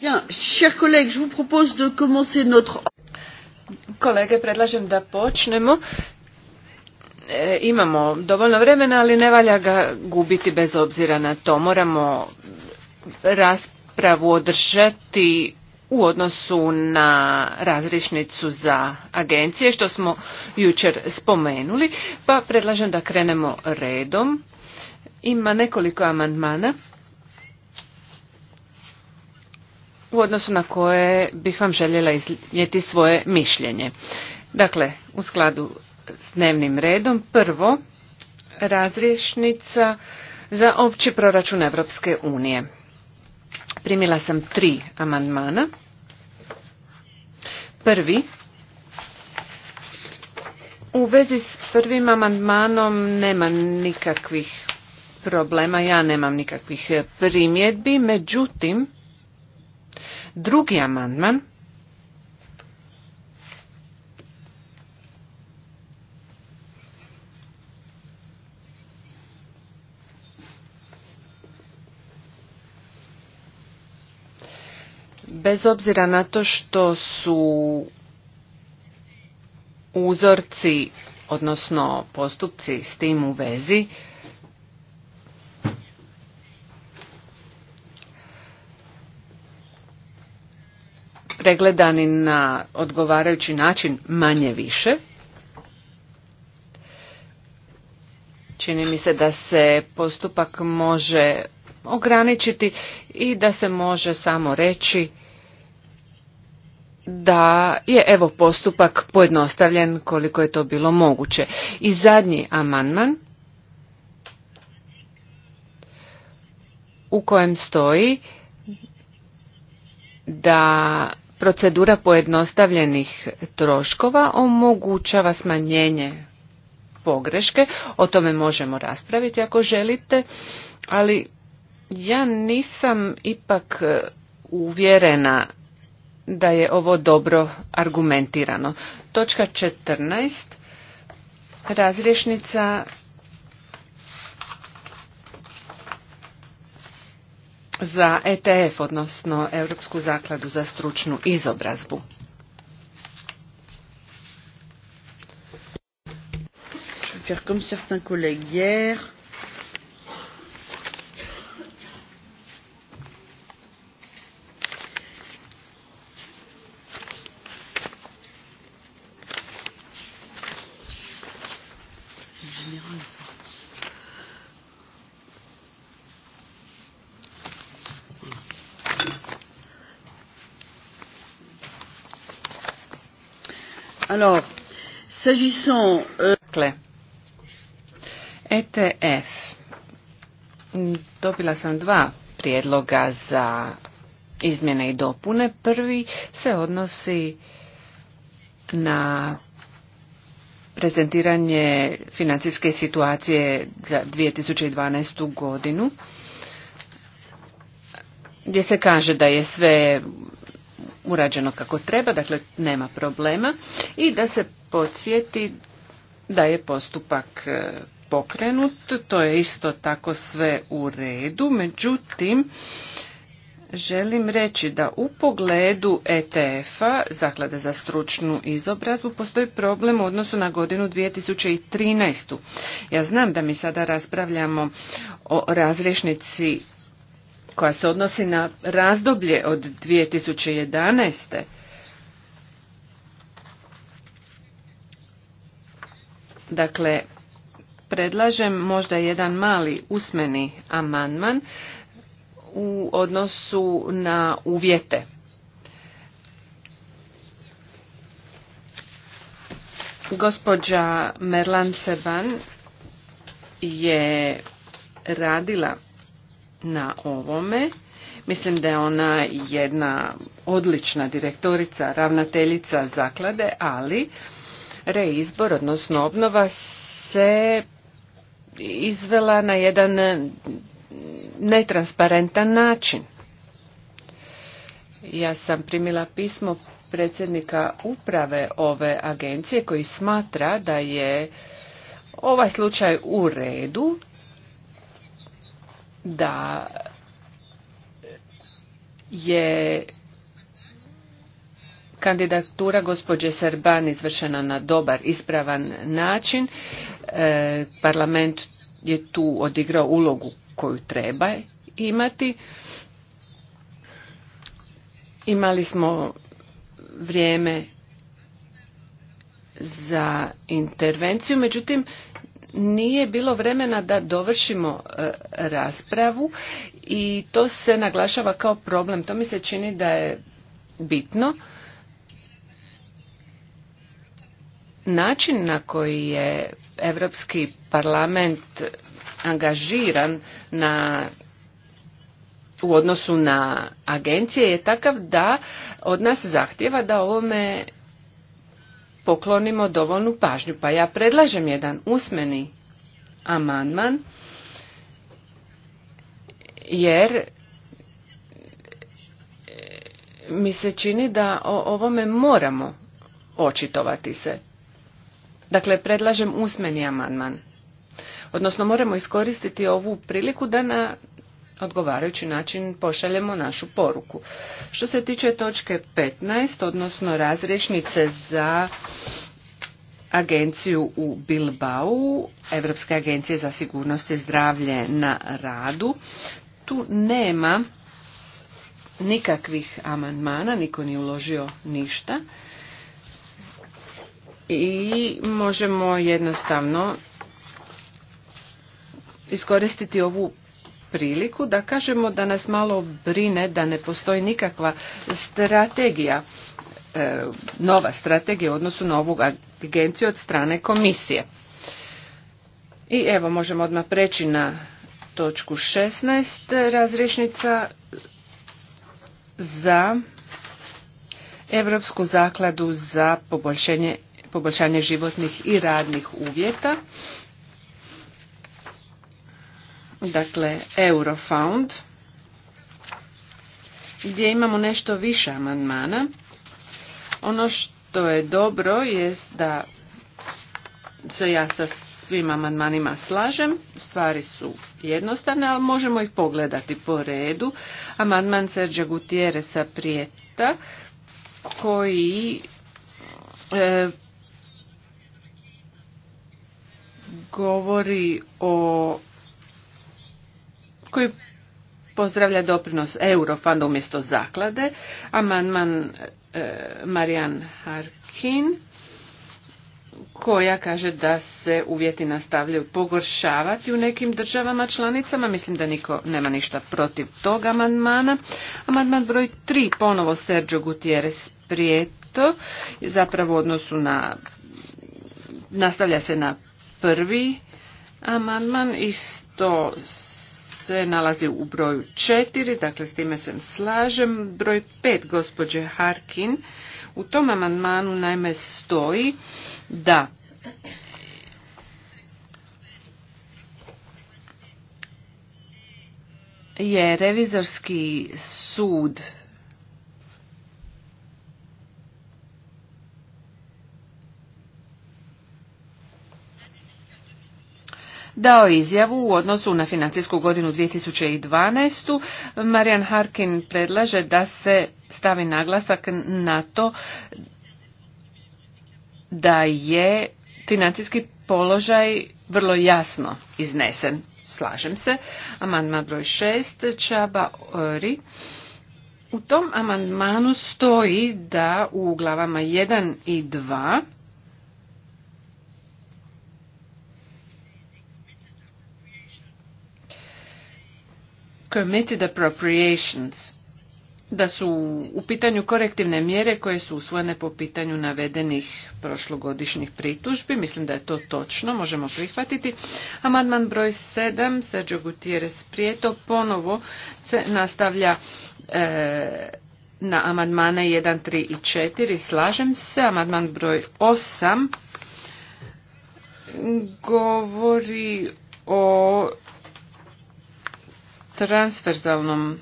chers je Kolege, predlažem da počnemo. E, imamo dovoljno vremena, ali ne valja ga gubiti bez obzira na to. Moramo raspravu održati u odnosu na razrišnicu za agencije, što smo jučer spomenuli, pa predlažem da krenemo redom. Ima nekoliko amandmana u odnosu na koje bih vam željela iznijeti svoje mišljenje. Dakle, u skladu s dnevnim redom, prvo, razriješnica za opći proračun Evropske unije. Primila sam tri amandmana. Prvi, u vezi s prvim amandmanom nema nikakvih problema, ja nemam nikakvih primjedbi, međutim, Drugi amandman bez obzira na to što su uzorci, odnosno postupci s tim u vezi, pregledani na odgovarajući način manje više. Čini mi se da se postupak može ograničiti i da se može samo reći da je evo postupak pojednostavljen koliko je to bilo moguće. I zadnji amandman u kojem stoji da Procedura pojednostavljenih troškova omogućava smanjenje pogreške, o tome možemo raspraviti ako želite, ali ja nisam ipak e, uvjerena da je ovo dobro argumentirano. Točka 14. Razrješnica za ETF, odnosno Europsku zakladu za stručnu izobrazbu. Faire comme certains collègues Euh, dakle, ETF. Dobila sam dva prijedloga za izmjene i dopune. Prvi se odnosi na prezentiranje financijske situacije za 2012. godinu gdje se kaže da je sve urađeno kako treba, dakle nema problema i da se podsjeti da je postupak e, pokrenut, to je isto tako sve u redu, međutim želim reći da u pogledu ETF-a, zaklade za stručnu izobrazbu, postoji problem u odnosu na godinu 2013. Ja znam da mi sada raspravljamo o razrešnici koja se odnosi na razdoblje od 2011. Dakle, predlažem možda jedan mali usmeni amandman u odnosu na uvjete. Gospođa Merlan Seban je radila na ovome. Mislim da je ona jedna odlična direktorica, ravnateljica zaklade, ali reizbor, odnosno obnova se izvela na jedan netransparentan način. Ja sam primila pismo predsjednika uprave ove agencije koji smatra da je ovaj slučaj u redu da je kandidatura gospođe Serban izvršena na dobar, ispravan način. E, parlament je tu odigrao ulogu koju treba imati. Imali smo vrijeme za intervenciju, međutim nije bilo vremena da dovršimo e, raspravu i to se naglašava kao problem. To mi se čini da je bitno. Način na koji je Europski parlament angažiran na u odnosu na agencije je takav da od nas zahtjeva da ovome poklonimo dovoljnu pažnju. Pa ja predlažem jedan usmeni amandman jer e, mi se čini da o ovome moramo očitovati se. Dakle, predlažem usmeni amandman. Odnosno, moramo iskoristiti ovu priliku da na odgovarajući način pošaljemo našu poruku. Što se tiče točke 15, odnosno razrješnice za agenciju u Bilbao, Europske agencije za sigurnost i zdravlje na radu, tu nema nikakvih amandmana, niko nije uložio ništa i možemo jednostavno iskoristiti ovu priliku da kažemo da nas malo brine da ne postoji nikakva strategija e, nova strategija u odnosu na ovu agenciju od strane komisije. I evo možemo odmah preći na točku 16 razrišnica za Europsku zakladu za poboljšanje životnih i radnih uvjeta dakle Eurofound, gdje imamo nešto više amandmana. Ono što je dobro je da se ja sa svim amandmanima slažem, stvari su jednostavne, ali možemo ih pogledati po redu. Amandman Serđa Gutieresa Prijeta koji e, govori o koji pozdravlja doprinos Eurofanda umjesto zaklade. Amandman e, Marijan Harkin koja kaže da se uvjeti nastavljaju pogoršavati u nekim državama članicama. Mislim da niko nema ništa protiv tog amandmana. Amandman broj 3 ponovo Sergio Gutierrez Prijeto zapravo u odnosu na nastavlja se na prvi amandman isto se nalazi u broju četiri, dakle s time se slažem. Broj pet, gospođe Harkin, u tom amandmanu najme stoji da je revizorski sud dao izjavu u odnosu na financijsku godinu 2012. Marian Harkin predlaže da se stavi naglasak na to da je financijski položaj vrlo jasno iznesen. Slažem se. Amandman broj 6. Čaba Ori. U tom amandmanu stoji da u glavama 1 i 2 committed appropriations, da su u pitanju korektivne mjere koje su usvojene po pitanju navedenih prošlogodišnjih pritužbi. Mislim da je to točno, možemo prihvatiti. Amandman broj 7, Sergio Gutierrez Prijeto, ponovo se nastavlja e, na amandmane 1, 3 i 4. Slažem se, amandman broj 8 govori o transverzalnom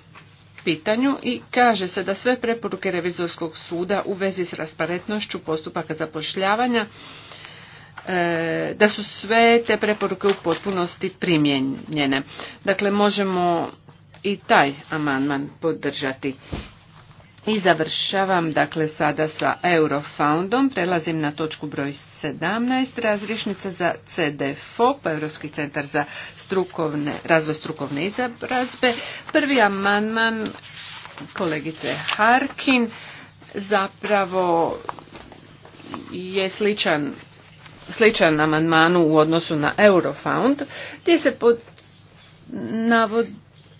pitanju i kaže se da sve preporuke revizorskog suda u vezi s transparentnošću postupaka zapošljavanja e, da su sve te preporuke u potpunosti primijenjene. Dakle, možemo i taj amandman podržati. I završavam dakle sada sa Eurofoundom. Prelazim na točku broj 17, razrišnica za pa Europski centar za strukovne, razvoj strukovne izobrazbe. Prvi amandman kolegice Harkin zapravo je sličan sličan amandmanu u odnosu na Eurofound, gdje se pod, navod,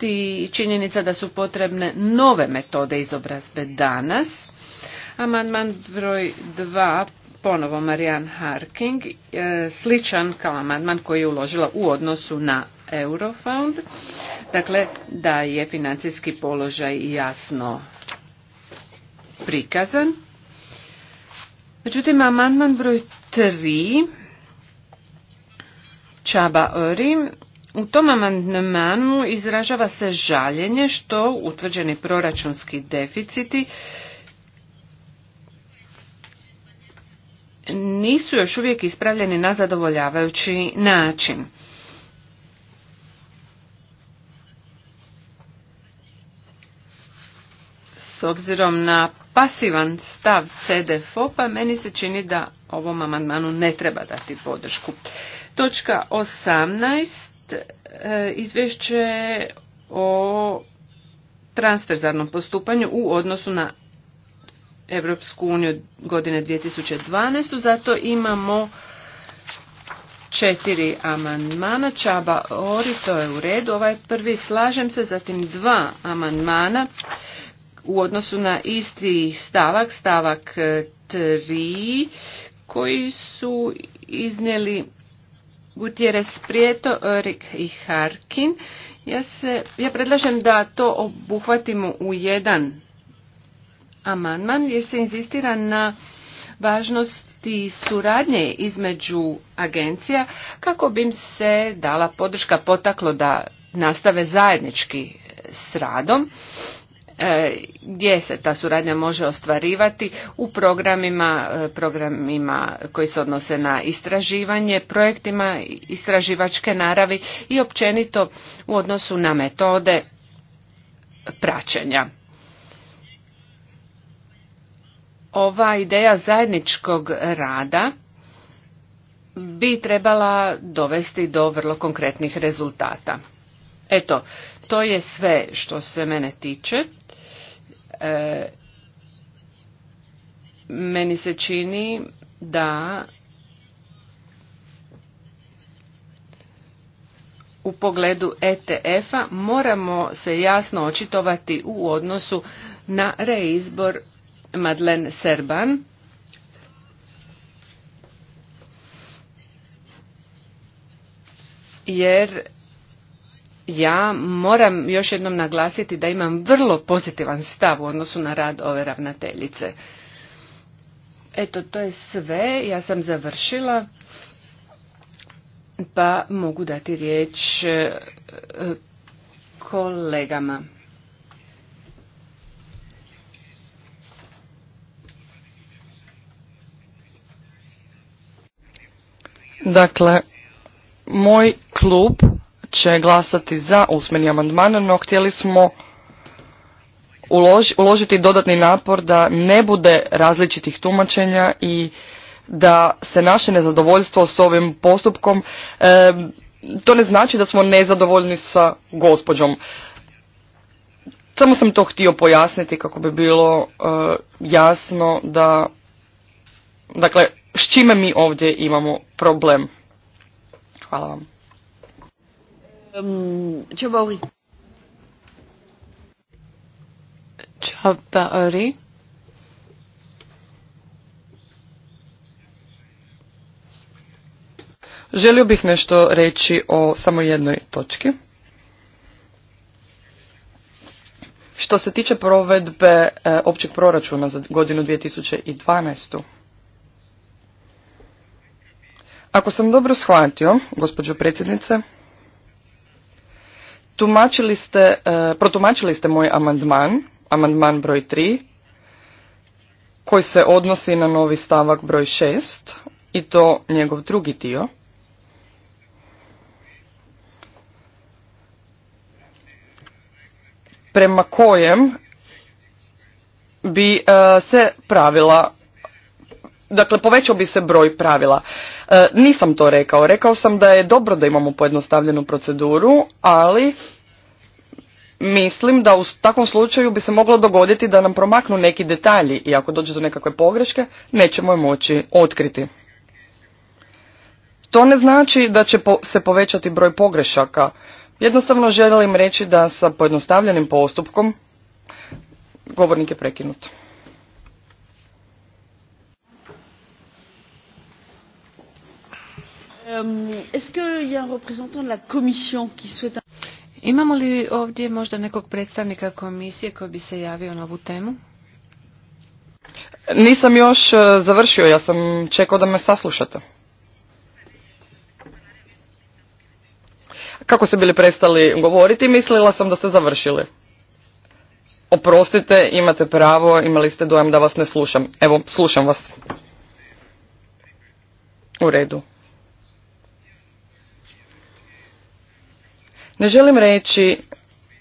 i činjenica da su potrebne nove metode izobrazbe danas. Amandman broj 2, ponovo Marijan Harking, e, sličan kao amandman koji je uložila u odnosu na Eurofound, dakle da je financijski položaj jasno prikazan. Međutim, amandman broj 3, Čaba Orin, u tom amandmanu izražava se žaljenje što utvrđeni proračunski deficiti nisu još uvijek ispravljeni na zadovoljavajući način. S obzirom na pasivan stav CDFOP-a, meni se čini da ovom amandmanu ne treba dati podršku. Točka osamnaest. E, izvješće o transferzarnom postupanju u odnosu na Evropsku uniju godine 2012. Zato imamo četiri amandmana. Čaba Ori, to je u redu. Ovaj prvi slažem se, zatim dva amandmana u odnosu na isti stavak, stavak e, tri koji su iznijeli Gutierrez Prieto, Rik i Harkin. Ja, se, ja predlažem da to obuhvatimo u jedan amandman jer se inzistira na važnosti suradnje između agencija kako bi im se dala podrška potaklo da nastave zajednički s radom E, gdje se ta suradnja može ostvarivati u programima, e, programima koji se odnose na istraživanje, projektima istraživačke naravi i općenito u odnosu na metode praćenja. Ova ideja zajedničkog rada bi trebala dovesti do vrlo konkretnih rezultata. Eto, to je sve što se mene tiče. E, meni se čini da u pogledu ETF-a moramo se jasno očitovati u odnosu na reizbor Madlen Serban. Jer ja moram još jednom naglasiti da imam vrlo pozitivan stav u odnosu na rad ove ravnateljice. Eto, to je sve. Ja sam završila. Pa mogu dati riječ e, kolegama. Dakle, moj klub će glasati za usmeni amandman, no htjeli smo uložiti dodatni napor da ne bude različitih tumačenja i da se naše nezadovoljstvo s ovim postupkom, to ne znači da smo nezadovoljni sa gospođom. Samo sam to htio pojasniti kako bi bilo e, jasno da, dakle, s čime mi ovdje imamo problem. Hvala vam. Čabauri. Um, Želio bih nešto reći o samo jednoj točki. Što se tiče provedbe e, općeg proračuna za godinu 2012. Ako sam dobro shvatio, gospođo predsjednice, tumačili ste, eh, protumačili ste moj amandman, amandman broj 3, koji se odnosi na novi stavak broj 6 i to njegov drugi dio. prema kojem bi eh, se pravila Dakle, povećao bi se broj pravila. E, nisam to rekao. Rekao sam da je dobro da imamo pojednostavljenu proceduru, ali mislim da u takvom slučaju bi se moglo dogoditi da nam promaknu neki detalji i ako dođe do nekakve pogreške, nećemo je moći otkriti. To ne znači da će se povećati broj pogrešaka. Jednostavno želim reći da sa pojednostavljenim postupkom govornik je prekinut. Euh, Imamo li ovdje možda nekog predstavnika komisije koji bi se javio na ovu temu? Nisam još e, završio, ja sam čekao da me saslušate. Kako ste bili prestali govoriti, mislila sam da ste završili. Oprostite, imate pravo, imali ste dojam da vas ne slušam. Evo, slušam vas. U redu. Ne želim reći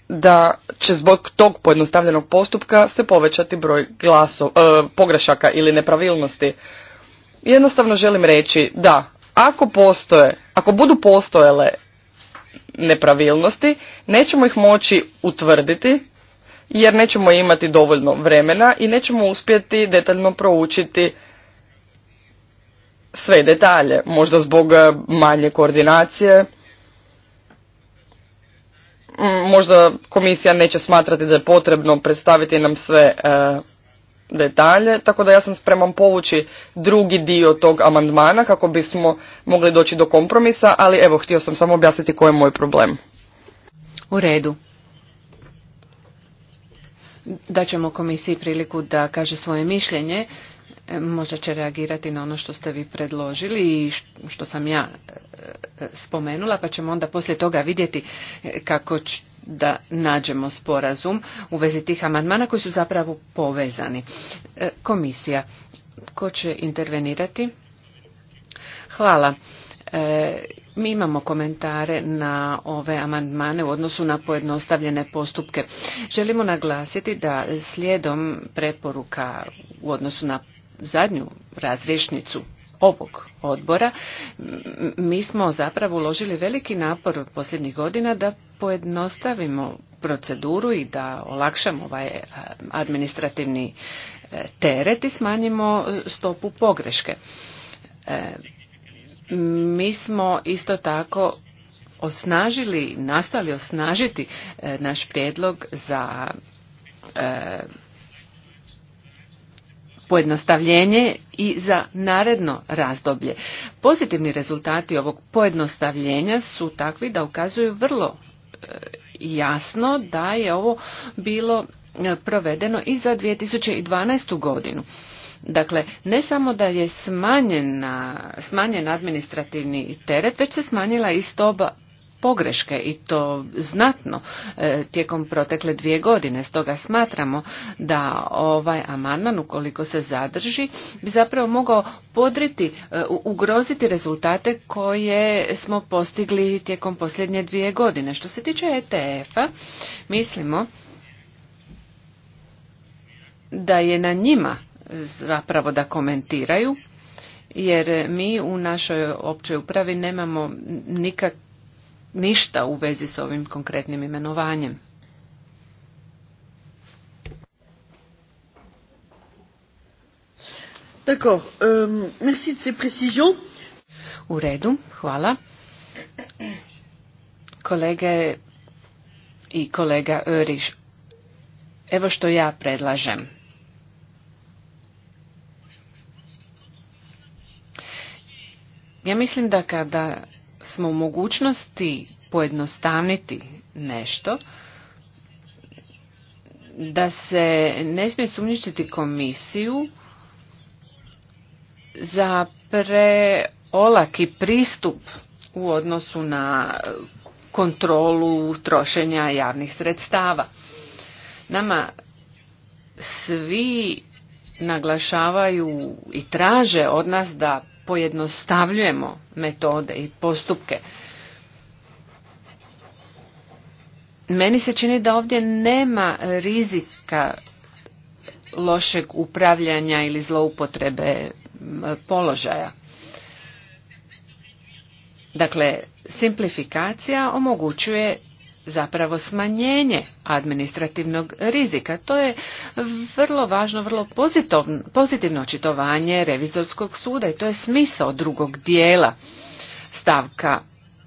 da će zbog tog pojednostavljenog postupka se povećati broj glaso, e, pogrešaka ili nepravilnosti. Jednostavno želim reći da ako postoje, ako budu postojele nepravilnosti, nećemo ih moći utvrditi jer nećemo imati dovoljno vremena i nećemo uspjeti detaljno proučiti sve detalje, možda zbog e, manje koordinacije možda komisija neće smatrati da je potrebno predstaviti nam sve e, detalje, tako da ja sam spreman povući drugi dio tog amandmana kako bismo mogli doći do kompromisa, ali evo, htio sam samo objasniti koji je moj problem. U redu. Daćemo komisiji priliku da kaže svoje mišljenje možda će reagirati na ono što ste vi predložili i što sam ja e, e, spomenula, pa ćemo onda poslije toga vidjeti e, kako da nađemo sporazum u vezi tih amandmana koji su zapravo povezani. Komisija, ko će intervenirati? Hvala. mi imamo komentare na ove amandmane u odnosu na pojednostavljene postupke. Želimo naglasiti da slijedom preporuka u odnosu na zadnju razrješnicu ovog odbora, mi smo zapravo uložili veliki napor od posljednjih godina da pojednostavimo proceduru i da olakšamo ovaj e, administrativni e, teret i smanjimo e, stopu pogreške. Mi smo isto tako osnažili, nastojali osnažiti naš prijedlog za pojednostavljenje i za naredno razdoblje. Pozitivni rezultati ovog pojednostavljenja su takvi da ukazuju vrlo e, jasno da je ovo bilo e, provedeno i za 2012. godinu. Dakle, ne samo da je smanjen administrativni teret, već se smanjila i stopa pogreške i to znatno e, tijekom protekle dvije godine. Stoga smatramo da ovaj amandman ukoliko se zadrži bi zapravo mogao podriti, e, ugroziti rezultate koje smo postigli tijekom posljednje dvije godine. Što se tiče ETF-a mislimo da je na njima zapravo da komentiraju jer mi u našoj općoj upravi nemamo nikak ništa u vezi s ovim konkretnim imenovanjem. D'accord, euh, merci de ces précisions. U redu, hvala. Kolege i kolega Öriš, evo što ja predlažem. Ja mislim da kada smo u mogućnosti pojednostavniti nešto, da se ne smije sumnjičiti komisiju za preolaki pristup u odnosu na kontrolu trošenja javnih sredstava. Nama svi naglašavaju i traže od nas da pojednostavljujemo metode i postupke. Meni se čini da ovdje nema rizika lošeg upravljanja ili zloupotrebe položaja. Dakle, simplifikacija omogućuje zapravo smanjenje administrativnog rizika. To je vrlo važno, vrlo pozitivno, očitovanje revizorskog suda i to je smisao drugog dijela stavka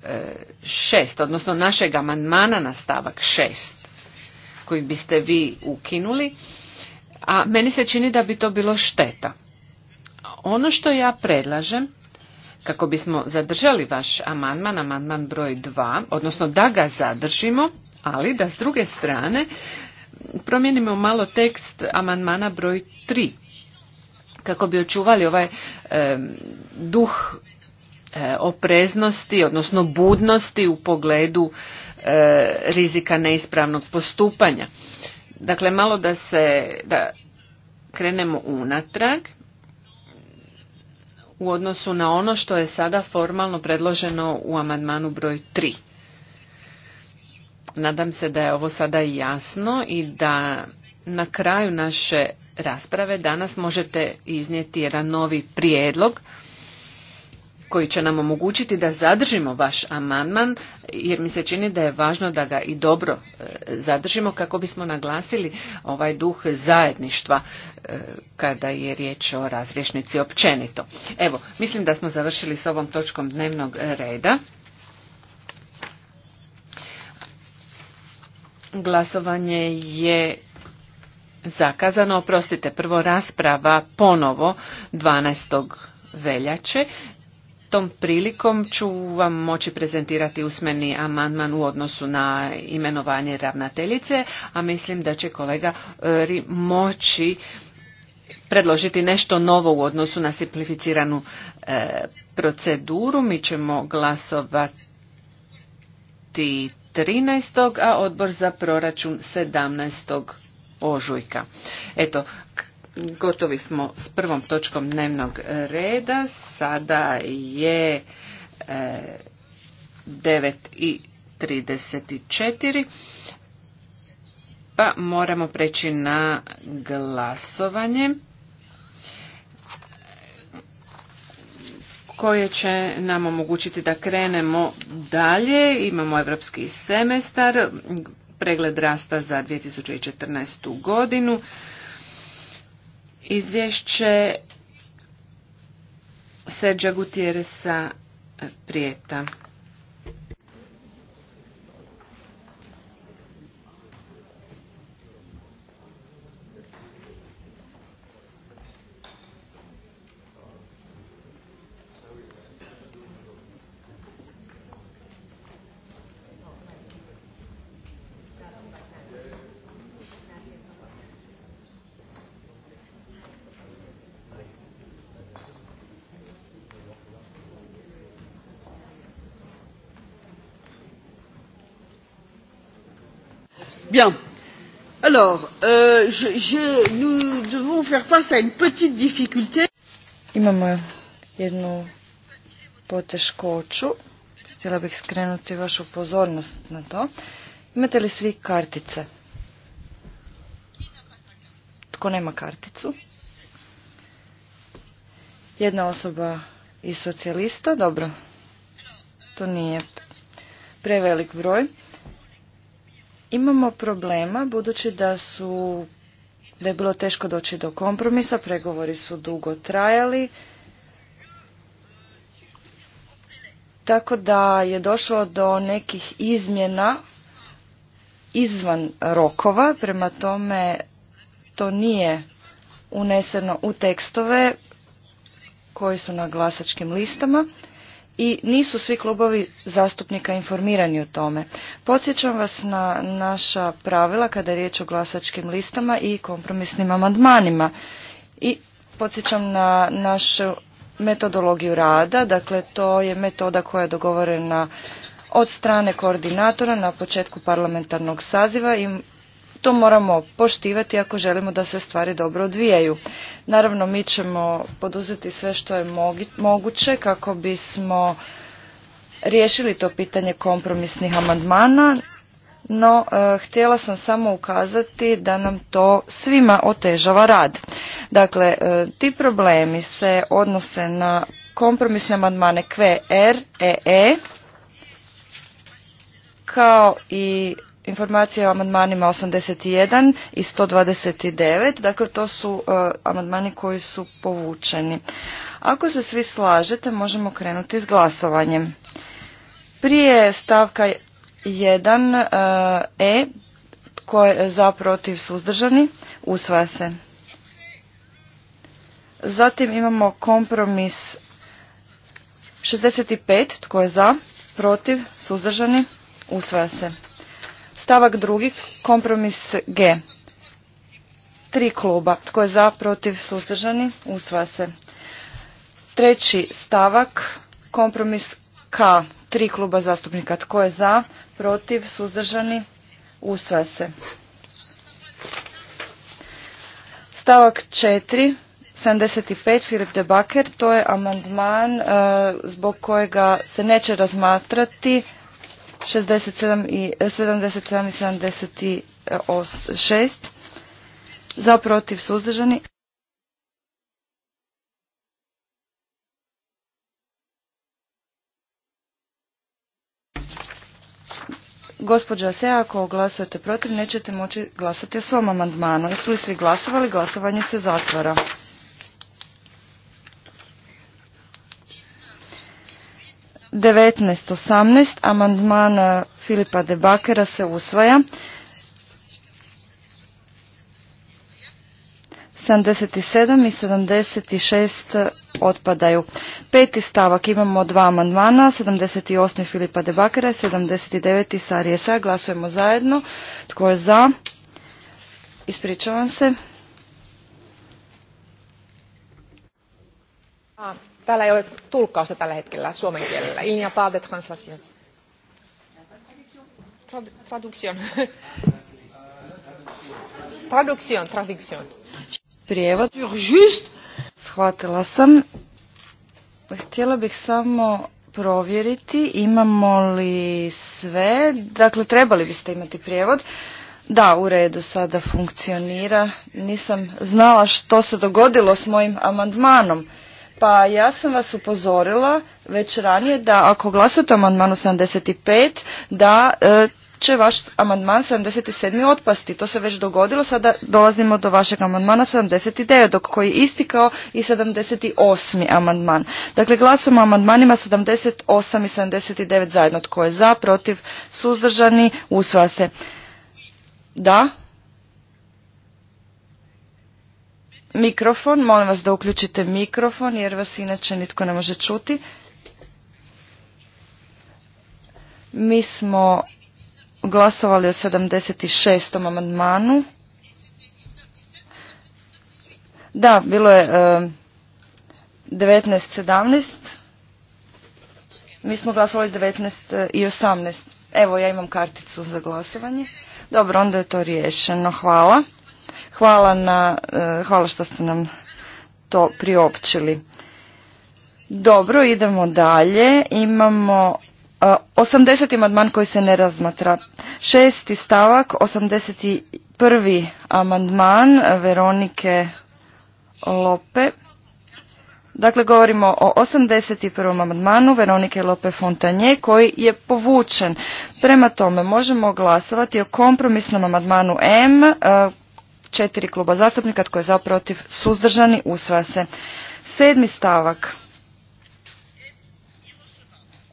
e, šest, odnosno našeg amandmana na stavak šest koji biste vi ukinuli, a meni se čini da bi to bilo šteta. Ono što ja predlažem kako bismo zadržali vaš amandman, amandman broj 2, odnosno da ga zadržimo, ali da s druge strane promijenimo malo tekst amandmana broj 3 kako bi očuvali ovaj duh e, opreznosti, odnosno budnosti u pogledu e, rizika neispravnog postupanja. Dakle, malo da se da krenemo unatrag u odnosu na ono što je sada formalno predloženo u amandmanu broj 3. Nadam se da je ovo sada jasno i da na kraju naše rasprave danas možete iznijeti jedan novi prijedlog koji će nam omogućiti da zadržimo vaš amandman jer mi se čini da je važno da ga i dobro e, zadržimo kako bismo naglasili ovaj duh zajedništva e, kada je riječ o razrješnici općenito. Evo, mislim da smo završili s ovom točkom dnevnog reda. Glasovanje je zakazano, oprostite, prvo rasprava ponovo 12. veljače. Tom prilikom ću vam moći prezentirati usmeni amandman u odnosu na imenovanje ravnateljice, a mislim da će kolega e, moći predložiti nešto novo u odnosu na simplificiranu e, proceduru. Mi ćemo glasovati 13. a odbor za proračun 17. ožujka. Eto, Gotovi smo s prvom točkom dnevnog reda. Sada je 9.34. E, pa moramo preći na glasovanje koje će nam omogućiti da krenemo dalje. Imamo evropski semestar, pregled rasta za 2014. godinu. Izvješće Serđa Gutieresa e, Prijeta. Bien. Alors, euh, je, je, devons faire face à une petite difficulté. Imamo jednu poteškoću. Htjela bih skrenuti vašu pozornost na to. Imate li svi kartice? Tko nema karticu? Jedna osoba i socijalista, dobro. To nije prevelik broj. Imamo problema budući da su da je bilo teško doći do kompromisa, pregovori su dugo trajali. Tako da je došlo do nekih izmjena izvan rokova, prema tome to nije uneseno u tekstove koji su na glasačkim listama i nisu svi klubovi zastupnika informirani o tome. Podsjećam vas na naša pravila kada je riječ o glasačkim listama i kompromisnim amandmanima i podsjećam na našu metodologiju rada, dakle to je metoda koja je dogovorena od strane koordinatora na početku parlamentarnog saziva i to moramo poštivati ako želimo da se stvari dobro odvijaju. Naravno, mi ćemo poduzeti sve što je moguće kako bismo riješili to pitanje kompromisnih amandmana, no e, htjela sam samo ukazati da nam to svima otežava rad. Dakle, e, ti problemi se odnose na kompromisne amandmane QR, e kao i informacije o amandmanima 81 i 129. Dakle, to su e, amandmani koji su povučeni. Ako se svi slažete, možemo krenuti s glasovanjem. Prije stavka 1 e, e, tko je za protiv suzdržani, usvaja se. Zatim imamo kompromis 65, tko je za, protiv, suzdržani, usvaja se. Stavak drugi, kompromis G. Tri kluba. Tko je za, protiv, suzdržani? Usvaja se. Treći stavak, kompromis K. Tri kluba zastupnika. Tko je za, protiv, suzdržani? Usvaja se. Stavak četiri, 75, Filip de Baker, to je amandman eh, zbog kojega se neće razmatrati i, 77 e, i 76. Za protiv suzdržani. Gospođa se, ako glasujete protiv, nećete moći glasati o svom amandmanu. Jesu li svi glasovali? Glasovanje se zatvara. 19.18. Amandmana e, Filipa de Bakera se usvaja. 77 i 76 otpadaju. Peti stavak imamo dva amandmana, 78 Filipa de Bakera i 79 Sarije Sa. Glasujemo zajedno. Tko je za? Ispričavam se täällä ei ole tulkkausta tällä hetkellä suomen kielellä. Il n'y a pas de translation. Traduction. Traduction, Prijevod. Just. Shvatila sam. Htjela bih samo provjeriti imamo li sve. Dakle, trebali biste imati prijevod. Da, u redu sada funkcionira. Nisam znala što se dogodilo s mojim amandmanom. Pa ja sam vas upozorila već ranije da ako glasate o amandmanu 75 da e, će vaš amandman 77. otpasti. To se već dogodilo, sada dolazimo do vašeg amandmana 79. dok koji je isti kao i 78. amandman. Dakle, glasujemo o amandmanima 78 i 79 zajedno. Tko je za, protiv, suzdržani, usva se. Da, mikrofon, molim vas da uključite mikrofon jer vas inače nitko ne može čuti. Mi smo glasovali o 76. amandmanu. Da, bilo je uh, e, 19.17. Mi smo glasovali 19 e, i 18. Evo, ja imam karticu za glasovanje. Dobro, onda je to riješeno. Hvala. Hvala, na, e, hvala što ste nam to priopćili. Dobro, idemo dalje. Imamo 80. E, amandman koji se ne razmatra. Šesti stavak, 81. amandman Veronike Lope. Dakle, govorimo o 81. amandmanu Veronike Lope Fontanje koji je povučen. Prema tome, možemo glasovati o kompromisnom amandmanu M e, četiri kluba zastupnika, tko je za, protiv, suzdržani, usvaja se. Sedmi stavak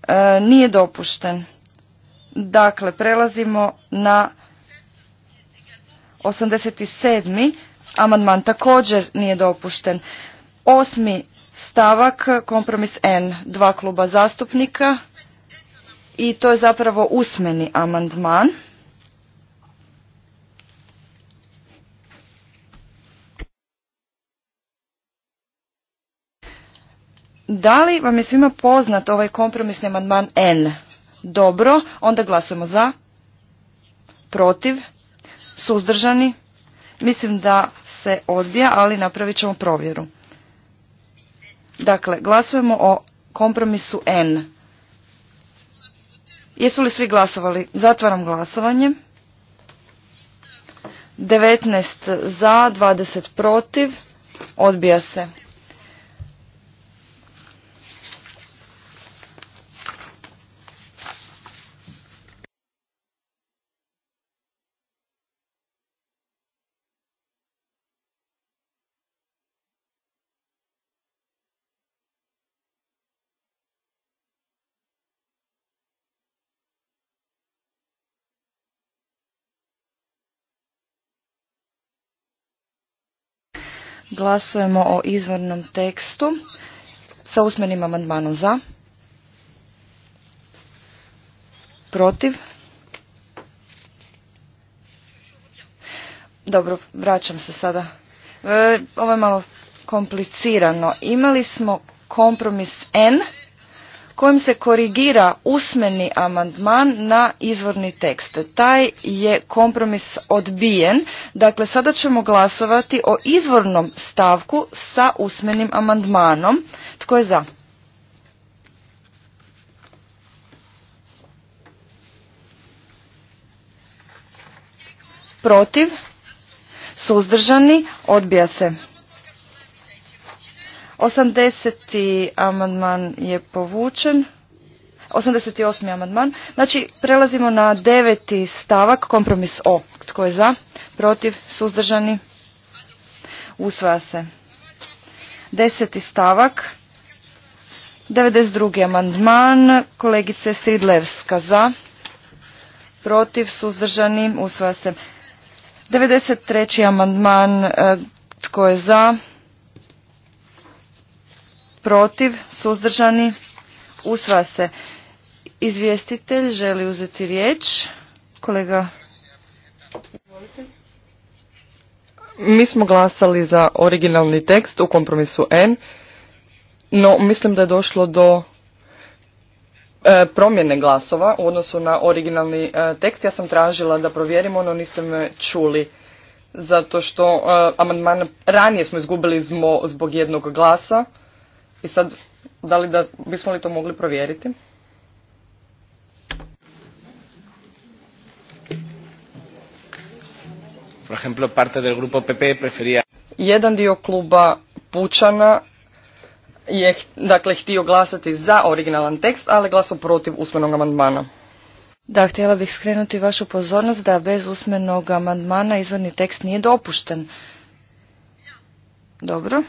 e, nije dopušten. Dakle, prelazimo na 87. amandman također nije dopušten. Osmi stavak, kompromis N, dva kluba zastupnika i to je zapravo usmeni amandman. Da li vam je svima poznat ovaj kompromisni amandman N? Dobro, onda glasujemo za, protiv, suzdržani. Mislim da se odbija, ali napravit ćemo provjeru. Dakle, glasujemo o kompromisu N. Jesu li svi glasovali? Zatvaram glasovanje. 19 za, 20 protiv, odbija se. Glasujemo o izvornom tekstu sa usmenim amandmanom za. Protiv. Dobro, vraćam se sada. E, ovo je malo komplicirano. Imali smo kompromis N kojim se korigira usmeni amandman na izvorni tekst. Taj je kompromis odbijen. Dakle, sada ćemo glasovati o izvornom stavku sa usmenim amandmanom. Tko je za? Protiv? Suzdržani? Odbija se. 80. amandman je povučen. 88. amandman. Znači, prelazimo na deveti stavak, kompromis O. Tko je za? Protiv? Suzdržani? Usvaja se. Deseti stavak. 92. amandman. Kolegice Stridlevska za. Protiv? Suzdržani? Usvaja se. 93. amandman. E, tko je za? protiv, suzdržani, usva se. Izvjestitelj želi uzeti riječ. Kolega, mi smo glasali za originalni tekst u kompromisu N, no mislim da je došlo do e, promjene glasova u odnosu na originalni e, tekst. Ja sam tražila da provjerimo, no niste me čuli zato što e, amandman ranije smo izgubili zbog jednog glasa. I sad, da li da, bismo li to mogli provjeriti? Por ejemplo, parte del grupo PP prefería... Jedan dio kluba Pučana je dakle htio glasati za originalan tekst, ali glasao protiv usmenog amandmana. Da, htjela bih skrenuti vašu pozornost da bez usmenog amandmana izvorni tekst nije dopušten. Dobro.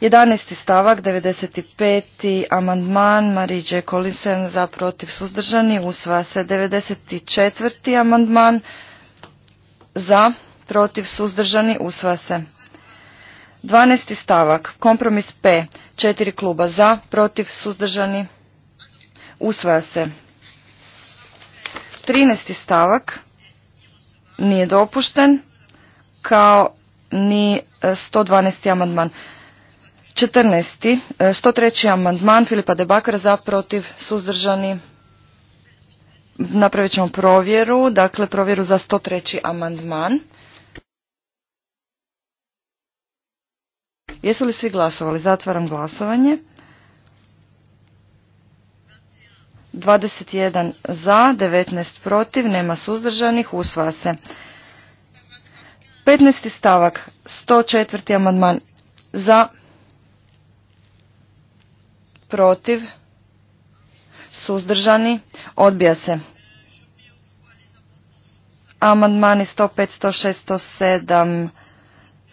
11. stavak, 95. amandman Mariđe Kolisen za protiv suzdržani, usvaja se 94. amandman za protiv suzdržani, usvaja se. 12. stavak, kompromis P, četiri kluba za, protiv suzdržani, usvaja se. 13. stavak nije dopušten, kao ni 112. E, amandman. 14. 103. E, amandman Filipa Debakara za protiv suzdržani. Napravit ćemo provjeru, dakle provjeru za 103. amandman. Jesu li svi glasovali? Zatvaram glasovanje. 21 za, 19 protiv, nema suzdržanih, usvaja se. 15. stavak, 104. amandman za, protiv, suzdržani, odbija se. Amandmani 105, 106, 107,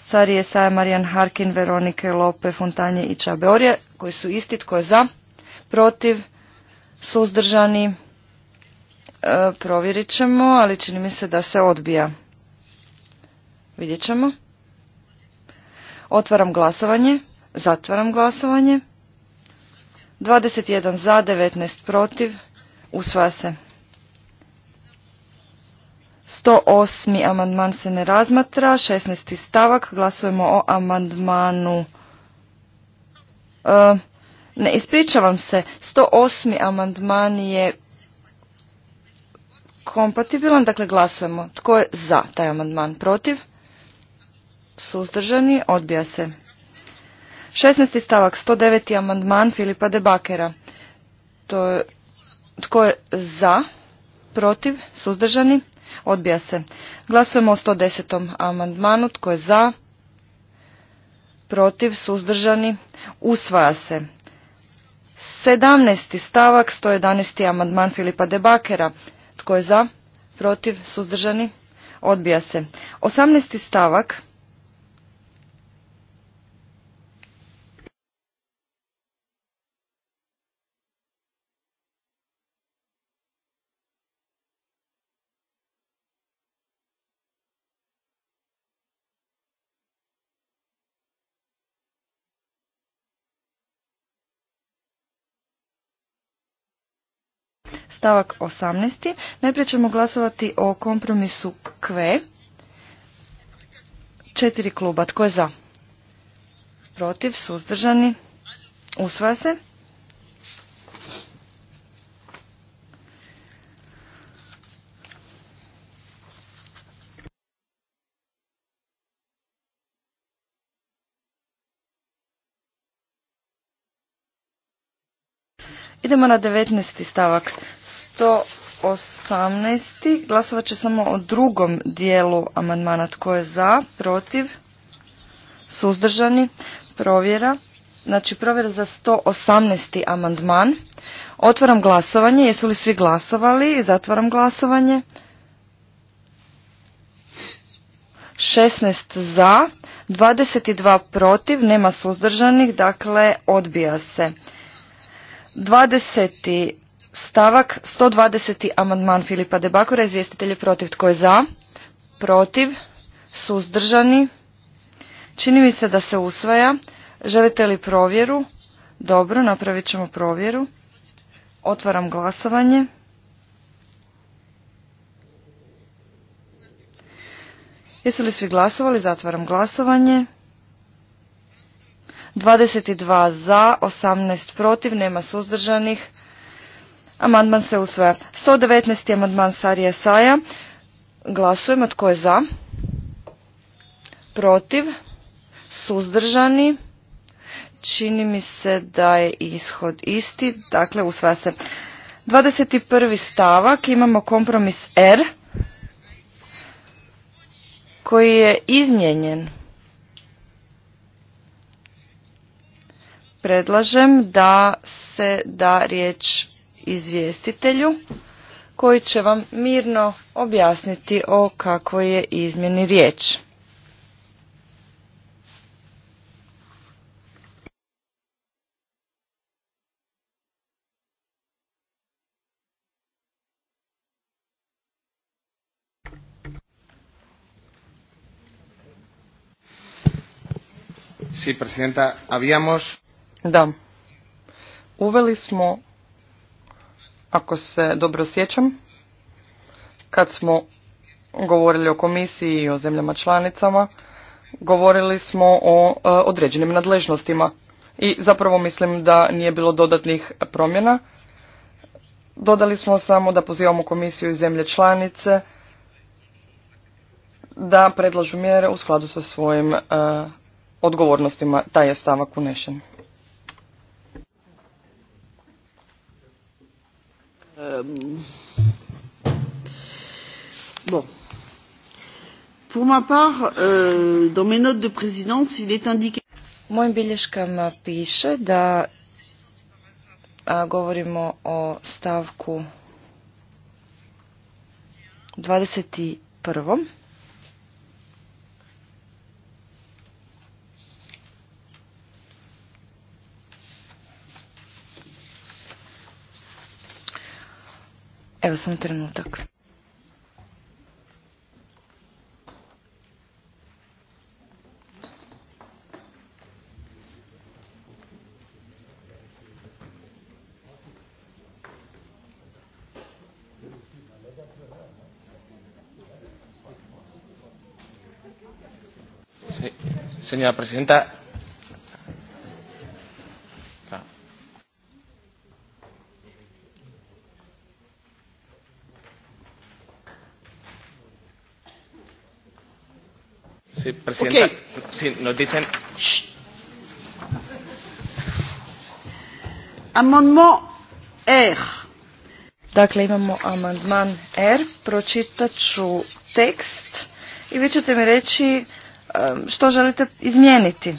Sarije, Saja, Marijan Harkin, Veronike, Lope, Fontanje i Čabeorje, koji su isti, tko je za, protiv, suzdržani, e, provjerit ćemo, ali čini mi se da se odbija. Vidjet ćemo. Otvaram glasovanje, zatvaram glasovanje. 21 za, 19 protiv, usvaja se. 108. amandman se ne razmatra, 16. stavak, glasujemo o amandmanu. E, ne, ispričavam se, 108. amandman je kompatibilan, dakle glasujemo. Tko je za taj amandman? Protiv? Suzdržani? Odbija se. 16. stavak 109. amandman Filipa Debakera. To tko je za, protiv, suzdržani, odbija se. Glasujemo o 110. amandmanu. Tko je za, protiv, suzdržani, usvaja se. 17. stavak 111. amandman Filipa Debakera. Tko je za, protiv, suzdržani, odbija se. 18. stavak stavak 18. Najprije ćemo glasovati o kompromisu Q. Četiri kluba. Tko je za? Protiv? Suzdržani? Usvaja se. Idemo na 19. stavak. 118. Glasovat će samo o drugom dijelu amandmana. Tko je za, protiv, suzdržani, provjera. Znači provjera za 118. amandman. Otvaram glasovanje. Jesu li svi glasovali? Zatvaram glasovanje. 16 za, 22 protiv, nema suzdržanih, dakle odbija se. 20. stavak, 120. amandman Filipa Debakora, izvjestitelj protiv. Tko je za? Protiv? Suzdržani? Čini mi se da se usvaja. Želite li provjeru? Dobro, napravit ćemo provjeru. Otvaram glasovanje. Jesu li svi glasovali? Zatvaram glasovanje. 22 za, 18 protiv, nema suzdržanih. Amandman se usvaja. 119. amandman Sarije Saja. Glasujemo tko je za, protiv, suzdržani. Čini mi se da je ishod isti, dakle usvaja se. 21. stavak imamo kompromis R koji je izmijenjen. predlažem da se da riječ izvjestitelju koji će vam mirno objasniti o kakvoj je izmjeni riječ. Sí, presidenta, habíamos da. Uveli smo, ako se dobro sjećam, kad smo govorili o komisiji i o zemljama članicama, govorili smo o e, određenim nadležnostima. I zapravo mislim da nije bilo dodatnih promjena. Dodali smo samo da pozivamo komisiju i zemlje članice da predlažu mjere u skladu sa svojim e, odgovornostima. Taj je stavak unešen. Ehm, bon. Pour ma part, euh, dans mes notes de présidence, il est indiqué... U mojim bilješkama piše da a, govorimo o stavku 21. Evo sam trenutak. Señora presidenta, Presidenta, okay. si nos R. Dakle, imamo amandman R. Pročitat tekst i vi ćete mi reći što želite izmijeniti.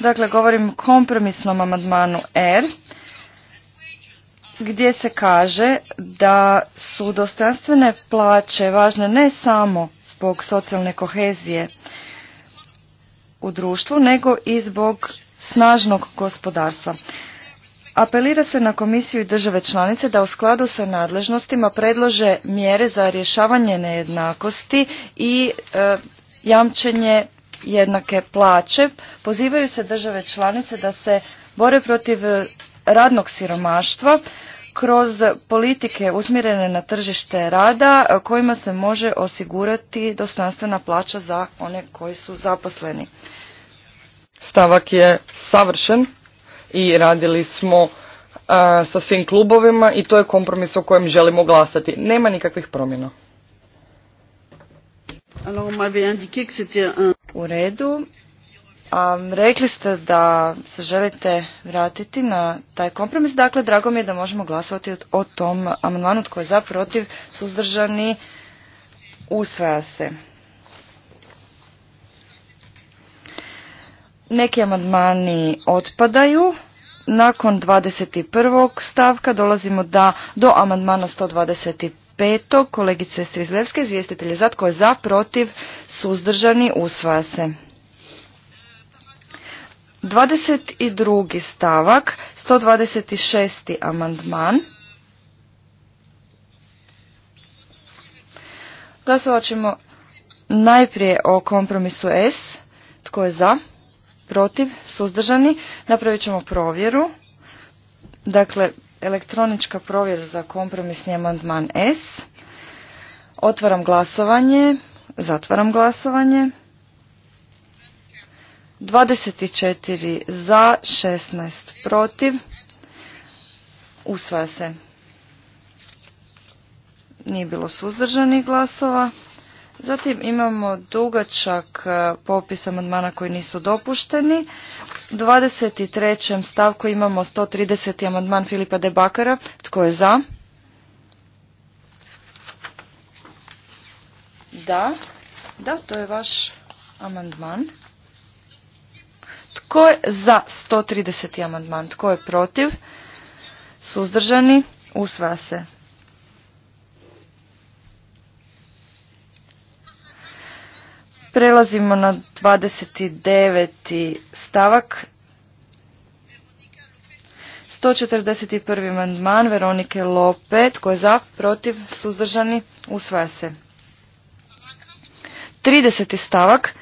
Dakle, govorim kompromisnom amandmanu R gdje se kaže da su dostojanstvene plaće važne ne samo zbog socijalne kohezije u društvu, nego i zbog snažnog gospodarstva. Apelira se na komisiju i države članice da u skladu sa nadležnostima predlože mjere za rješavanje nejednakosti i e, jamčenje jednake plaće. Pozivaju se države članice da se bore protiv e, radnog siromaštva, kroz politike usmjerene na tržište rada kojima se može osigurati dostojanstvena plaća za one koji su zaposleni. Stavak je savršen i radili smo sa svim klubovima i to je kompromis o kojem želimo glasati. Nema nikakvih promjena. U redu, rekli ste da se želite vratiti na taj kompromis, dakle drago mi je da možemo glasovati o tom amandmanu tko je za, protiv, suzdržani, usvaja se. Neki amandmani otpadaju. Nakon 21. stavka dolazimo da, do amandmana 125. Kolegice Strizlevske, izvjestitelje za, tko je za, protiv, suzdržani, usvaja se. 22. stavak, 126. amandman. Glasovat ćemo najprije o kompromisu S. Tko je za? Protiv? Suzdržani? Napravit ćemo provjeru. Dakle, elektronička provjera za kompromisni amandman S. Otvaram glasovanje. Zatvaram glasovanje. 24 za, 16 protiv. Usvaja se. Nije bilo suzdržanih glasova. Zatim imamo dugačak e, popis amandmana koji nisu dopušteni. U 23. stavku imamo 130. amandman Filipa de Bakara. Tko je za? Da. Da, to je vaš amandman. Tko je za 130. amandman? Tko je protiv? Suzdržani? Usvaja se. Prelazimo na 29. stavak. 141. amandman Veronike Lopet, Tko je za? Protiv? Suzdržani? Usvaja se. 30. stavak.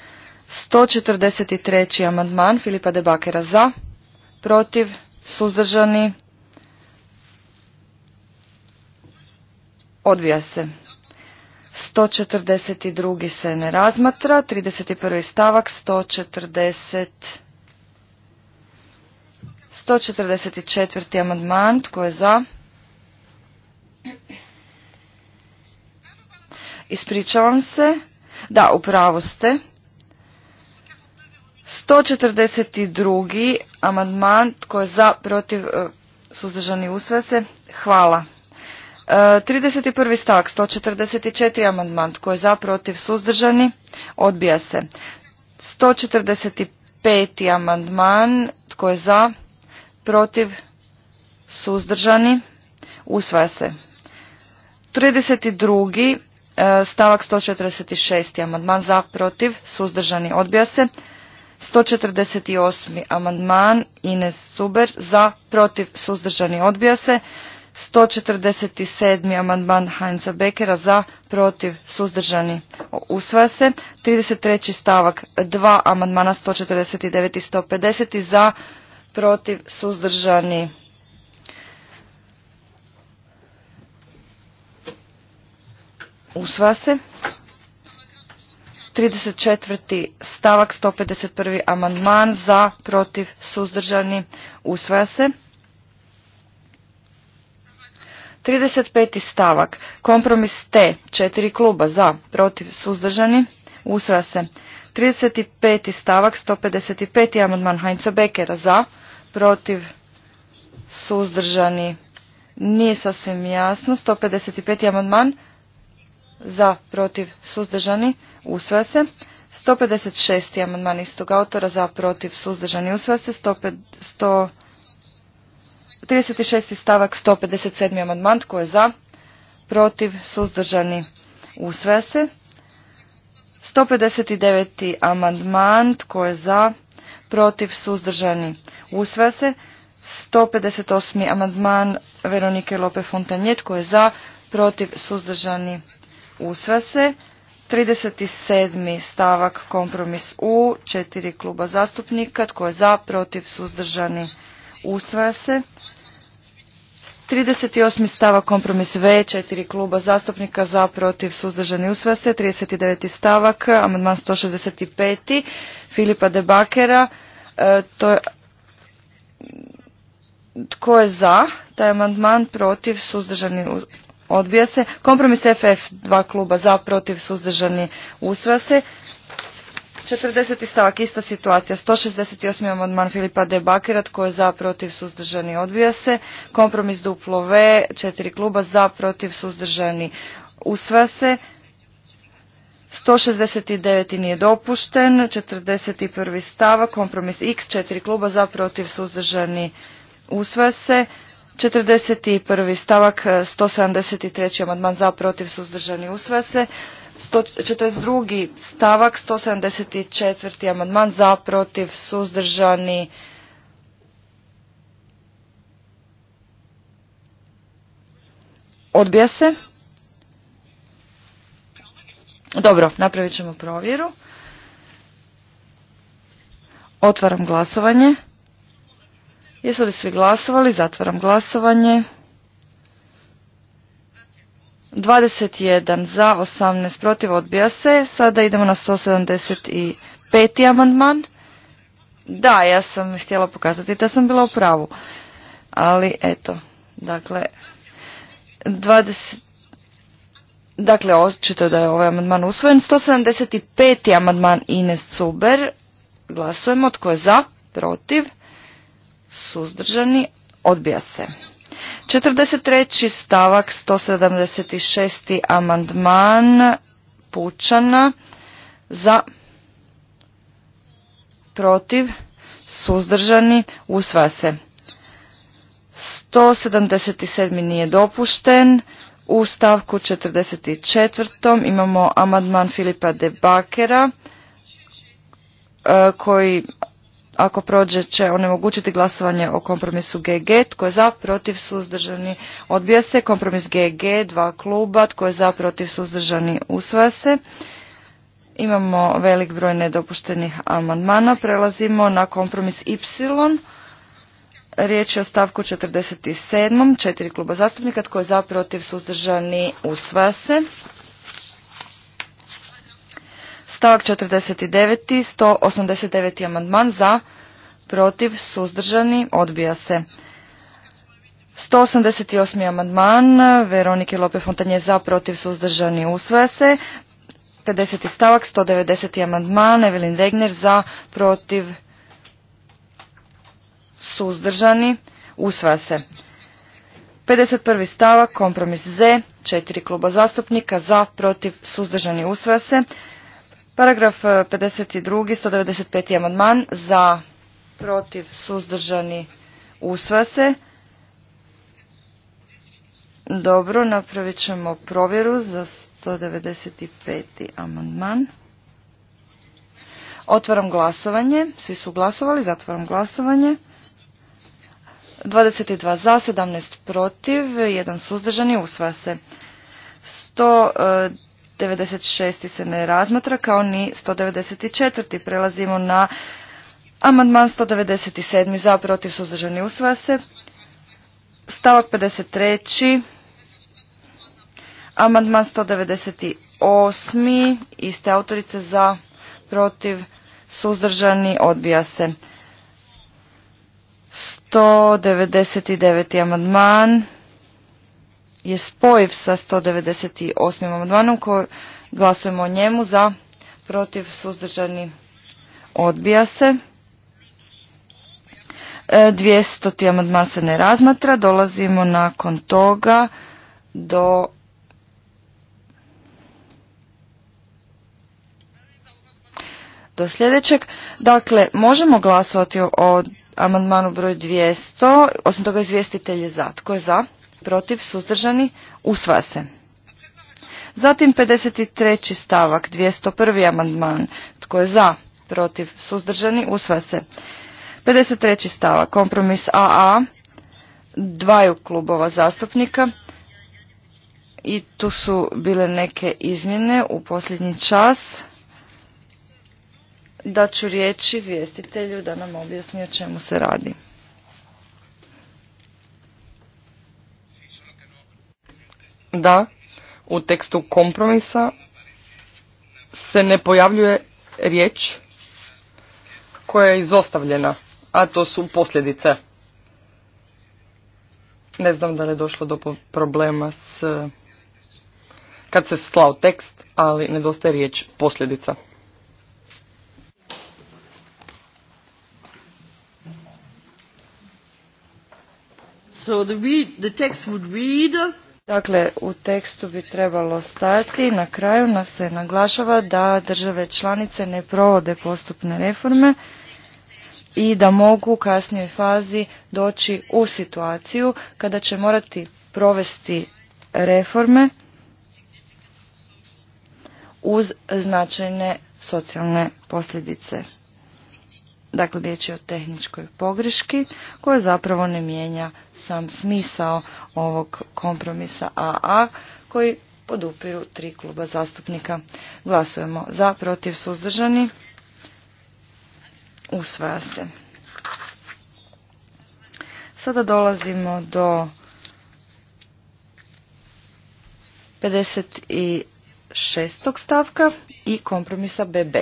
143. amandman Filipa Debakera za, protiv, suzdržani, odbija se. 142. se ne razmatra, 31. stavak, 140. 144. amandman, tko je za? Ispričavam se. Da, upravo ste. 142. E, e, amandman tko je za protiv suzdržani usvaja se. Hvala. 31. E, stavak 144. amandman tko je za protiv suzdržani odbija se. 145. amandman tko je za protiv suzdržani usvaja se. 32. stavak 146. amandman za protiv suzdržani odbija se. 148. amandman Ines Suber za, protiv, suzdržani odbija se. 147. amandman Heinza Bekera za, protiv, suzdržani usvaja se. 33. stavak 2 amandmana 149 i 150 za, protiv, suzdržani usvaja se. 34. stavak 151. amandman za, protiv, suzdržani, usvaja se. 35. stavak, kompromis T, četiri kluba za, protiv, suzdržani, usvaja se. 35. stavak, 155. amandman Heinza Bekera za, protiv, suzdržani, nije sasvim jasno. 155. amandman za, protiv, suzdržani, usvaja se. 156. amandman istog autora za protiv suzdržani usvaja se. 36. stavak 157. amandman tko je za protiv suzdržani usvaja se. 159. amandman tko je za protiv suzdržani usvaja se. 158. amandman Veronike Lope Fontanjet tko je za protiv suzdržani usvaja se. 37. stavak kompromis U, četiri kluba zastupnika, tko je za, protiv, suzdržani, usvaja se. 38. stavak kompromis V, četiri kluba zastupnika, za, protiv, suzdržani, usvaja se. 39. stavak, amandman 165. Filipa Debakera, e, to je... Tko je za taj amandman, protiv, suzdržani, odbija se. Kompromis FF dva kluba za, protiv, suzdržani, usvaja se. 40. stavak, ista situacija. 168. amandman Filipa De Bakira, tko je za, protiv, suzdržani, odbija se. Kompromis duplo V, četiri kluba za, protiv, suzdržani, usvaja se. 169. nije dopušten, 41. stavak, kompromis X, četiri kluba za, protiv, suzdržani, usvaja se. 41. stavak 173. E, amandman za protiv suzdržani usvaja se. 42. stavak 174. amandman za protiv suzdržani odbija se. Dobro, napravit ćemo provjeru. Otvaram glasovanje. Jesu li svi glasovali? Zatvaram glasovanje. 21 za, 18 protiv, odbija se. Sada idemo na 175. amandman. Da, ja sam htjela pokazati da sam bila u pravu. Ali eto, dakle, 20, dakle, očito da je ovaj amandman usvojen. 175. amandman Ines Cuber. Glasujemo. Tko je za? Protiv? suzdržani, odbija se. 43. stavak 176. amandman Pučana za protiv suzdržani usvaja se. 177. nije dopušten. U stavku 44. imamo amandman Filipa de Bakera e, koji ako prođe će onemogućiti glasovanje o kompromisu GG. Tko je za, protiv, suzdržani, odbija se. Kompromis GG, dva kluba. Tko je za, protiv, suzdržani, usvaja se. Imamo velik broj nedopuštenih amandmana. Prelazimo na kompromis Y. Riječ je o stavku 47. Četiri kluba zastupnika. Tko je za, protiv, suzdržani, usvaja se. Stavak 49. 189. amandman za, protiv, suzdržani, odbija se. 188. amandman Veronike Lope Fontanje za, protiv, suzdržani, usvaja se. 50. stavak, 190. amandman Evelin Regner za, protiv, suzdržani, usvaja se. 51. stavak, kompromis Z, četiri kluba zastupnika, za, protiv, suzdržani, usvaja se. Paragraf 52. E, 195. amandman za protiv suzdržani usva se. Dobro, napravit ćemo provjeru za 195. amandman. Otvaram glasovanje. Svi su glasovali. Zatvaram glasovanje. 22 za, 17 protiv, 1 suzdržani, usvaja se. 100, 196. se ne razmatra kao ni 194. Prelazimo na amandman 197. za protiv suzdržani usvaja se. Stavak 53. Amandman 198. Iste autorice za protiv suzdržani odbija se. 199. amandman je spojiv sa 198. amandmanom koji glasujemo o njemu za protiv suzdržani odbija se. 200. E, amandman se ne razmatra. Dolazimo nakon toga do do sljedećeg. Dakle, možemo glasovati o amandmanu broj 200. Osim toga, izvjestitelj je za. Tko je za? protiv, suzdržani, usvaja se. Zatim 53. stavak, 201. amandman, tko je za, protiv, suzdržani, usvaja se. 53. stavak, kompromis AA, dvaju klubova zastupnika i tu su bile neke izmjene u posljednji čas. Da ću riječ izvjestitelju da nam objasni o čemu se radi. da u tekstu kompromisa se ne pojavljuje riječ koja je izostavljena, a to su posljedice. Ne znam da li je došlo do problema s kad se slao tekst, ali nedostaje riječ posljedica. So the, the text would read Dakle, u tekstu bi trebalo stajati na kraju nas se naglašava da države članice ne provode postupne reforme i da mogu u kasnijoj fazi doći u situaciju kada će morati provesti reforme uz značajne socijalne posljedice. Dakle, riječ je o tehničkoj pogreški koja zapravo ne mijenja sam smisao ovog kompromisa AA koji podupiru tri kluba zastupnika. Glasujemo za, protiv, suzdržani. Usvaja se. Sada dolazimo do 56. stavka i kompromisa BB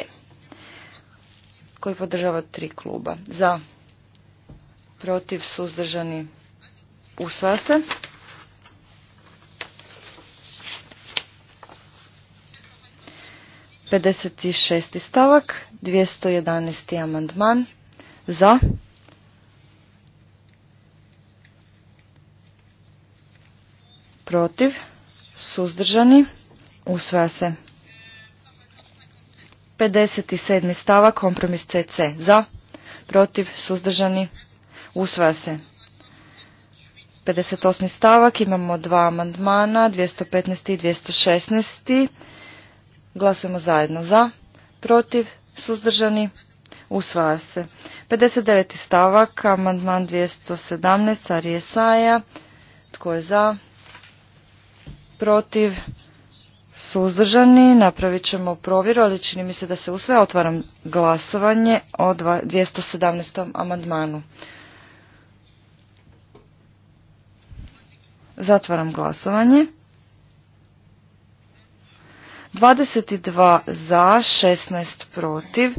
koji podržava tri kluba. Za, protiv, suzdržani, usvaja se. Pedeset šest stavak, 211. amandman, za, protiv, suzdržani, usvaja se. 57. stavak, kompromis CC. Za, protiv, suzdržani, usvaja se. 58. stavak, imamo dva amandmana, 215. i 216. Glasujemo zajedno za, protiv, suzdržani, usvaja se. 59. stavak, amandman 217. Saja, Tko je za? Protiv? suzdržani. Napravit ćemo provjeru, ali čini mi se da se sve Otvaram glasovanje o 217. amandmanu. Zatvaram glasovanje. 22 za, 16 protiv.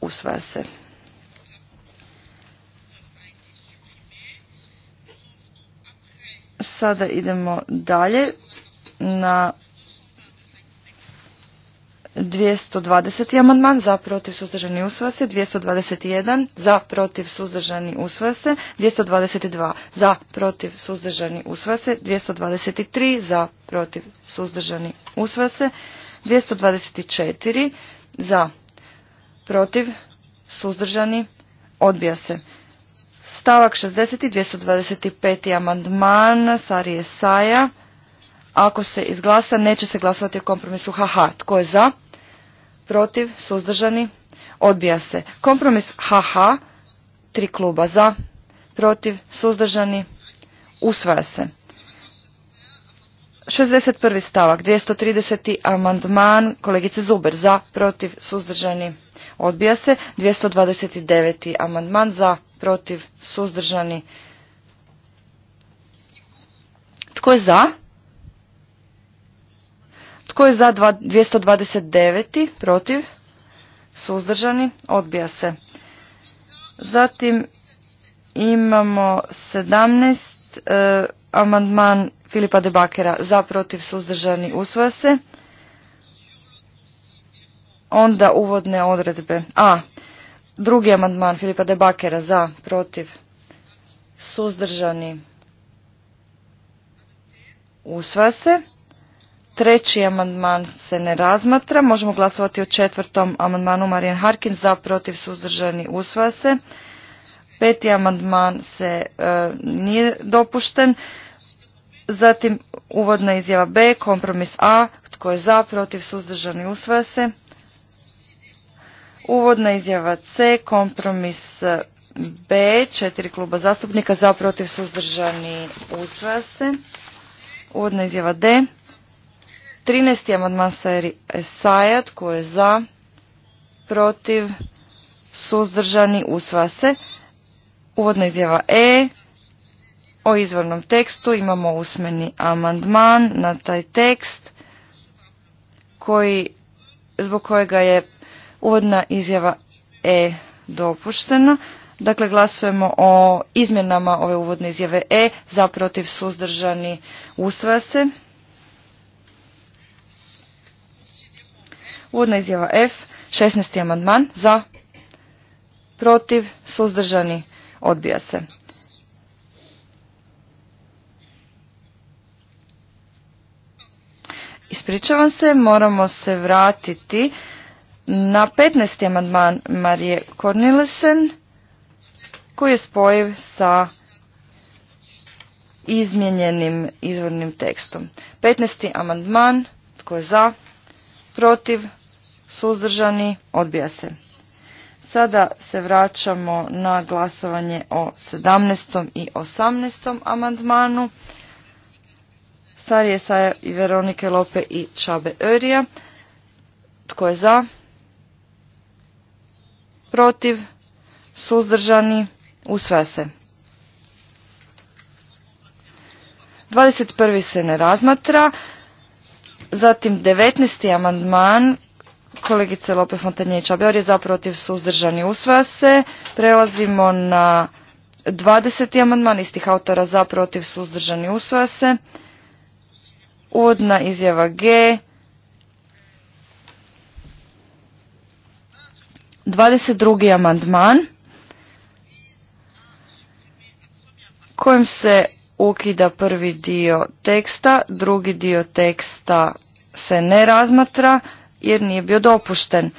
Usvaja se. Sada idemo dalje na 220. amandman za protiv suzdržani usvaja se, 221 za protiv suzdržani usvaja se, 222 za protiv suzdržani usvoja se, 223 za protiv suzdržani usvaja se, 224 za protiv suzdržani odbija se. Stavak 60. 225. amandman Sarije Saja. Ako se izglasa, neće se glasovati o kompromisu. Haha, tko je za? protiv, suzdržani, odbija se. Kompromis HH, tri kluba za, protiv, suzdržani, usvaja se. 61. stavak, 230. amandman, kolegice Zuber, za, protiv, suzdržani, odbija se. 229. amandman, za, protiv, suzdržani. Tko je za? Tko je za 229. protiv? Suzdržani? Odbija se. Zatim imamo 17. E, amandman Filipa Debakera za protiv suzdržani usvoja se. Onda uvodne odredbe. A. Drugi amandman Filipa Debakera za protiv suzdržani usvoja se. Treći amandman se ne razmatra. Možemo glasovati o četvrtom amandmanu Marijan Harkin za protiv suzdržani usvaja se. Peti amandman se e, nije dopušten. Zatim uvodna izjava B, kompromis A, tko je za, protiv, suzdržani, usvaja se. Uvodna izjava C, kompromis B, četiri kluba zastupnika, za, protiv, suzdržani, usvaja se. Uvodna izjava D, 13. amandman Seri Esajat, ko je za, protiv, suzdržani, usvase. se. Uvodna izjava E. O izvornom tekstu imamo usmeni amandman na taj tekst koji, zbog kojega je uvodna izjava E dopuštena. Dakle, glasujemo o izmjenama ove uvodne izjave E za protiv suzdržani usvase. Uvodna izjava F, 16. amandman za, protiv, suzdržani, odbija se. Ispričavam se, moramo se vratiti na 15. amandman Marije Kornilesen koji je spojiv sa izmijenjenim izvornim tekstom. 15. amandman, tko je za, protiv, suzdržani, odbija se. Sada se vraćamo na glasovanje o 17. i 18. amandmanu. Sarije Saja i Veronike Lope i Čabe Örija. Tko je za? Protiv? Suzdržani? Usvaja se. 21. se ne razmatra. Zatim 19. amandman kolegice Lope Fontanje Čabjor je zaprotiv suzdržani usvaja se. Prelazimo na 20. amandman istih autora protiv suzdržani usvaja se. Uvodna izjava G. 22. amandman kojim se ukida prvi dio teksta, drugi dio teksta se ne razmatra jer nije bio dopušten.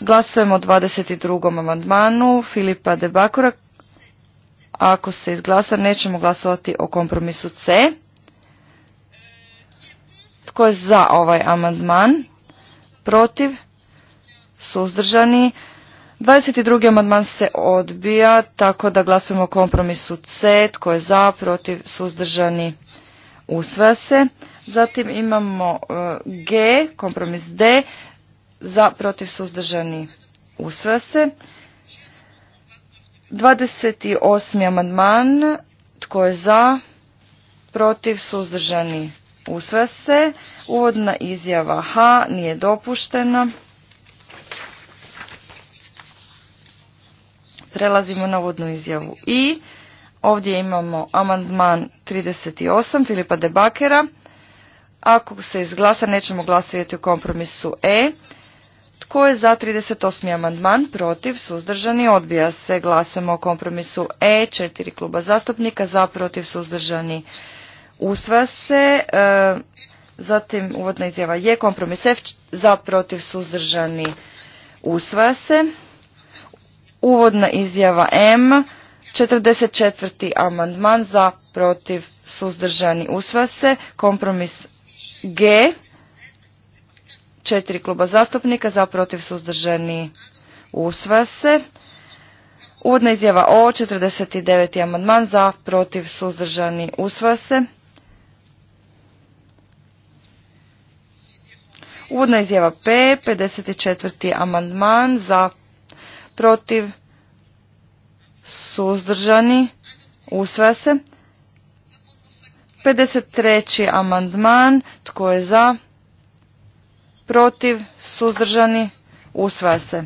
Glasujemo o 22. amandmanu Filipa de Bakura. Ako se izglasa, nećemo glasovati o kompromisu C. Tko je za ovaj amandman? Protiv? Suzdržani? 22. amandman se odbija, tako da glasujemo o kompromisu C, tko je za, protiv, suzdržani, usvaja se. Zatim imamo e, G, kompromis D, za, protiv, suzdržani, usvaja se. 28. amandman, tko je za, protiv, suzdržani, usvaja se. Uvodna izjava H nije dopuštena. Prelazimo na uvodnu izjavu i ovdje imamo amandman 38 Filipa Debakera. Ako se izglasa, nećemo glasovati o kompromisu E. Tko je za 38. amandman? Protiv, suzdržani, odbija se. Glasujemo o kompromisu E, četiri kluba zastupnika, za, protiv, suzdržani, usvaja se. E, zatim uvodna izjava je kompromis F, za, protiv, suzdržani, usvaja se. Uvodna izjava M, 44. amandman za, protiv, suzdržani, usvase, Kompromis G, četiri kluba zastupnika za, protiv, suzdržani, usvase Uvodna izjava O, 49. amandman za, protiv, suzdržani, usvase. Uvodna izjava P, 54. amandman za, protiv, suzdržani, usvaja se. 53. amandman, tko je za, protiv, suzdržani, usvaja se.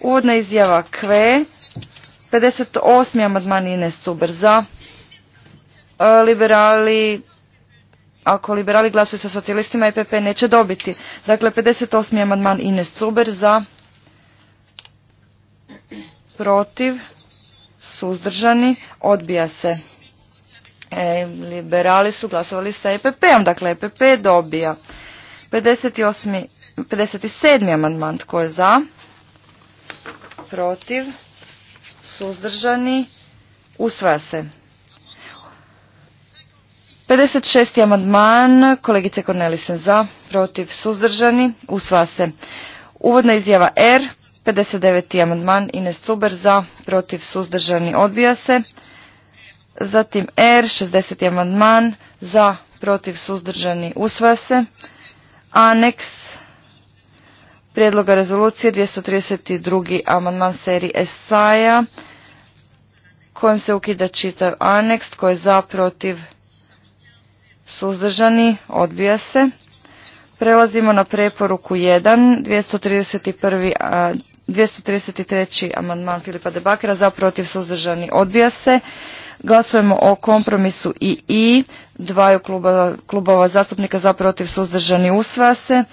Uvodna izjava KVE, 58. amandman Ines Suber za, e, liberali, ako liberali glasuju sa socijalistima, EPP neće dobiti. Dakle, 58. amandman Ines Suber za, protiv, suzdržani, odbija se. E, liberali su glasovali sa EPP-om, dakle EPP dobija. 58, 57. amandman, tko je za? Protiv, suzdržani, usvaja se. 56. amandman, kolegice Kornelisen za, protiv, suzdržani, usvaja se. Uvodna izjava R, 59. amandman Ines Cuber za, protiv suzdržani odbija se. Zatim R, 60. amandman za, protiv suzdržani usvaja se. Aneks prijedloga rezolucije 232. amandman seriji Esaja kojim se ukida čitav aneks koji je za, protiv suzdržani odbija se. Prelazimo na preporuku 1, 231. 233. amandman Filipa Debakera za protiv suzdržani odbija se. Glasujemo o kompromisu i i dvaju klubova zastupnika za protiv suzdržani usvaja se.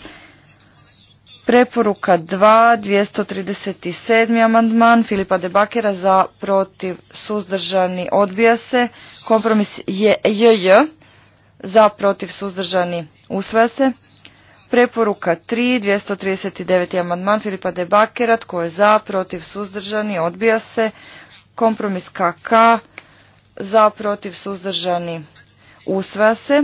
Preporuka 2, 237. amandman Filipa bakera za protiv suzdržani odbija se. Kompromis je jj za protiv suzdržani usvaja se. Preporuka 3, 239. amandman Filipa bakera tko je za, protiv, suzdržani, odbija se. Kompromis KK, za, protiv, suzdržani, usvaja se.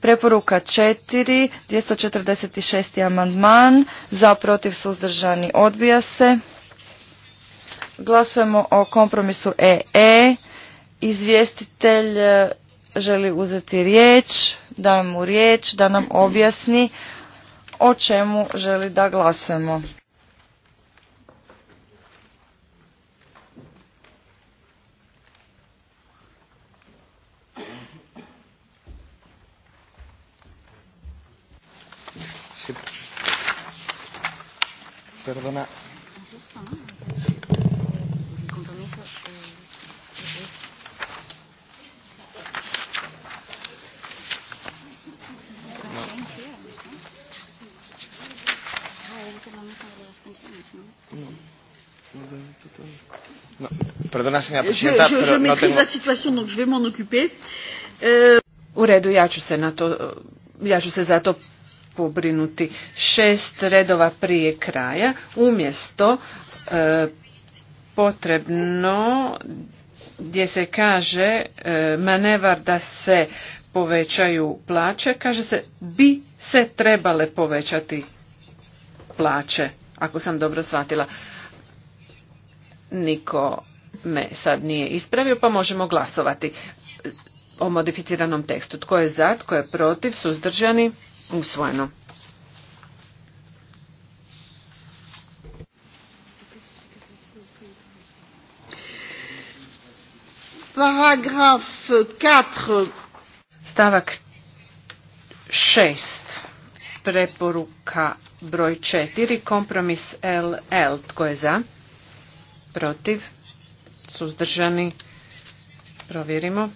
Preporuka 4, 246. amandman, za, protiv, suzdržani, odbija se. Glasujemo o kompromisu EE. E. Izvjestitelj želi uzeti riječ, da mu riječ da nam objasni o čemu želi da glasujemo. perdona, U redu, ja ću se na to, ja ću se za to pobrinuti šest redova prije kraja, umjesto e, potrebno gdje se kaže e, manevar da se povećaju plaće, kaže se bi se trebale povećati plaće ako sam dobro shvatila. Niko me sad nije ispravio, pa možemo glasovati o modificiranom tekstu. Tko je za, tko je protiv, suzdržani, usvojeno. Paragraf 4. Stavak 6. Preporuka broj četiri, kompromis LL. Tko je za? Protiv? Suzdržani? Provjerimo.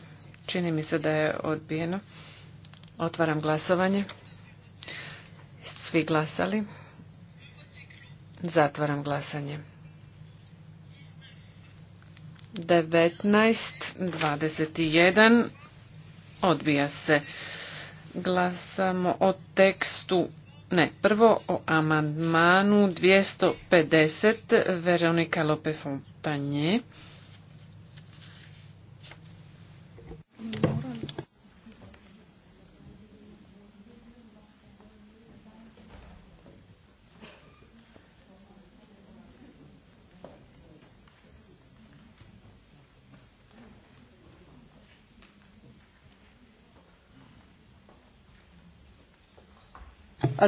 Čini mi se da je odbijeno. Otvaram glasovanje. Svi glasali. Zatvaram glasanje. 19, 21. Odbija se. Glasamo o tekstu ne, prvo o amandmanu 250 Veronika Lope Fontanje.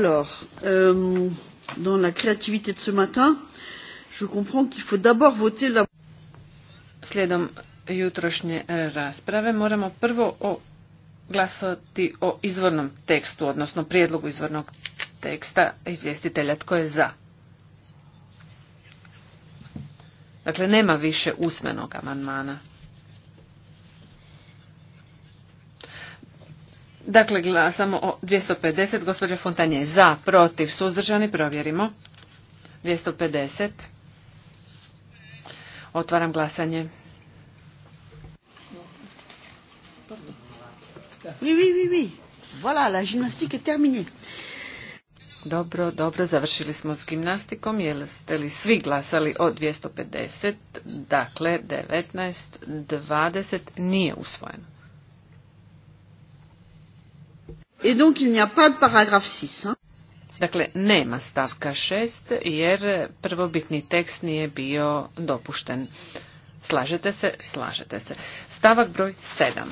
Alors, euh, dans la créativité de ce matin, je comprends qu'il faut d'abord voter la... Slijedom jutrošnje e, rasprave moramo prvo o glasovati o izvornom tekstu, odnosno prijedlogu izvornog teksta izvjestitelja tko je za. Dakle, nema više usmenog amandmana. Dakle, glasamo o 250. Gospođa Fontanje za, protiv, suzdržani. Provjerimo. 250. Otvaram glasanje. Oui, oui, oui, oui. Voilà, la gymnastique est terminée. Dobro, dobro, završili smo s gimnastikom. Jeste li svi glasali o 250? Dakle, 19, 20 nije usvojeno. Et donc il n'y a pas de paragraphe 6. Hein? Dakle, nema stavka 6 jer prvobitni tekst nije bio dopušten. Slažete se? Slažete se. Stavak broj 7.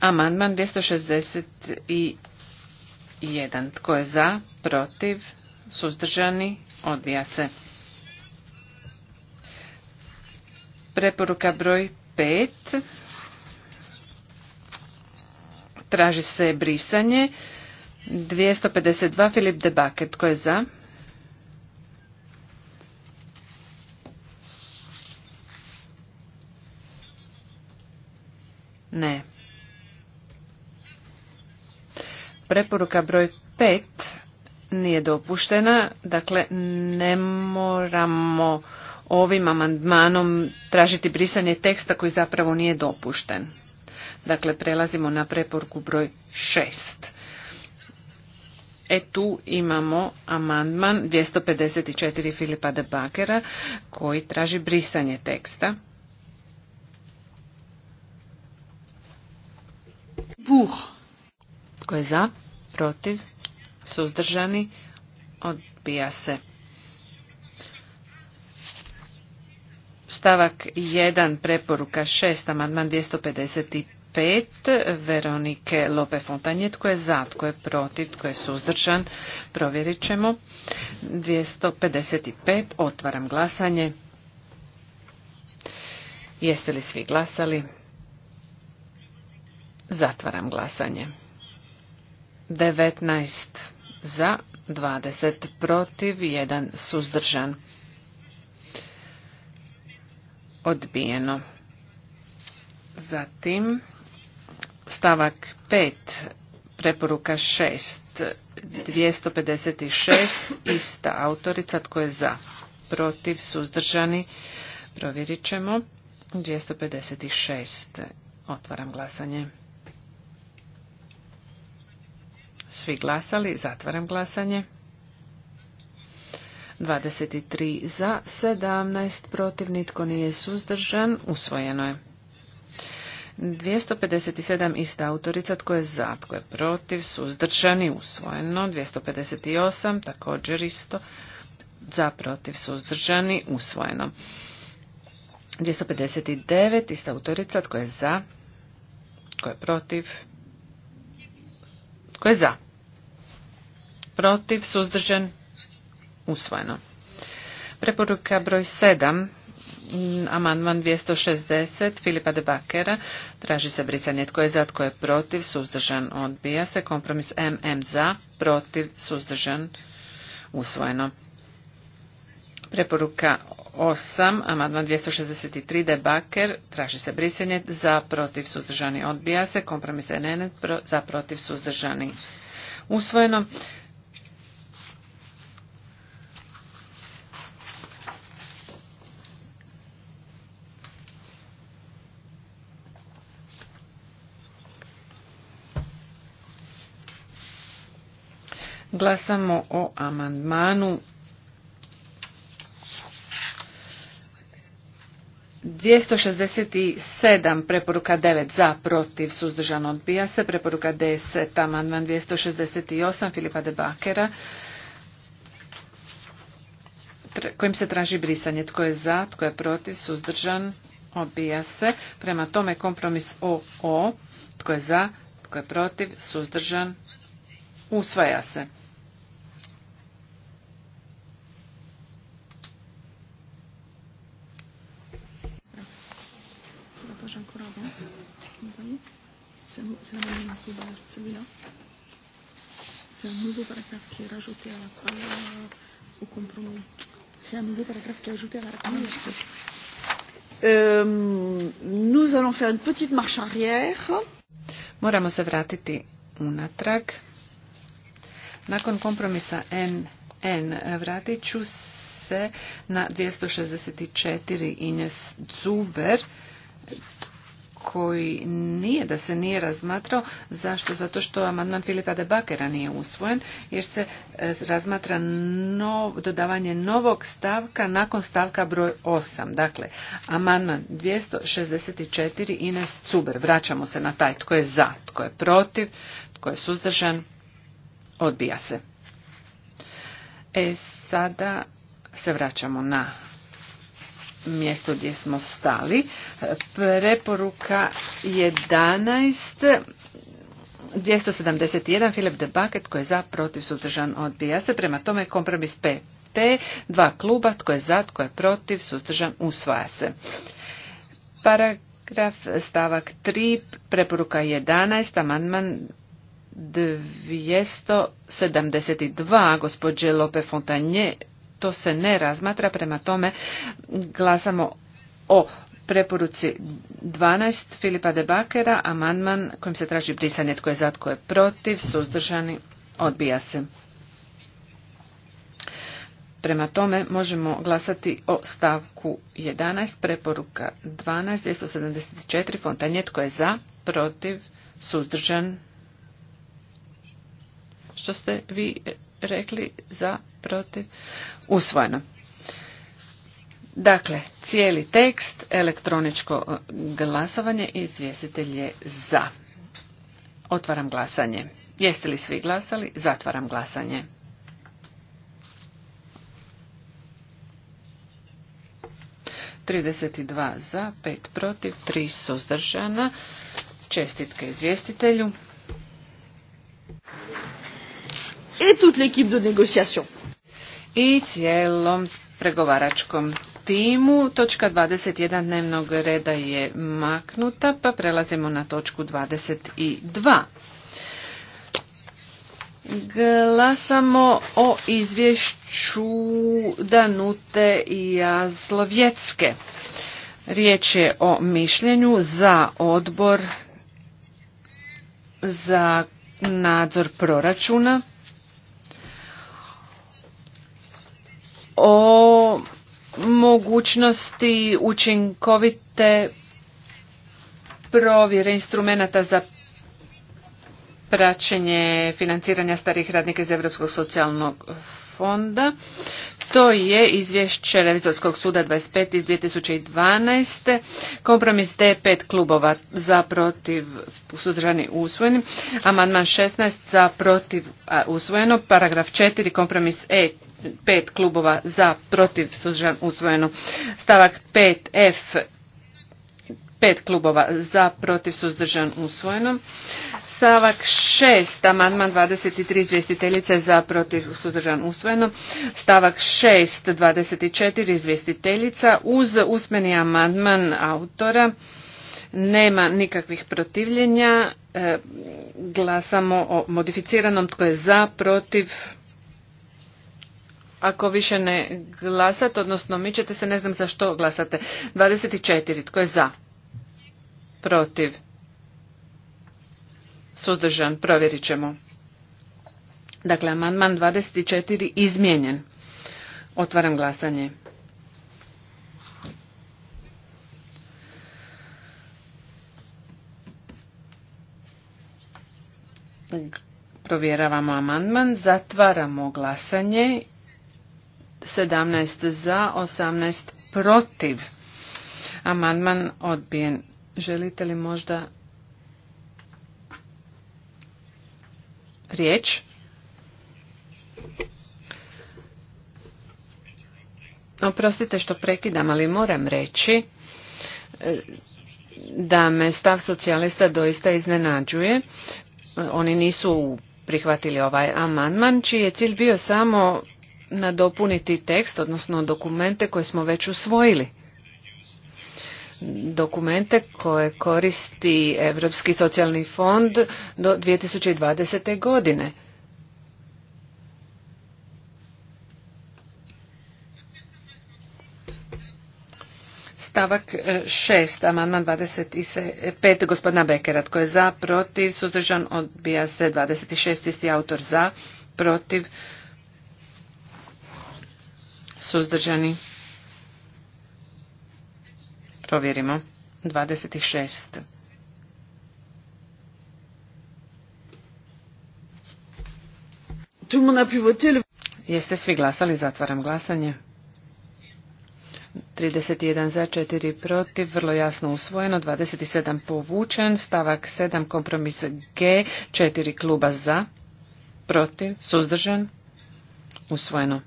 Amandman 261. Tko je za? Protiv? suzdržani, odbija se. Preporuka broj 5. Traži se brisanje. 252 Filip de Baket. Tko je za? Ne. Preporuka broj 5 nije dopuštena, dakle ne moramo ovim amandmanom tražiti brisanje teksta koji zapravo nije dopušten. Dakle, prelazimo na preporku broj 6. E tu imamo amandman 254 Filipa de Bakera koji traži brisanje teksta. Buh. Tko je za? Protiv? suzdržani, odbija se. Stavak 1, preporuka 6, amandman 255, Veronike Lope Fontanje, tko je za, tko je protiv, tko je suzdržan, provjerit ćemo. 255, otvaram glasanje. Jeste li svi glasali? Zatvaram glasanje. 19 za, 20 protiv, 1 suzdržan. Odbijeno. Zatim stavak 5, preporuka 6, 256, ista autorica, tko je za, protiv, suzdržani, provjerit ćemo, 256, otvaram glasanje. Svi glasali, zatvaram glasanje. 23 za, 17 protiv, nitko nije suzdržan, usvojeno je. 257 ista autorica, tko je za, tko je protiv, suzdržani, usvojeno. 258, također isto, za, protiv, suzdržani, usvojeno. 259, ista autorica, tko je za, tko je protiv, tko je za protiv, suzdržan, usvojeno. Preporuka broj 7, amandman 260 Filipa de Bakera. Traži se brisanje tko je za, tko je protiv, suzdržan, odbija se. Kompromis MM za, protiv, suzdržan, usvojeno. Preporuka 8, amandman 263 Debaker Traži se brisanje za, protiv, suzdržani, odbija se. Kompromis NN za, protiv, suzdržani, usvojeno. Glasamo o amandmanu 267 preporuka 9 za protiv suzdržano odbija se preporuka 10 amandman 268 Filipa de Bakera kojim se traži brisanje tko je za tko je protiv suzdržan odbija se prema tome kompromis OO tko je za tko je protiv suzdržan usvaja se c'est la même chose, celui-là. C'est un nouveau paragraphe qui est rajouté à la, à la, euh, au compromis. C'est un nouveau paragraphe qui est ajouté à la ah, Euh, nous allons faire une petite marche arrière. Moramo se vratiti unatrag. Nakon kompromisa N, N vratit ću se na 264 Ines Zuber koji nije, da se nije razmatrao. Zašto? Zato što amandman Filipa de Bakera nije usvojen, jer se e, razmatra dodavanje novog stavka nakon stavka broj 8. Dakle, amandman 264 Ines Cuber. Vraćamo se na taj tko je za, tko je protiv, tko je suzdržan, odbija se. E, sada se vraćamo na mjesto gdje smo stali. Preporuka 11. 271 Filip de baket koji je za protiv suzdržan odbija se. Prema tome kompromis PP, dva kluba, tko je za, tko je protiv, suzdržan usvaja se. Paragraf stavak 3, preporuka 11, amandman 272 gospođe Lope Fontanje to se ne razmatra, prema tome glasamo o preporuci 12 Filipa de Bakera, amandman kojim se traži brisanje tko je za, tko je protiv, suzdržani, odbija se. Prema tome možemo glasati o stavku 11, preporuka 12, 274, Fontanje, tko je za, protiv, suzdržan. Što ste vi rekli za protiv, usvojeno. Dakle, cijeli tekst, elektroničko e, glasovanje, izvjestitelj je za. Otvaram glasanje. Jeste li svi glasali? Zatvaram glasanje. Trideset dva za, pet protiv, tri suzdržana. Čestitke izvjestitelju. Et toute l'équipe de négociation i cijelom pregovaračkom timu. Točka 21 dnevnog reda je maknuta, pa prelazimo na točku 22. Glasamo o izvješću Danute i Jazlovjetske. Riječ je o mišljenju za odbor za nadzor proračuna o mogućnosti učinkovite provjere instrumenata za praćenje financiranja starih radnika iz Europskog socijalnog fonda. To je izvješće Revizorskog suda 25 iz 2012. Kompromis D5 klubova za protiv sudržani usvojeni. Amandman 16 za protiv usvojeno. Paragraf 4 kompromis E 5 klubova za protiv sudržani usvojeno. Stavak 5F pet klubova za protiv suzdržan usvojeno. Stavak 6, amandman 23 izvjestiteljice za protiv suzdržan usvojeno. Stavak 6, 24 izvjestiteljica uz usmeni amandman autora. Nema nikakvih protivljenja. E, glasamo o modificiranom tko je za protiv ako više ne glasate, odnosno mi ćete se, ne znam za što glasate. 24. Tko je za? protiv, suzdržan, provjerit ćemo. Dakle, amandman 24 izmijenjen. Otvaram glasanje. Provjeravamo amandman, zatvaramo glasanje. 17 za, 18 protiv. Amandman odbijen. Želite li možda riječ? Oprostite što prekidam, ali moram reći e, da me stav socijalista doista iznenađuje. E, oni nisu prihvatili ovaj amandman, čiji je cilj bio samo nadopuniti tekst, odnosno dokumente koje smo već usvojili dokumente koje koristi Europski socijalni fond do 2020. godine. Stavak 6, e, amandman 25, gospodina Bekerat, tko je za, protiv, suzdržan, odbija se 26, isti autor za, protiv, suzdržani, Provjerimo. 26. Jeste svi glasali, zatvaram glasanje. 31 za, 4 protiv, vrlo jasno usvojeno, 27 povučen, stavak 7, kompromis G, 4 kluba za, protiv, suzdržan, usvojeno.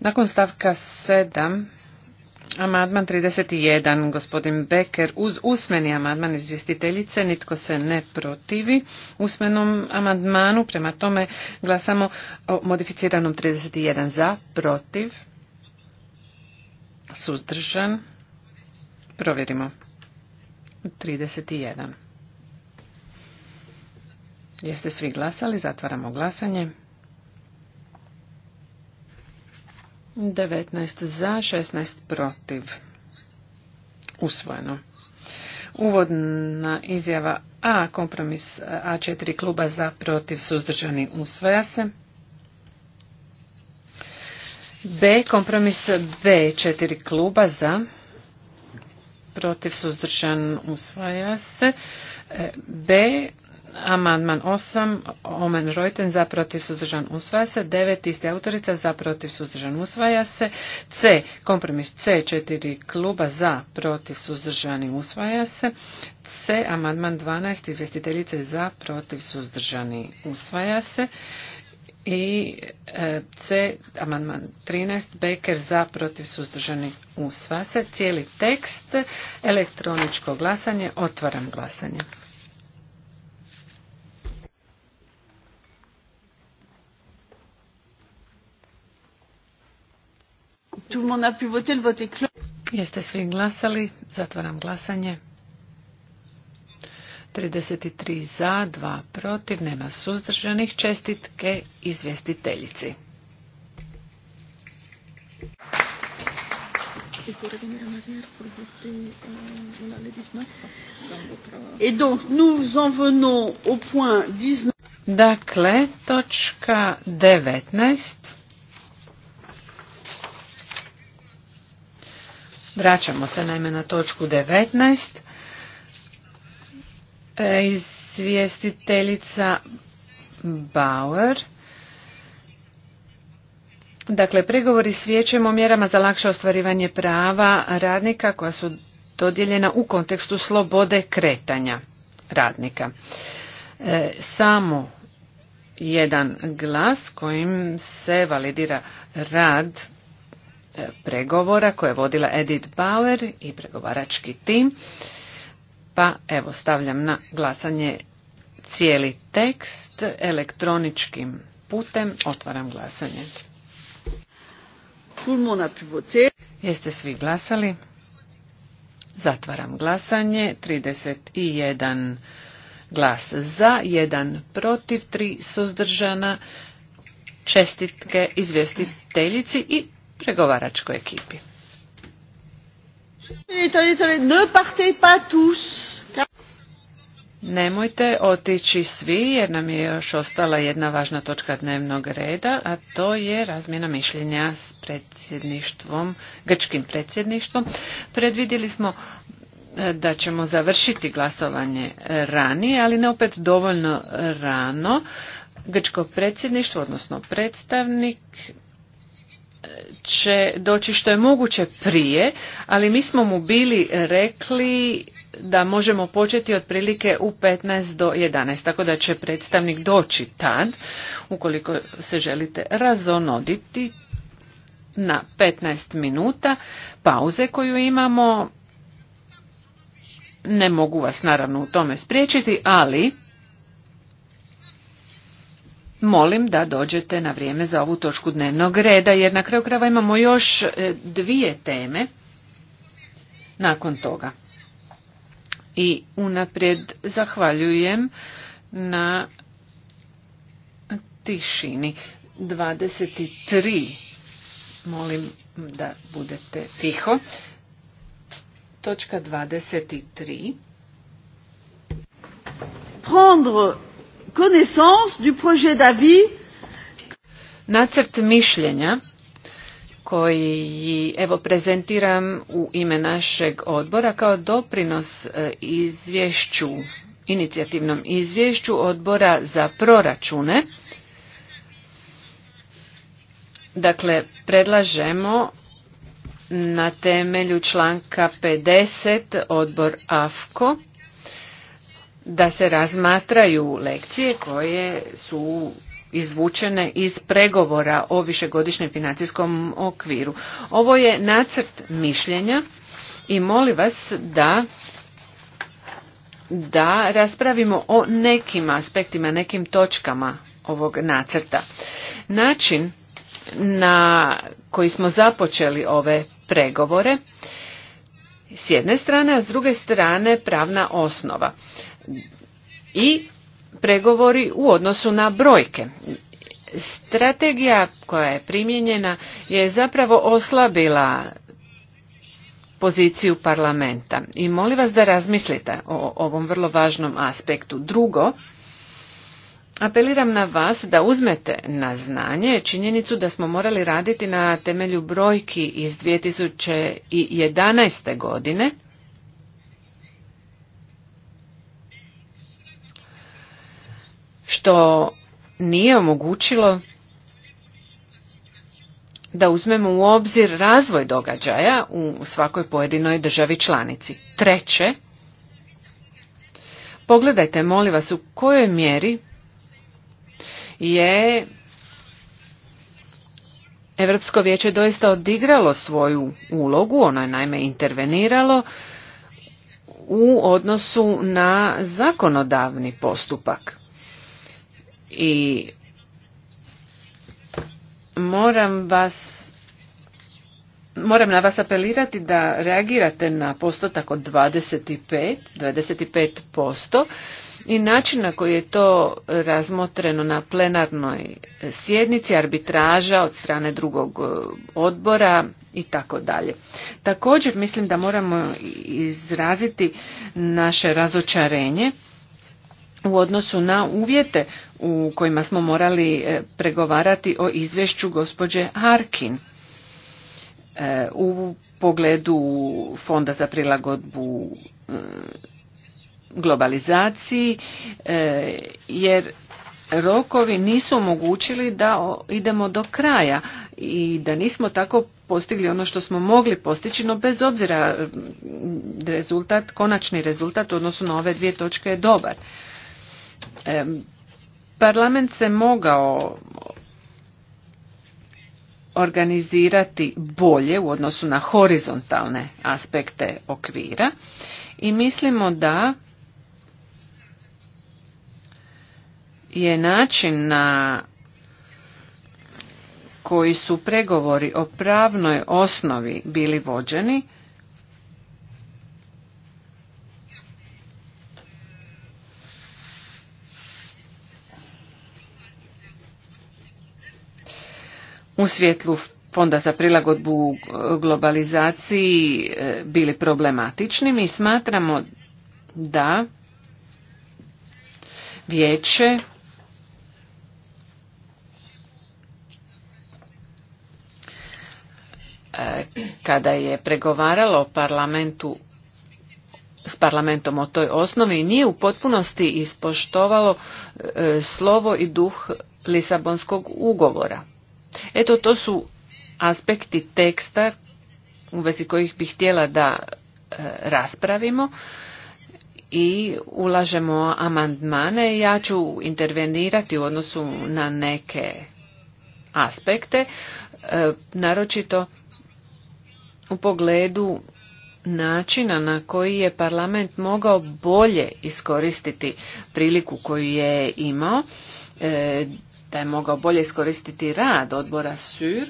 Nakon stavka 7, amadman 31, gospodin Becker, uz usmeni amadman izvjestiteljice, nitko se ne protivi usmenom amadmanu, prema tome glasamo o modificiranom 31 za, protiv, suzdržan, provjerimo, 31. Jeste svi glasali, zatvaramo glasanje. 19 za, 16 protiv. Usvojeno. Uvodna izjava A, kompromis A4 kluba za, protiv, suzdržani, usvaja se. B, kompromis B4 kluba za, protiv, suzdržan, usvaja se. E, B, Amandman 8, Omen Rojten, za protiv suzdržan usvaja se. 9, iste autorica, za protiv suzdržan usvaja se. C, kompromis C, 4 kluba, za protiv suzdržani usvaja se. C, amandman 12, izvjestiteljice, za protiv suzdržani usvaja se. I e, C, amandman 13, Beker za protiv suzdržani usvaja se. Cijeli tekst, elektroničko glasanje, otvaram glasanje. Jeste svi glasali, Zatvoram glasanje. 33 za, 2 protiv, nema suzdržanih. Čestitke izvjestiteljici. Dakle, točka 19. Vraćamo se naime na točku 19. E, izvjestiteljica Bauer. Dakle, pregovori s o mjerama za lakše ostvarivanje prava radnika koja su dodijeljena u kontekstu slobode kretanja radnika. E, samo jedan glas kojim se validira rad E, pregovora koje je vodila Edith Bauer i pregovarački tim. Pa evo stavljam na glasanje cijeli tekst elektroničkim putem. Otvaram glasanje. Jeste svi glasali? Zatvaram glasanje. 31 glas za, 1 protiv, 3 suzdržana. Čestitke izvjestiteljici i pregovaračkoj ekipi. Nemojte otići svi jer nam je još ostala jedna važna točka dnevnog reda, a to je razmjena mišljenja s predsjedništvom, grčkim predsjedništvom. Predvidjeli smo e, da ćemo završiti glasovanje ranije, ali ne opet dovoljno rano. Grčko predsjedništvo, odnosno predstavnik će doći što je moguće prije, ali mi smo mu bili rekli da možemo početi otprilike u 15 do 11, tako da će predstavnik doći tad, ukoliko se želite razonoditi na 15 minuta pauze koju imamo. Ne mogu vas naravno u tome spriječiti, ali molim da dođete na vrijeme za ovu točku dnevnog reda, jer na kraju krajeva imamo još e, dvije teme nakon toga. I unaprijed zahvaljujem na tišini. 23. Molim da budete tiho. Točka 23. Prendre connaissance du projet d'avis Nacrt mišljenja koji evo prezentiram u ime našeg odbora kao doprinos e, izvješću, inicijativnom izvješću odbora za proračune. Dakle, predlažemo na temelju članka 50 odbor AFKO da se razmatraju lekcije koje su izvučene iz pregovora o višegodišnjem financijskom okviru. Ovo je nacrt mišljenja i molim vas da da raspravimo o nekim aspektima, nekim točkama ovog nacrta. Način na koji smo započeli ove pregovore s jedne strane, a s druge strane pravna osnova i pregovori u odnosu na brojke. Strategija koja je primijenjena je zapravo oslabila poziciju parlamenta i molim vas da razmislite o ovom vrlo važnom aspektu. Drugo, apeliram na vas da uzmete na znanje činjenicu da smo morali raditi na temelju brojki iz 2011. godine što nije omogućilo da uzmemo u obzir razvoj događaja u svakoj pojedinoj državi članici. Treće, pogledajte molim vas u kojoj mjeri je Europsko vijeće doista odigralo svoju ulogu, ono je naime interveniralo u odnosu na zakonodavni postupak i moram vas Moram na vas apelirati da reagirate na postotak od 25, 25% i način na koji je to razmotreno na plenarnoj sjednici, arbitraža od strane drugog e, odbora i tako dalje. Također mislim da moramo izraziti naše razočarenje u odnosu na uvjete u kojima smo morali e, pregovarati o izvješću gospođe Harkin e, u pogledu fonda za prilagodbu e, globalizaciji jer rokovi nisu omogućili da idemo do kraja i da nismo tako postigli ono što smo mogli postići, no bez obzira rezultat, konačni rezultat u odnosu na ove dvije točke je dobar. Parlament se mogao organizirati bolje u odnosu na horizontalne aspekte okvira i mislimo da je način na koji su pregovori o pravnoj osnovi bili vođeni u svjetlu fonda za prilagodbu globalizaciji e, bili problematični. Mi smatramo da vijeće e, kada je pregovaralo parlamentu s parlamentom o toj osnovi nije u potpunosti ispoštovalo e, slovo i duh Lisabonskog ugovora. Eto, to su aspekti teksta u vezi kojih bih htjela da e, raspravimo i ulažemo amandmane. Ja ću intervenirati u odnosu na neke aspekte, e, naročito u pogledu načina na koji je parlament mogao bolje iskoristiti priliku koju je imao e, da je mogao bolje iskoristiti rad odbora SUR,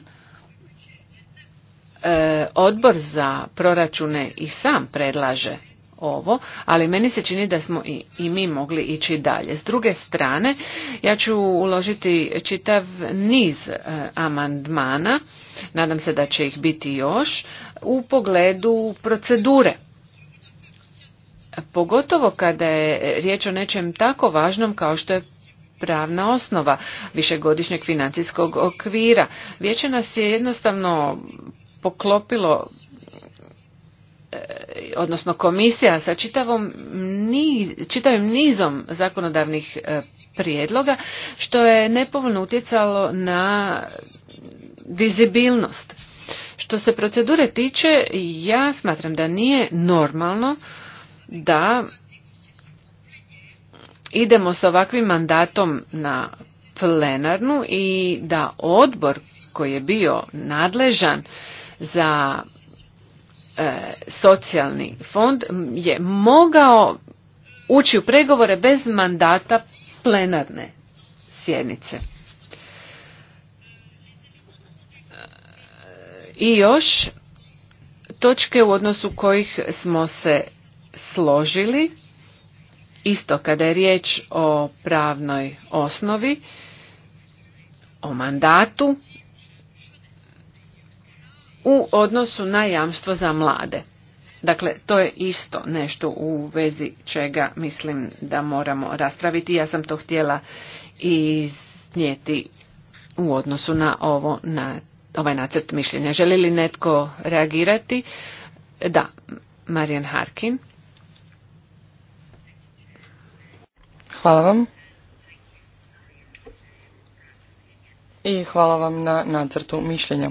e, odbor za proračune i sam predlaže ovo, ali meni se čini da smo i, mi mogli ići dalje. S druge strane, ja ću uložiti čitav niz e, amandmana, nadam se da će ih biti još, u pogledu procedure. Pogotovo kada je riječ o nečem tako važnom kao što je pravna osnova višegodišnjeg financijskog okvira. Vijeće nas je jednostavno poklopilo e, odnosno komisija sa čitavom niz, čitavim nizom zakonodavnih e, prijedloga što je nepovoljno utjecalo na vizibilnost. Što se procedure tiče, ja smatram da nije normalno da idemo s ovakvim mandatom na plenarnu i da odbor koji je bio nadležan za e, socijalni fond je mogao ući u pregovore bez mandata plenarne sjednice. I još točke u odnosu kojih smo se složili Isto kada je riječ o pravnoj osnovi, o mandatu u odnosu na jamstvo za mlade. Dakle, to je isto nešto u vezi čega mislim da moramo raspraviti. Ja sam to htjela iznijeti u odnosu na ovo na ovaj nacrt mišljenja. Želi li netko reagirati? Da, Marijan Harkin. Hvala vam. I hvala vam na nacrtu mišljenja.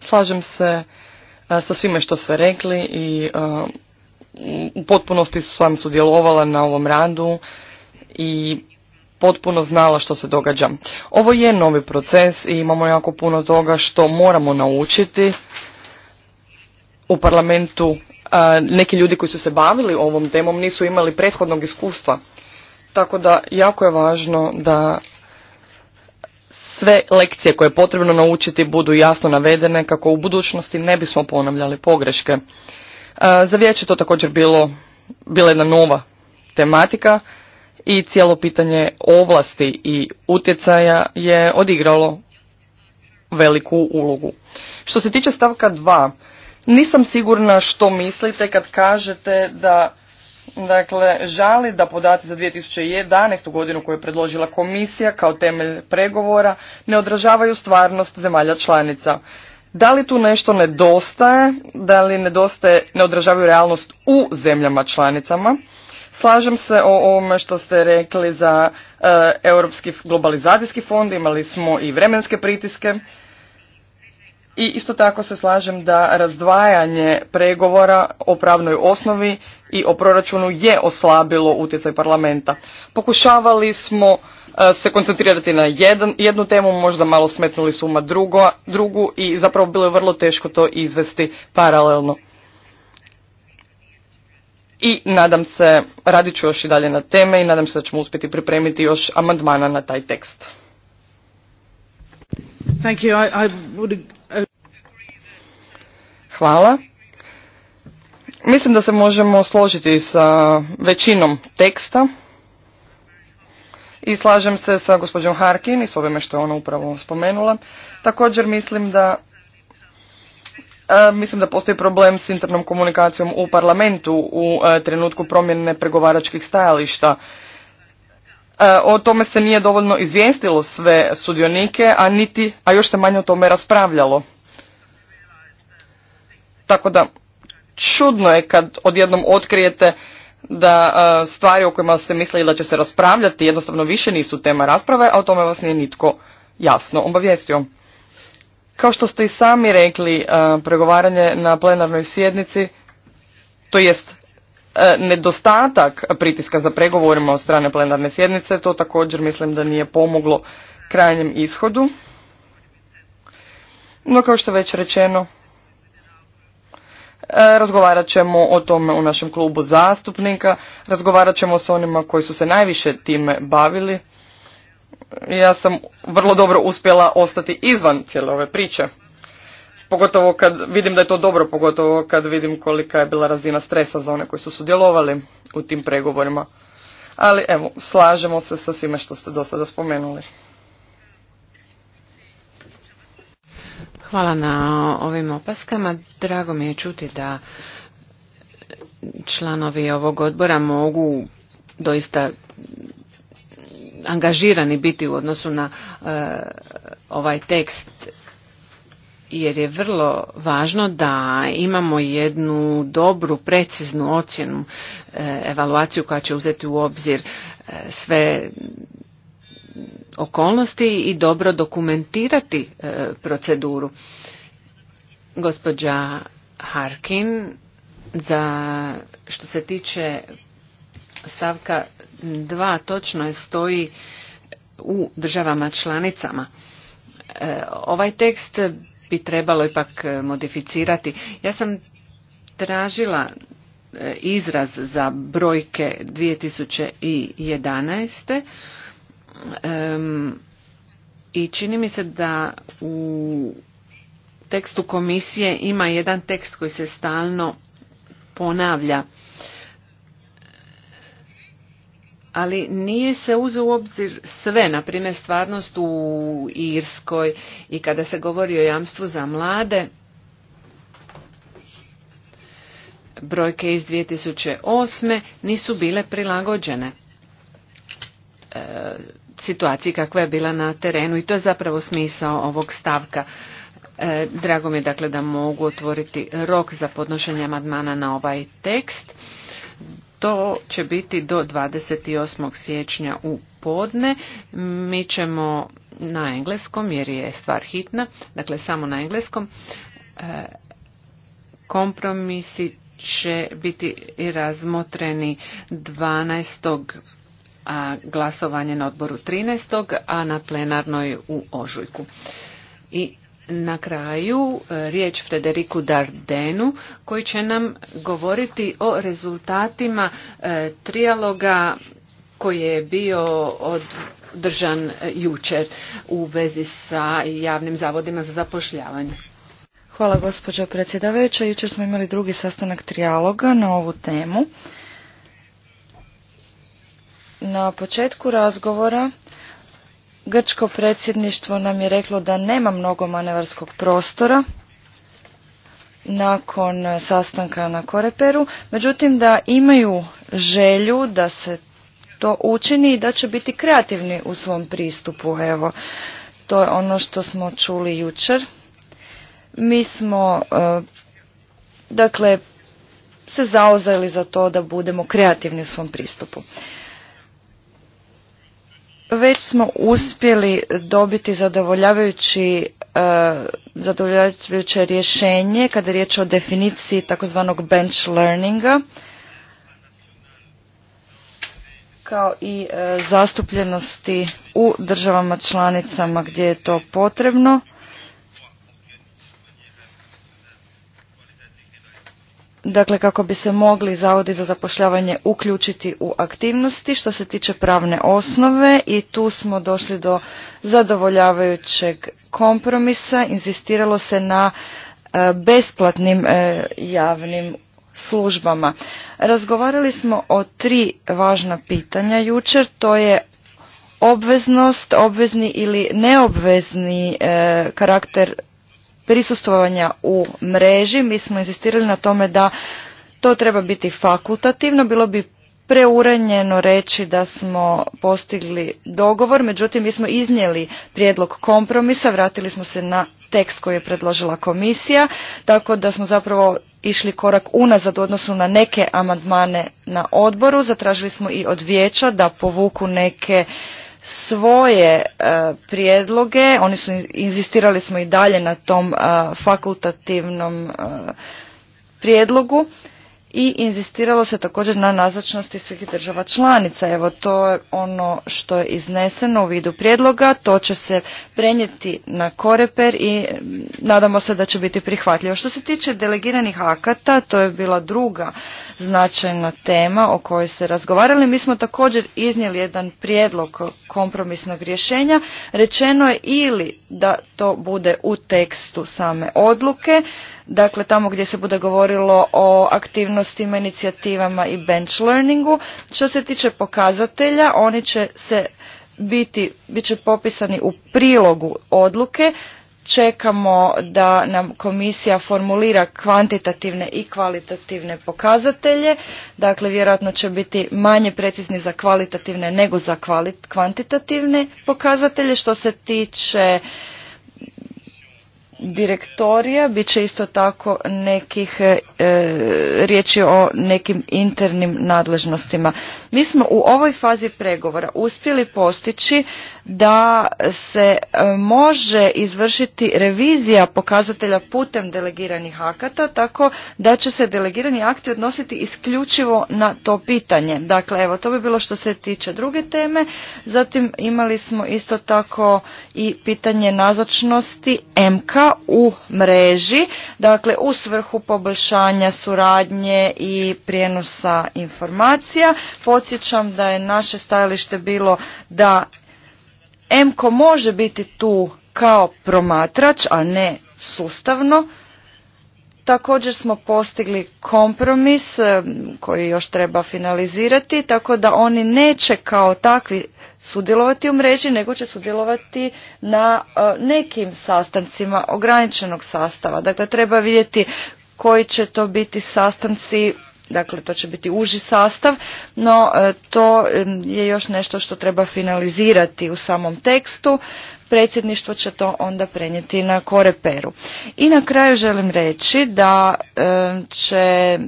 Slažem se e, sa svime što ste rekli i e, u potpunosti sam sudjelovala na ovom radu i potpuno znala što se događa. Ovo je novi proces i imamo jako puno toga što moramo naučiti. U parlamentu neki ljudi koji su se bavili ovom temom nisu imali prethodnog iskustva. Tako da jako je važno da sve lekcije koje je potrebno naučiti budu jasno navedene kako u budućnosti ne bismo ponavljali pogreške. Za vijeće to također bilo, bila jedna nova tematika i cijelo pitanje ovlasti i utjecaja je odigralo veliku ulogu. Što se tiče stavka dva... Nisam sigurna što mislite kad kažete da dakle, žali da podaci za 2011. godinu koju je predložila komisija kao temelj pregovora ne odražavaju stvarnost zemalja članica. Da li tu nešto nedostaje, da li nedostaje, ne odražavaju realnost u zemljama članicama? Slažem se o ovome što ste rekli za e, Europski globalizacijski fond, imali smo i vremenske pritiske. I isto tako se slažem da razdvajanje pregovora o pravnoj osnovi i o proračunu je oslabilo utjecaj parlamenta. Pokušavali smo e, se koncentrirati na jedan, jednu temu, možda malo smetnuli suma drugo, drugu i zapravo bilo je vrlo teško to izvesti paralelno. I nadam se, radit ću još i dalje na teme i nadam se da ćemo uspjeti pripremiti još amandmana na taj tekst. Thank you. I, I would Hvala. Mislim da se možemo složiti sa većinom teksta i slažem se sa gospođom Harkin i s ovime što je ona upravo spomenula. Također mislim da e, Mislim da postoji problem s internom komunikacijom u parlamentu u e, trenutku promjene pregovaračkih stajališta. E, o tome se nije dovoljno izvijestilo sve sudionike, a, niti, a još se manje o tome raspravljalo. Tako da čudno je kad odjednom otkrijete da e, stvari o kojima ste mislili da će se raspravljati jednostavno više nisu tema rasprave, a o tome vas nije nitko jasno obavijestio. Kao što ste i sami rekli, e, pregovaranje na plenarnoj sjednici, to jest e, nedostatak pritiska za pregovorima od strane plenarne sjednice, to također mislim da nije pomoglo krajnjem ishodu. No kao što je već rečeno, E, razgovarat ćemo o tome u našem klubu zastupnika, razgovarat ćemo s onima koji su se najviše time bavili. Ja sam vrlo dobro uspjela ostati izvan cijele ove priče. Pogotovo kad vidim da je to dobro, pogotovo kad vidim kolika je bila razina stresa za one koji su sudjelovali u tim pregovorima. Ali evo, slažemo se sa svime što ste do sada spomenuli. Hvala na ovim opaskama. Drago mi je čuti da članovi ovog odbora mogu doista angažirani biti u odnosu na e, ovaj tekst jer je vrlo važno da imamo jednu dobru, preciznu ocjenu, e, evaluaciju koja će uzeti u obzir e, sve okolnosti i dobro dokumentirati e, proceduru. Gospođa Harkin, za što se tiče stavka 2, točno je stoji u državama članicama. E, ovaj tekst bi trebalo ipak e, modificirati. Ja sam tražila izraz za brojke 2011 i čini mi se da u tekstu komisije ima jedan tekst koji se stalno ponavlja ali nije se uzeo u obzir sve, na primjer stvarnost u Irskoj i kada se govori o jamstvu za mlade, brojke iz 2008. nisu bile prilagođene. E, situaciji kakva je bila na terenu i to je zapravo smisao ovog stavka. E, drago mi je dakle da mogu otvoriti rok za podnošenje amandmana na ovaj tekst. To će biti do 28. siječnja u podne. Mi ćemo na engleskom, jer je stvar hitna, dakle samo na engleskom, e, kompromisi će biti razmotreni 12 a glasovanje na odboru 13. a na plenarnoj u Ožujku. I na kraju e, riječ Frederiku Dardenu koji će nam govoriti o rezultatima e, trijaloga koji je bio održan e, jučer u vezi sa javnim zavodima za zapošljavanje. Hvala gospođo predsjedavajuća. Jučer smo imali drugi sastanak trijaloga na ovu temu. Na početku razgovora grčko predsjedništvo nam je reklo da nema mnogo manevarskog prostora nakon sastanka na Koreperu, međutim da imaju želju da se to učini i da će biti kreativni u svom pristupu. Evo, to je ono što smo čuli jučer. Mi smo, e, dakle, se zauzeli za to da budemo kreativni u svom pristupu već smo uspjeli dobiti zadovoljavajući e, zadovoljavajuće rješenje kada je riječ o definiciji takozvanog bench learninga kao i e, zastupljenosti u državama članicama gdje je to potrebno dakle kako bi se mogli zavodi za zapošljavanje uključiti u aktivnosti što se tiče pravne osnove i tu smo došli do zadovoljavajućeg kompromisa inzistiralo se na e, besplatnim e, javnim službama razgovarali smo o tri važna pitanja jučer to je obveznost obvezni ili neobvezni e, karakter prisustvovanja u mreži. Mi smo insistirali na tome da to treba biti fakultativno, bilo bi preuranjeno reći da smo postigli dogovor, međutim mi smo iznijeli prijedlog kompromisa, vratili smo se na tekst koji je predložila komisija, tako da smo zapravo išli korak unazad u odnosu na neke amandmane na odboru, zatražili smo i od vijeća da povuku neke svoje e, prijedloge, oni su inzistirali smo i dalje na tom e, fakultativnom e, prijedlogu i inzistiralo se također na nazočnosti svih država članica. Evo to je ono što je izneseno u vidu prijedloga, to će se prenijeti na koreper i mm, nadamo se da će biti prihvatljivo. Što se tiče delegiranih akata, to je bila druga značajna tema o kojoj se razgovarali. Mi smo također iznijeli jedan prijedlog kompromisnog rješenja. Rečeno je ili da to bude u tekstu same odluke, dakle tamo gdje se bude govorilo o aktivnostima, inicijativama i bench learningu. Što se tiče pokazatelja, oni će se biti, bit će popisani u prilogu odluke. Čekamo da nam komisija formulira kvantitativne i kvalitativne pokazatelje, dakle vjerojatno će biti manje precizni za kvalitativne nego za kvantitativne pokazatelje. Što se tiče direktorija, bit će isto tako nekih e, riječi o nekim internim nadležnostima. Mi smo u ovoj fazi pregovora uspjeli postići da se e, može izvršiti revizija pokazatelja putem delegiranih akata, tako da će se delegirani akti odnositi isključivo na to pitanje. Dakle, evo, to bi bilo što se tiče druge teme. Zatim imali smo isto tako i pitanje nazočnosti MK u mreži, dakle u svrhu poboljšanja suradnje i prijenosa informacija. Podsjećam da je naše stajalište bilo da MKO može biti tu kao promatrač, a ne sustavno. Također smo postigli kompromis eh, koji još treba finalizirati, tako da oni neće kao takvi sudjelovati u mreži, nego će sudjelovati na e, nekim sastancima ograničenog sastava. Dakle, treba vidjeti koji će to biti sastanci, dakle to će biti uži sastav, no e, to je još nešto što treba finalizirati u samom tekstu. Predsjedništvo će to onda prenijeti na koreperu. I na kraju želim reći da će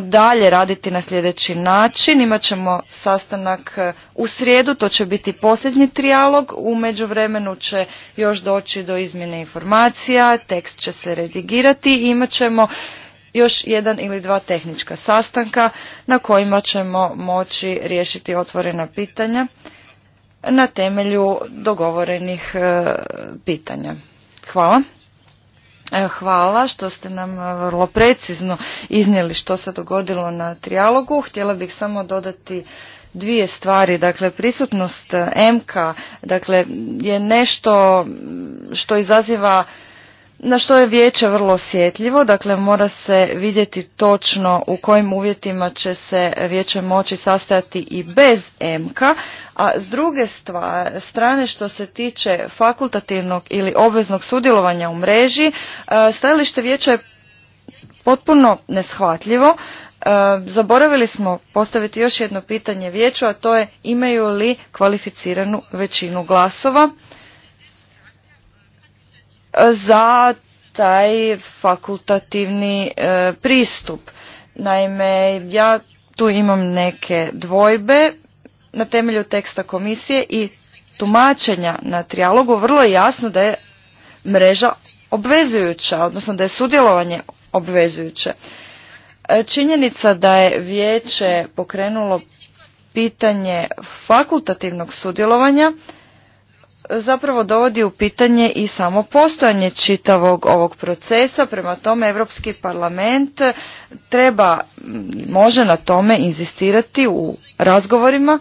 dalje raditi na sljedeći način. Imat ćemo sastanak e, u srijedu, to će biti posljednji trijalog. U međuvremenu će još doći do izmjene informacija, tekst će se redigirati i imat ćemo još jedan ili dva tehnička sastanka na kojima ćemo moći riješiti otvorena pitanja na temelju dogovorenih e, pitanja. Hvala. E, hvala što ste nam e, vrlo precizno iznijeli što se dogodilo na trijalogu. Htjela bih samo dodati dvije stvari. Dakle, prisutnost e, MK dakle, je nešto što izaziva na što je vijeće vrlo osjetljivo, dakle mora se vidjeti točno u kojim uvjetima će se vijeće moći sastajati i bez MK, a s druge strane što se tiče fakultativnog ili obveznog sudjelovanja u mreži, e, stajalište vijeća je potpuno neshvatljivo. E, zaboravili smo postaviti još jedno pitanje vijeću, a to je imaju li kvalificiranu većinu glasova za taj fakultativni e, pristup. Naime, ja tu imam neke dvojbe na temelju teksta komisije i tumačenja na trijalogu vrlo je jasno da je mreža obvezujuća, odnosno da je sudjelovanje obvezujuće. E, činjenica da je vijeće pokrenulo pitanje fakultativnog sudjelovanja zapravo dovodi u pitanje i samo postojanje čitavog ovog procesa. Prema tome, Europski parlament treba, može na tome inzistirati u razgovorima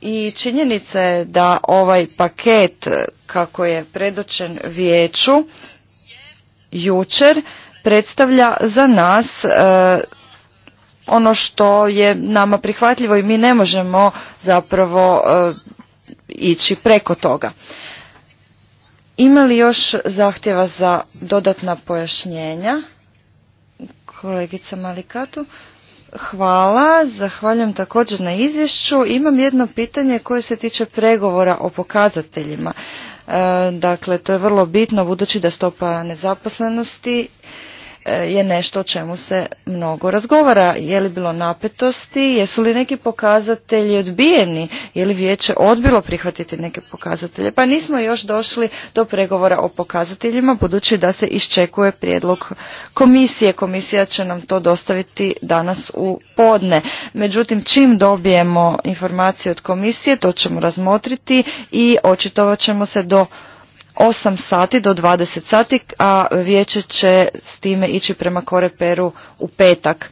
i činjenica je da ovaj paket kako je predočen vijeću jučer predstavlja za nas e, ono što je nama prihvatljivo i mi ne možemo zapravo e, ići preko toga. Ima li još zahtjeva za dodatna pojašnjenja? Kolegica Malikatu. Hvala, zahvaljujem također na izvješću. Imam jedno pitanje koje se tiče pregovora o pokazateljima. E, dakle, to je vrlo bitno budući da stopa nezaposlenosti je nešto o čemu se mnogo razgovara. Je li bilo napetosti, jesu li neki pokazatelji odbijeni, je li vijeće odbilo prihvatiti neke pokazatelje. Pa nismo još došli do pregovora o pokazateljima budući da se iščekuje prijedlog komisije. Komisija će nam to dostaviti danas u podne. Međutim, čim dobijemo informacije od komisije, to ćemo razmotriti i očitovat ćemo se do 8 sati do 20 sati, a vijeće će s time ići prema Koreperu u petak.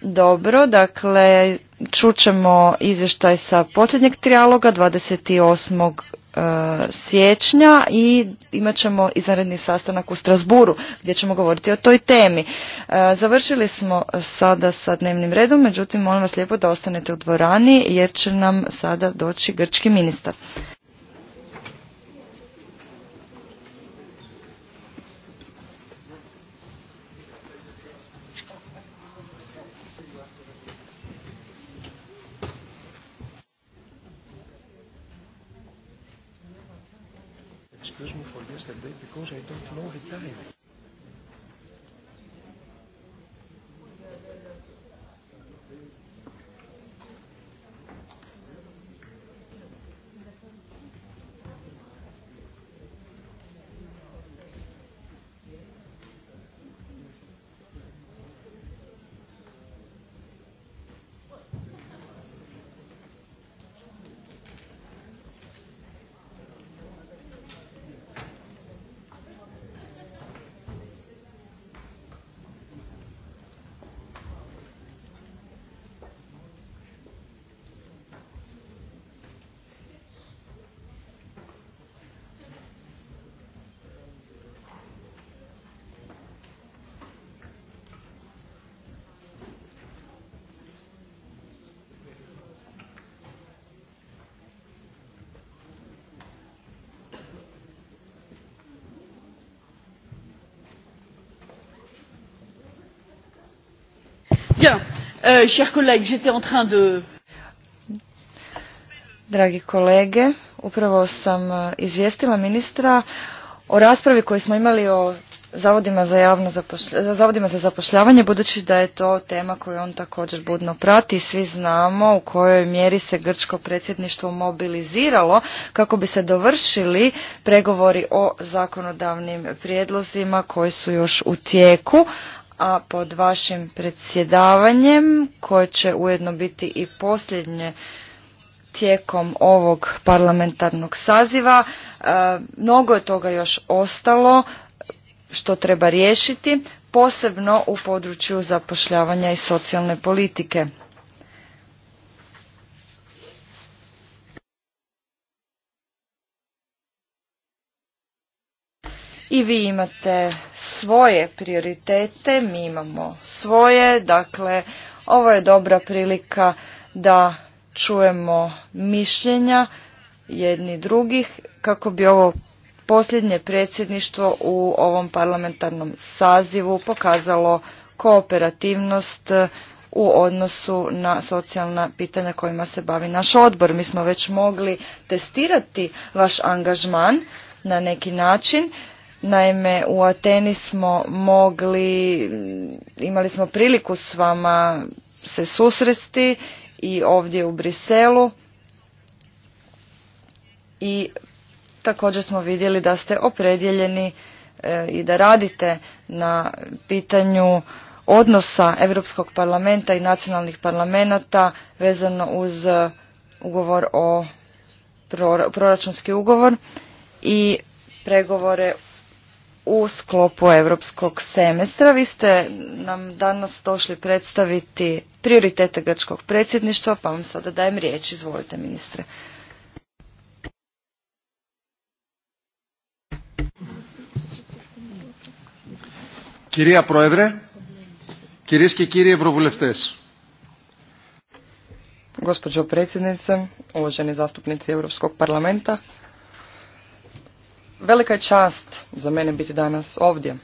Dobro, dakle, čućemo izvještaj sa posljednjeg trijaloga 28 e, siječnja i imat ćemo izvanredni sastanak u Strasburu gdje ćemo govoriti o toj temi. E, završili smo sada sa dnevnim redom, međutim molim vas lijepo da ostanete u dvorani jer će nam sada doći grčki ministar. Euh, Dragi kolege, upravo sam e, izvijestila ministra o raspravi koju smo imali o zavodima za, javno zavodima za zapošljavanje, budući da je to tema koju on također budno prati. Svi znamo u kojoj mjeri se grčko predsjedništvo mobiliziralo kako bi se dovršili pregovori o zakonodavnim prijedlozima koji su još u tijeku a pod vašim predsjedavanjem, koje će ujedno biti i posljednje tijekom ovog parlamentarnog saziva, e, mnogo je toga još ostalo što treba riješiti, posebno u području zapošljavanja i socijalne politike. i vi imate svoje prioritete, mi imamo svoje, dakle ovo je dobra prilika da čujemo mišljenja jedni drugih kako bi ovo posljednje predsjedništvo u ovom parlamentarnom sazivu pokazalo kooperativnost u odnosu na socijalna pitanja kojima se bavi naš odbor. Mi smo već mogli testirati vaš angažman na neki način Naime, u Ateni smo mogli, imali smo priliku s vama se susresti i ovdje u Briselu i također smo vidjeli da ste opredjeljeni e, i da radite na pitanju odnosa Europskog parlamenta i nacionalnih parlamenta vezano uz ugovor o proračunski ugovor i pregovore u sklopu europskog semestra. Vi ste nam danas došli predstaviti prioritete grčkog predsjedništva, pa vam sada dajem riječ. Izvolite, ministre. Κυρία Πρόεδρε, κυρίες Gospođo predsjednice, uvaženi zastupnici Europskog parlamenta, Velika je čast za mene biti danas ovdje.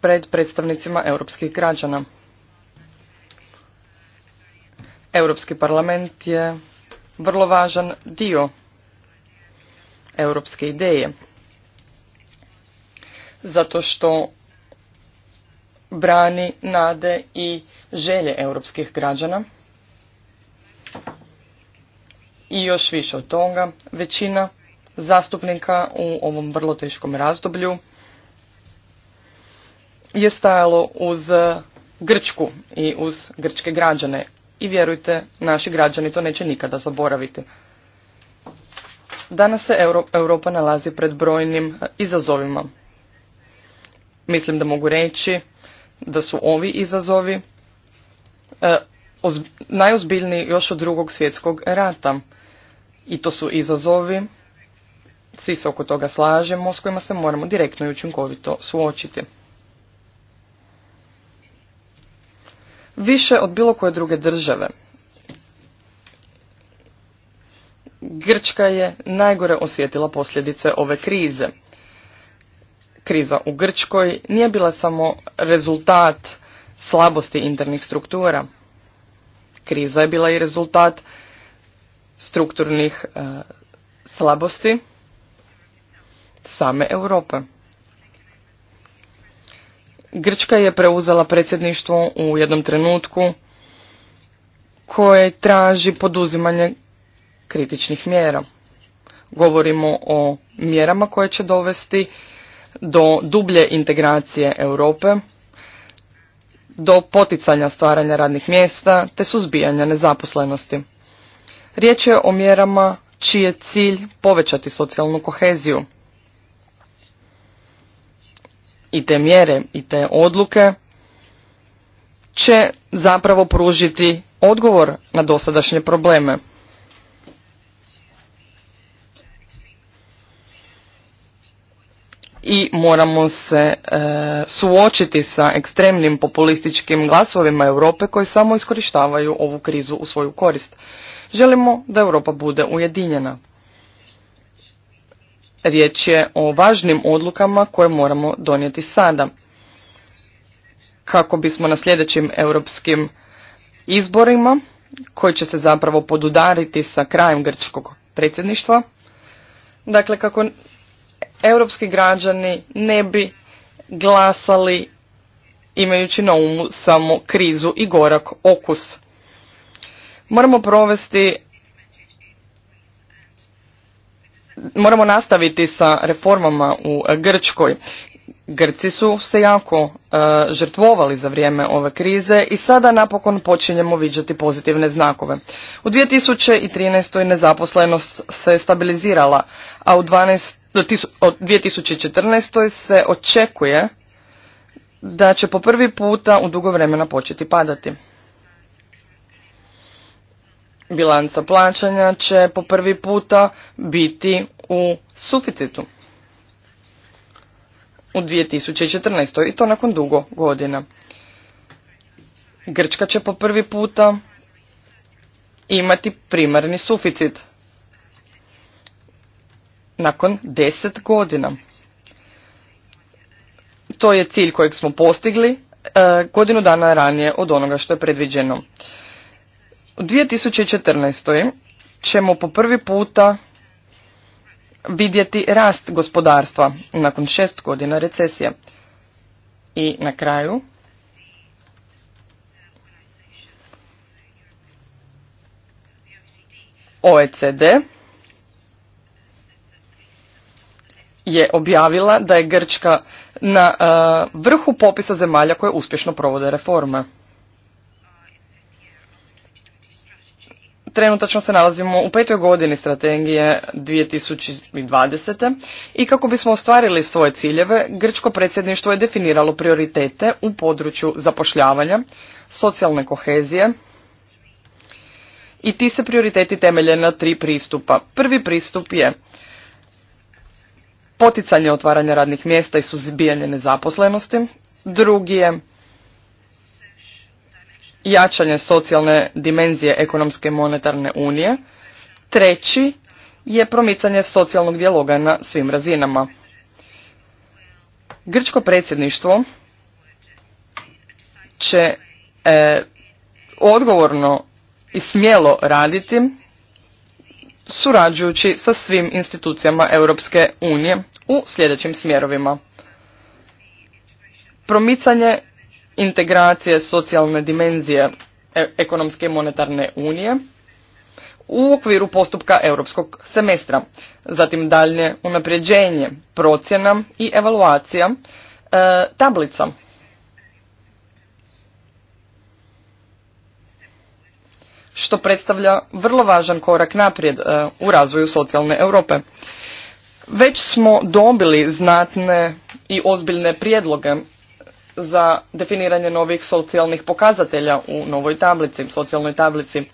Pred predstavnicima europskih građana. Europski parlament je vrlo važan dio europske ideje. Zato što brani nade i želje europskih građana i još više od toga, većina zastupnika u ovom vrlo teškom razdoblju je stajalo uz Grčku i uz grčke građane. I vjerujte, naši građani to neće nikada zaboraviti. Danas se Europa nalazi pred brojnim izazovima. Mislim da mogu reći da su ovi izazovi e, najozbiljniji još od drugog svjetskog rata. I to su izazovi, svi se oko toga slažemo, s kojima se moramo direktno i učinkovito suočiti. Više od bilo koje druge države. Grčka je najgore osjetila posljedice ove krize. Kriza u Grčkoj nije bila samo rezultat slabosti internih struktura. Kriza je bila i rezultat strukturnih e, slabosti same Europe. Grčka je preuzela predsjedništvo u jednom trenutku koje traži poduzimanje kritičnih mjera. Govorimo o mjerama koje će dovesti do dublje integracije Europe, do poticanja stvaranja radnih mjesta te suzbijanja nezaposlenosti. Riječ je o mjerama čiji je cilj povećati socijalnu koheziju. I te mjere i te odluke će zapravo pružiti odgovor na dosadašnje probleme. i moramo se e, suočiti sa ekstremnim populističkim glasovima Europe koji samo iskorištavaju ovu krizu u svoju korist. Želimo da Europa bude ujedinjena. Riječ je o važnim odlukama koje moramo donijeti sada. Kako bismo na sljedećim europskim izborima, koji će se zapravo podudariti sa krajem grčkog predsjedništva, dakle kako europski građani ne bi glasali imajući na umu samo krizu i gorak okus. Moramo provesti moramo nastaviti sa reformama u Grčkoj. Grci su se jako e, žrtvovali za vrijeme ove krize i sada napokon počinjemo viđati pozitivne znakove. U 2013. nezaposlenost se stabilizirala, a u 12, od 2014. se očekuje da će po prvi puta u dugo vremena početi padati bilanca plaćanja će po prvi puta biti u suficitu u 2014. i to nakon dugo godina. Grčka će po prvi puta imati primarni suficit nakon deset godina. To je cilj kojeg smo postigli e, godinu dana ranije od onoga što je predviđeno. U 2014. ćemo po prvi puta vidjeti rast gospodarstva nakon šest godina recesije. I na kraju OECD je objavila da je Grčka na eh, vrhu popisa zemalja koje uspješno provode reforme. Trenutačno se nalazimo u petoj godini strategije 2020. i kako bismo ostvarili svoje ciljeve, Grčko predsjedništvo je definiralo prioritete u području zapošljavanja, socijalne kohezije i ti se prioriteti temelje na tri pristupa. Prvi pristup je poticanje otvaranja radnih mjesta i suzbijanje nezaposlenosti, drugi je jačanje socijalne dimenzije ekonomske i monetarne unije. Treći je promicanje socijalnog dijaloga na svim razinama. Grčko predsjedništvo će e, odgovorno i smjelo raditi surađujući sa svim institucijama Europske unije u sljedećim smjerovima. Promicanje integracije socijalne dimenzije e- ekonomske i monetarne unije u okviru postupka europskog semestra, zatim daljnje unapređenje procjena i evaluacija e, tablica. što predstavlja vrlo važan korak naprijed e, u razvoju socijalne Europe. Već smo dobili znatne i ozbiljne prijedloge za definiranje novih socijalnih pokazatelja u novoj tablici, socijalnoj tablici.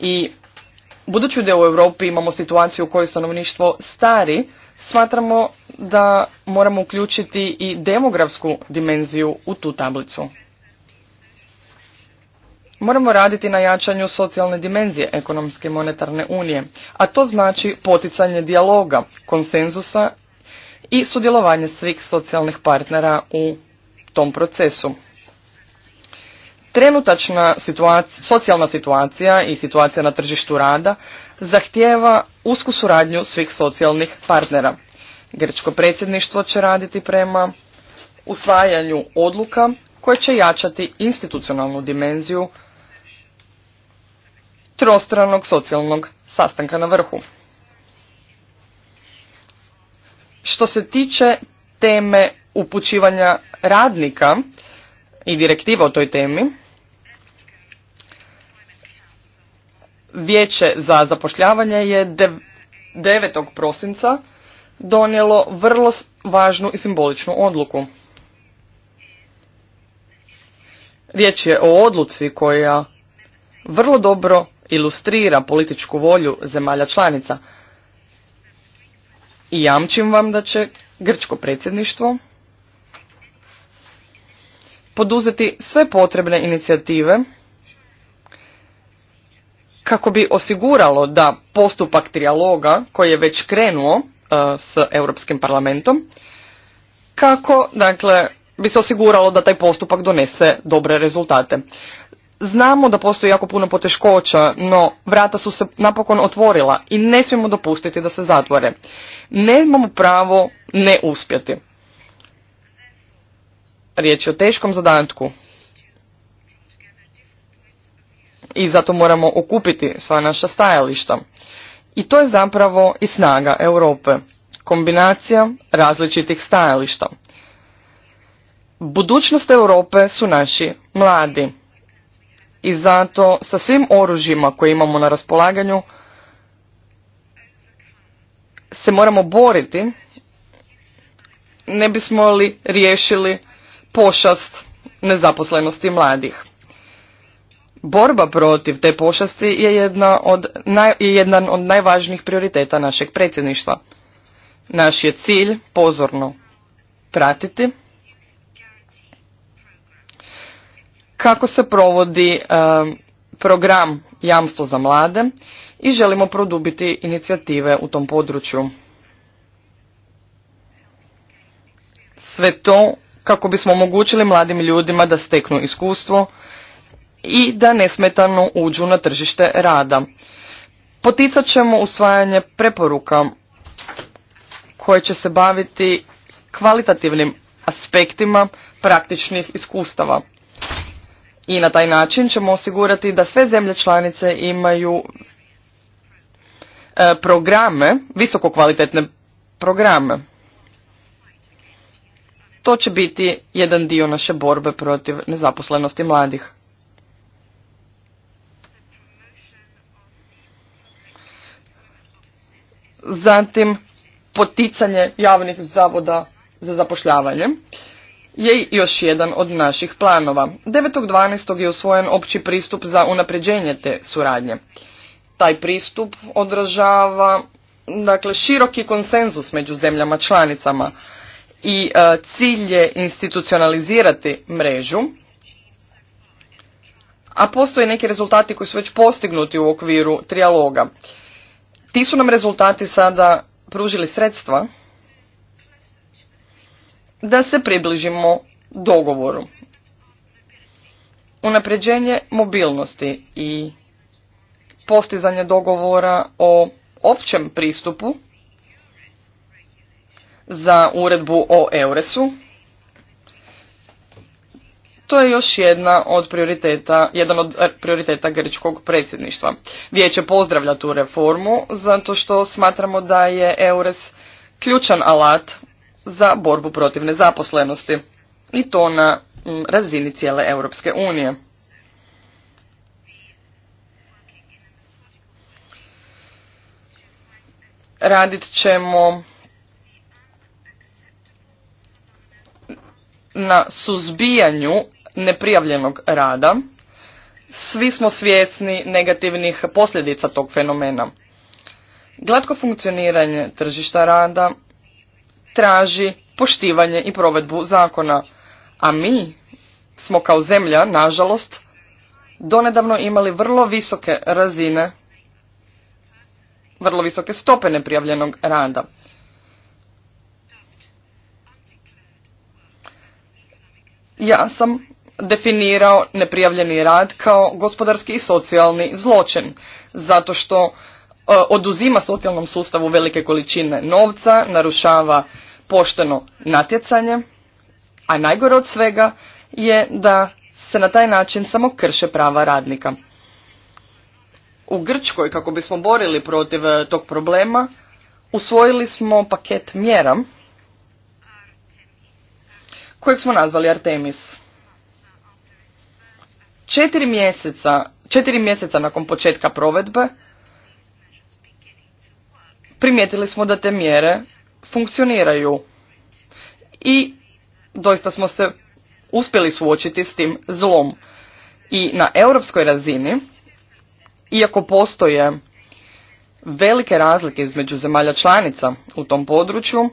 I budući da u Europi imamo situaciju u kojoj stanovništvo stari, smatramo da moramo uključiti i demografsku dimenziju u tu tablicu. Moramo raditi na jačanju socijalne dimenzije ekonomske i monetarne unije, a to znači poticanje dijaloga, konsenzusa i sudjelovanje svih socijalnih partnera u tom procesu. Trenutačna situacija, socijalna situacija i situacija na tržištu rada zahtijeva usku suradnju svih socijalnih partnera. Grčko predsjedništvo će raditi prema usvajanju odluka koje će jačati institucionalnu dimenziju trostranog socijalnog sastanka na vrhu. Što se tiče teme upućivanja radnika i direktiva o toj temi, Vijeće za zapošljavanje je 9. prosinca donijelo vrlo važnu i simboličnu odluku. Riječ je o odluci koja vrlo dobro ilustrira političku volju zemalja članica. I jamčim vam da će grčko predsjedništvo poduzeti sve potrebne inicijative kako bi osiguralo da postupak trijaloga koji je već krenuo uh, s Europskim parlamentom, kako dakle, bi se osiguralo da taj postupak donese dobre rezultate. Znamo da postoji jako puno poteškoća, no vrata su se napokon otvorila i ne smijemo dopustiti da se zatvore. Nemamo pravo ne uspjeti. Riječ je o teškom zadatku. I zato moramo okupiti sva naša stajališta. I to je zapravo i snaga Europe. Kombinacija različitih stajališta. Budućnost Europe su naši mladi. I zato sa svim oružjima koje imamo na raspolaganju se moramo boriti ne bismo li riješili pošast nezaposlenosti mladih. Borba protiv te pošasti je jedna od jedan od najvažnijih prioriteta našeg predsjedništva. Naš je cilj pozorno pratiti kako se provodi e, program Jamstvo za mlade i želimo produbiti inicijative u tom području. Sve to kako bismo omogućili mladim ljudima da steknu iskustvo i da nesmetano uđu na tržište rada. Poticat ćemo usvajanje preporuka koje će se baviti kvalitativnim aspektima praktičnih iskustava. I na taj način ćemo osigurati da sve zemlje članice imaju e, programe, visokokvalitetne programe. To će biti jedan dio naše borbe protiv nezaposlenosti mladih. Zatim, poticanje javnih zavoda za zapošljavanje je još jedan od naših planova. 9.12. je usvojen opći pristup za unapređenje te suradnje. Taj pristup odražava dakle, široki konsenzus među zemljama članicama – i e, cilj je institucionalizirati mrežu, a postoje neki rezultati koji su već postignuti u okviru trijaloga. Ti su nam rezultati sada pružili sredstva da se približimo dogovoru. Unapređenje mobilnosti i postizanje dogovora o općem pristupu za uredbu o EURES-u. To je još jedna od prioriteta, jedan od prioriteta grčkog predsjedništva. Vijeće pozdravlja tu reformu zato što smatramo da je Eures ključan alat za borbu protiv nezaposlenosti i to na mm, razini cijele Europske unije. Radit ćemo na suzbijanju neprijavljenog rada. Svi smo svjesni negativnih posljedica tog fenomena. Glatko funkcioniranje tržišta rada traži poštivanje i provedbu zakona, a mi smo kao zemlja, nažalost, donedavno imali vrlo visoke razine, vrlo visoke stope neprijavljenog rada. ja sam definirao neprijavljeni rad kao gospodarski i socijalni zločin zato što e, oduzima socijalnom sustavu velike količine novca, narušava pošteno natjecanje, a najgore od svega je da se na taj način samo krše prava radnika. U Grčkoj, kako bismo borili protiv e, tog problema, usvojili smo paket mjera kojeg smo nazvali Artemis. Četiri mjeseca, četiri mjeseca nakon početka provedbe primijetili smo da te mjere funkcioniraju i doista smo se uspjeli suočiti s tim zlom. I na europskoj razini, iako postoje velike razlike između zemalja članica u tom području,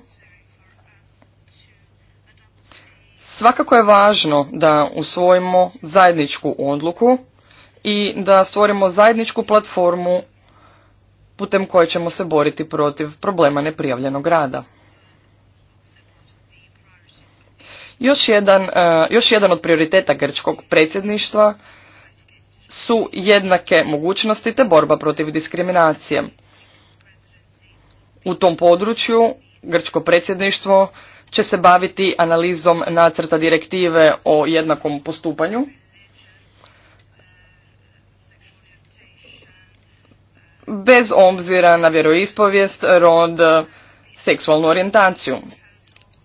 Svakako je važno da usvojimo zajedničku odluku i da stvorimo zajedničku platformu putem koje ćemo se boriti protiv problema neprijavljenog rada. Još jedan, e, još jedan od prioriteta grčkog predsjedništva su jednake mogućnosti te borba protiv diskriminacije. U tom području grčko predsjedništvo će se baviti analizom nacrta direktive o jednakom postupanju. Bez obzira na vjeroispovijest, rod, seksualnu orijentaciju.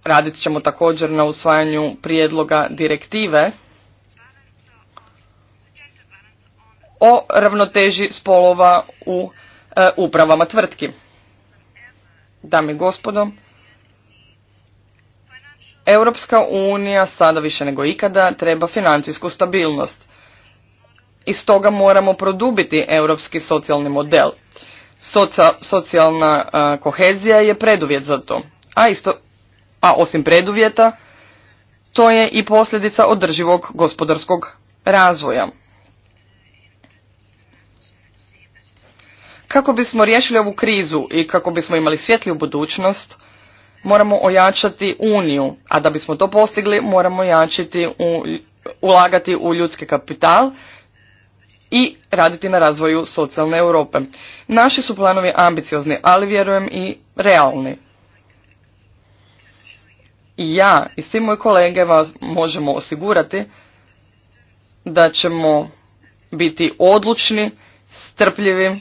Radit ćemo također na usvajanju prijedloga direktive o ravnoteži spolova u e, upravama tvrtki. Dame i gospodo, Europska unija sada više nego ikada treba financijsku stabilnost. I stoga moramo produbiti europski socijalni model. socijalna kohezija je preduvjet za to. A, isto, a osim preduvjeta, to je i posljedica održivog gospodarskog razvoja. Kako bismo riješili ovu krizu i kako bismo imali svjetliju budućnost, moramo ojačati uniju, a da bismo to postigli moramo jačiti u, ulagati u ljudski kapital i raditi na razvoju socijalne Europe. Naši su planovi ambiciozni, ali vjerujem i realni. I ja i svi moji kolege vas možemo osigurati da ćemo biti odlučni, strpljivi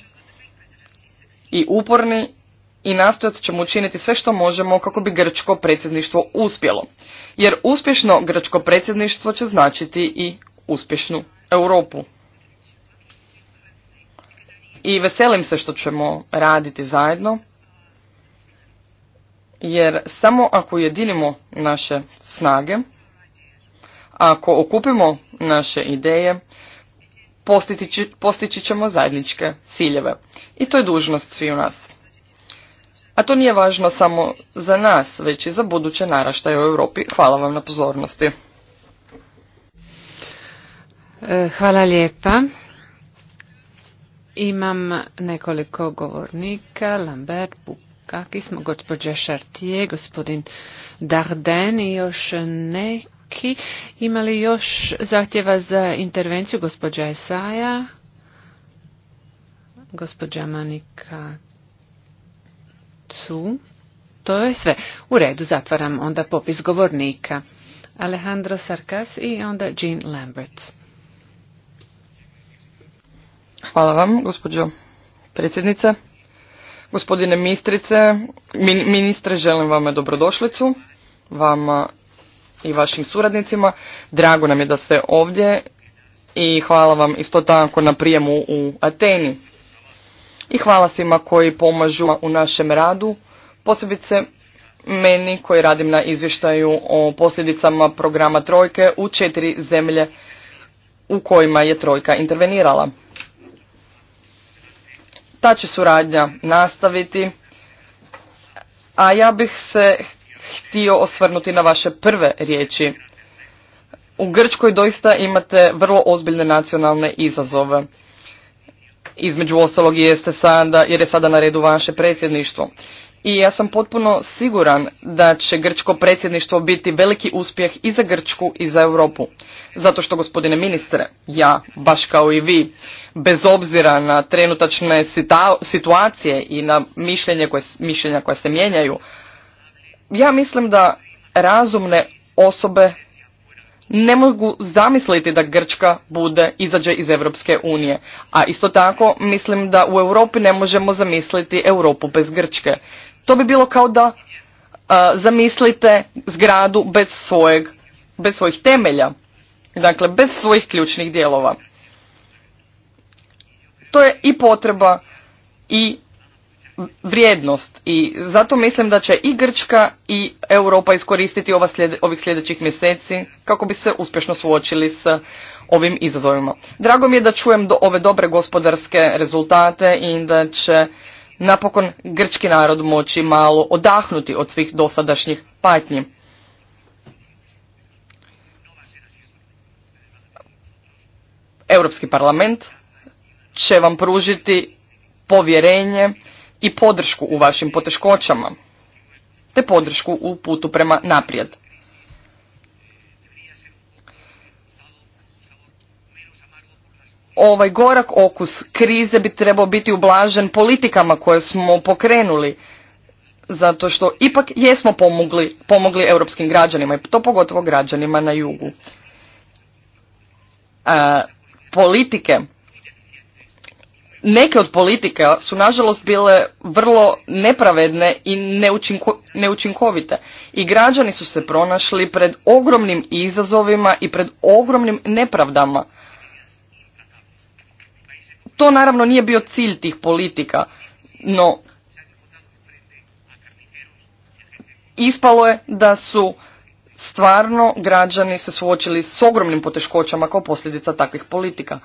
i uporni i nastojat ćemo učiniti sve što možemo kako bi grčko predsjedništvo uspjelo. Jer uspješno grčko predsjedništvo će značiti i uspješnu Europu. I veselim se što ćemo raditi zajedno, jer samo ako ujedinimo naše snage, ako okupimo naše ideje, postići, ćemo zajedničke ciljeve. I to je dužnost svih nas. A to nije važno samo za nas, već i za buduće naraštaje u Europi. Hvala vam na pozornosti. E, hvala lijepa. Imam nekoliko govornika, Lambert, Bukaki smo, gospođa Šartije, gospodin Darden i još neki. Imali još zahtjeva za intervenciju gospođa Esaja, gospođa Manika tu. To je sve. U redu zatvaram onda popis govornika. Alejandro Sarkas i onda Jean Lambert. Hvala vam, gospođo predsjednice. Gospodine ministrice, ministre, želim vama dobrodošlicu, vama i vašim suradnicima. Drago nam je da ste ovdje i hvala vam isto tako na prijemu u Ateni i hvala svima koji pomažu u našem radu, posebice meni koji radim na izvještaju o posljedicama programa Trojke u četiri zemlje u kojima je Trojka intervenirala. Ta će suradnja nastaviti, a ja bih se htio osvrnuti na vaše prve riječi. U Grčkoj doista imate vrlo ozbiljne nacionalne izazove između ostalog jeste sada, jer je sada na redu vaše predsjedništvo. I ja sam potpuno siguran da će grčko predsjedništvo biti veliki uspjeh i za Grčku i za Europu. Zato što, gospodine ministre, ja, baš kao i vi, bez obzira na trenutačne situacije i na mišljenje koje, mišljenja koja se mijenjaju, ja mislim da razumne osobe ne mogu zamisliti da Grčka bude izađe iz Europske unije. A isto tako mislim da u Europi ne možemo zamisliti Europu bez Grčke. To bi bilo kao da zamislite zgradu bez, svojeg, bez svojih temelja, dakle bez svojih ključnih dijelova. To je i potreba i vrijednost i zato mislim da će i Grčka i Europa iskoristiti ova ovih sljedećih mjeseci kako bi se uspješno suočili s ovim izazovima. Drago mi je da čujem do ove dobre gospodarske rezultate i da će napokon grčki narod moći malo odahnuti od svih dosadašnjih patnji. Europski parlament će vam pružiti povjerenje i podršku u vašim poteškoćama, te podršku u putu prema naprijed. Ovaj gorak okus krize bi trebao biti ublažen politikama koje smo pokrenuli, zato što ipak jesmo pomogli, pomogli europskim građanima i to pogotovo građanima na jugu. politike neke od politika su nažalost bile vrlo nepravedne i neučinkovite i građani su se pronašli pred ogromnim izazovima i pred ogromnim nepravdama. To naravno nije bio cilj tih politika, no ispalo je da su stvarno građani se suočili s ogromnim poteškoćama kao posljedica takvih politika.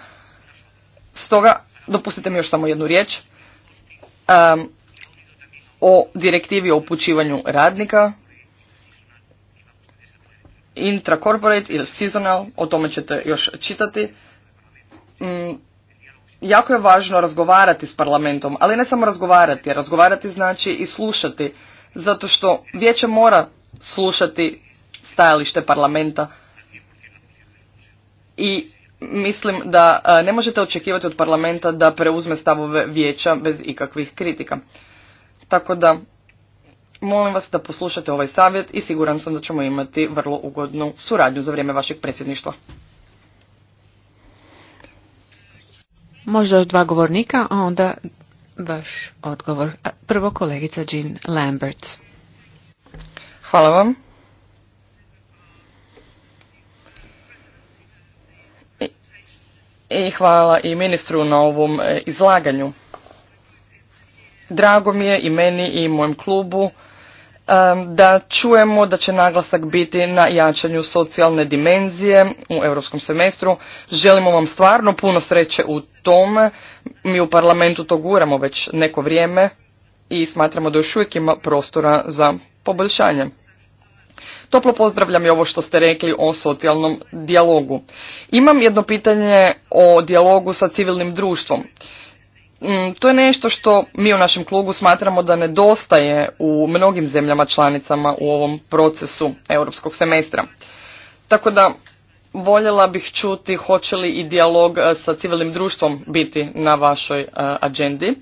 Stoga dopustite mi još samo jednu riječ, um, o direktivi o upućivanju radnika, intracorporate ili seasonal, o tome ćete još čitati. Mm, jako je važno razgovarati s parlamentom, ali ne samo razgovarati, razgovarati znači i slušati, zato što vijeće mora slušati stajalište parlamenta i mislim da e, ne možete očekivati od parlamenta da preuzme stavove vijeća bez ikakvih kritika. Tako da molim vas da poslušate ovaj savjet i siguran sam da ćemo imati vrlo ugodnu suradnju za vrijeme vašeg predsjedništva. Možda još dva govornika, a onda vaš odgovor. E, prvo kolegica Jean Lambert. Hvala vam. i hvala i ministru na ovom e, izlaganju. Drago mi je i meni i mojem klubu e, da čujemo da će naglasak biti na jačanju socijalne dimenzije u europskom semestru. Želimo vam stvarno puno sreće u tome. Mi u parlamentu to guramo već neko vrijeme i smatramo da još uvijek ima prostora za poboljšanje. Toplo pozdravljam i ovo što ste rekli o socijalnom dijalogu. Imam jedno pitanje o dijalogu sa civilnim društvom. Mm, to je nešto što mi u našem klugu smatramo da nedostaje u mnogim zemljama članicama u ovom procesu europskog semestra. Tako da voljela bih čuti hoće li i dijalog e, sa civilnim društvom biti na vašoj e, agendi.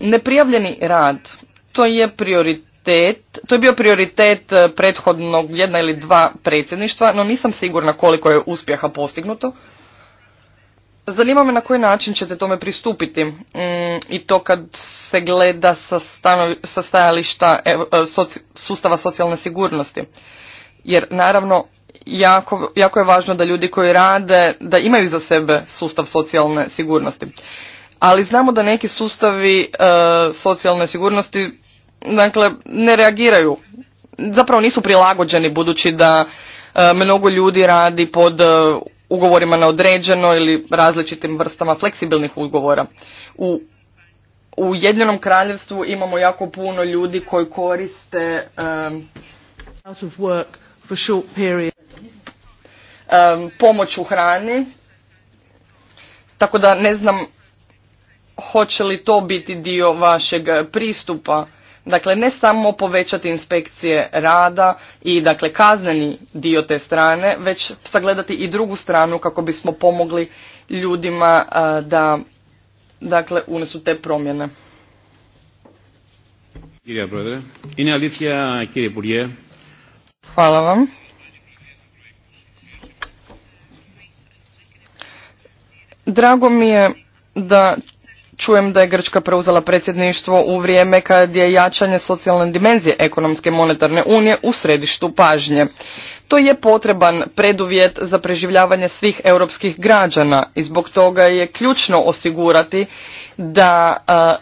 Neprijavljeni rad, to je prioritet prioritet, to je bio prioritet e, prethodnog jedna ili dva predsjedništva, no nisam sigurna koliko je uspjeha postignuto. Zanima me na koji način ćete tome pristupiti mm, i to kad se gleda sa, sa stajališta e, e, sustava socijalne sigurnosti. Jer naravno jako, jako je važno da ljudi koji rade, da imaju za sebe sustav socijalne sigurnosti. Ali znamo da neki sustavi socijalne sigurnosti dakle, ne reagiraju, zapravo nisu prilagođeni budući da e, mnogo ljudi radi pod e, ugovorima na određeno ili različitim vrstama fleksibilnih ugovora. U u kraljevstvu imamo jako puno ljudi koji koriste um, pomoć u hrani, tako da ne znam hoće li to biti dio vašeg pristupa Dakle, ne samo povećati inspekcije rada i dakle kazneni dio te strane, već sagledati i drugu stranu kako bismo pomogli ljudima da dakle unesu te promjene. Hvala vam. Drago mi je da Čujem da je Grčka preuzela predsjedništvo u vrijeme kad je jačanje socijalne dimenzije ekonomske monetarne unije u središtu pažnje. To je potreban preduvjet za preživljavanje svih europskih građana i zbog toga je ključno osigurati da a,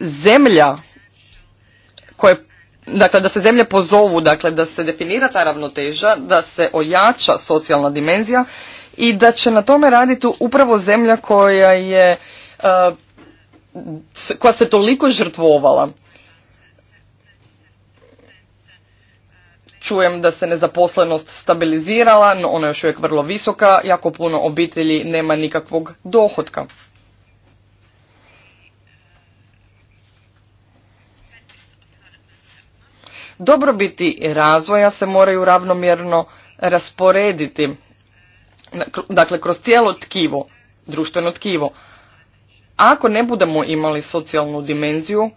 zemlja koje dakle da se zemlje pozovu, dakle da se definira ta ravnoteža, da se ojača socijalna dimenzija i da će na tome raditi upravo zemlja koja je koja se toliko žrtvovala. Čujem da se nezaposlenost stabilizirala, no ona je još uvijek vrlo visoka, jako puno obitelji nema nikakvog dohotka. Dobrobiti razvoja se moraju ravnomjerno rasporediti, dakle kroz cijelo tkivo, društveno tkivo ako ne budemo imali socijalnu dimenziju,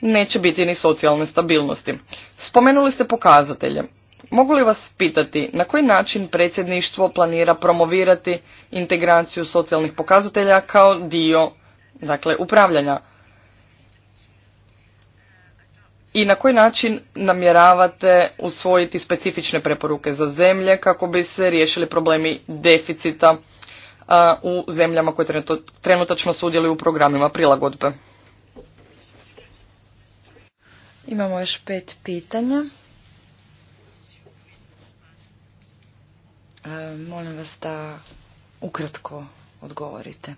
neće biti ni socijalne stabilnosti. Spomenuli ste pokazatelje. Mogu li vas pitati na koji način predsjedništvo planira promovirati integraciju socijalnih pokazatelja kao dio dakle, upravljanja? I na koji način namjeravate usvojiti specifične preporuke za zemlje kako bi se riješili problemi deficita u zemljama koje trenutačno sudjeluju u programima prilagodbe. Imamo još pet pitanja. E, molim vas da ukratko odgovorite.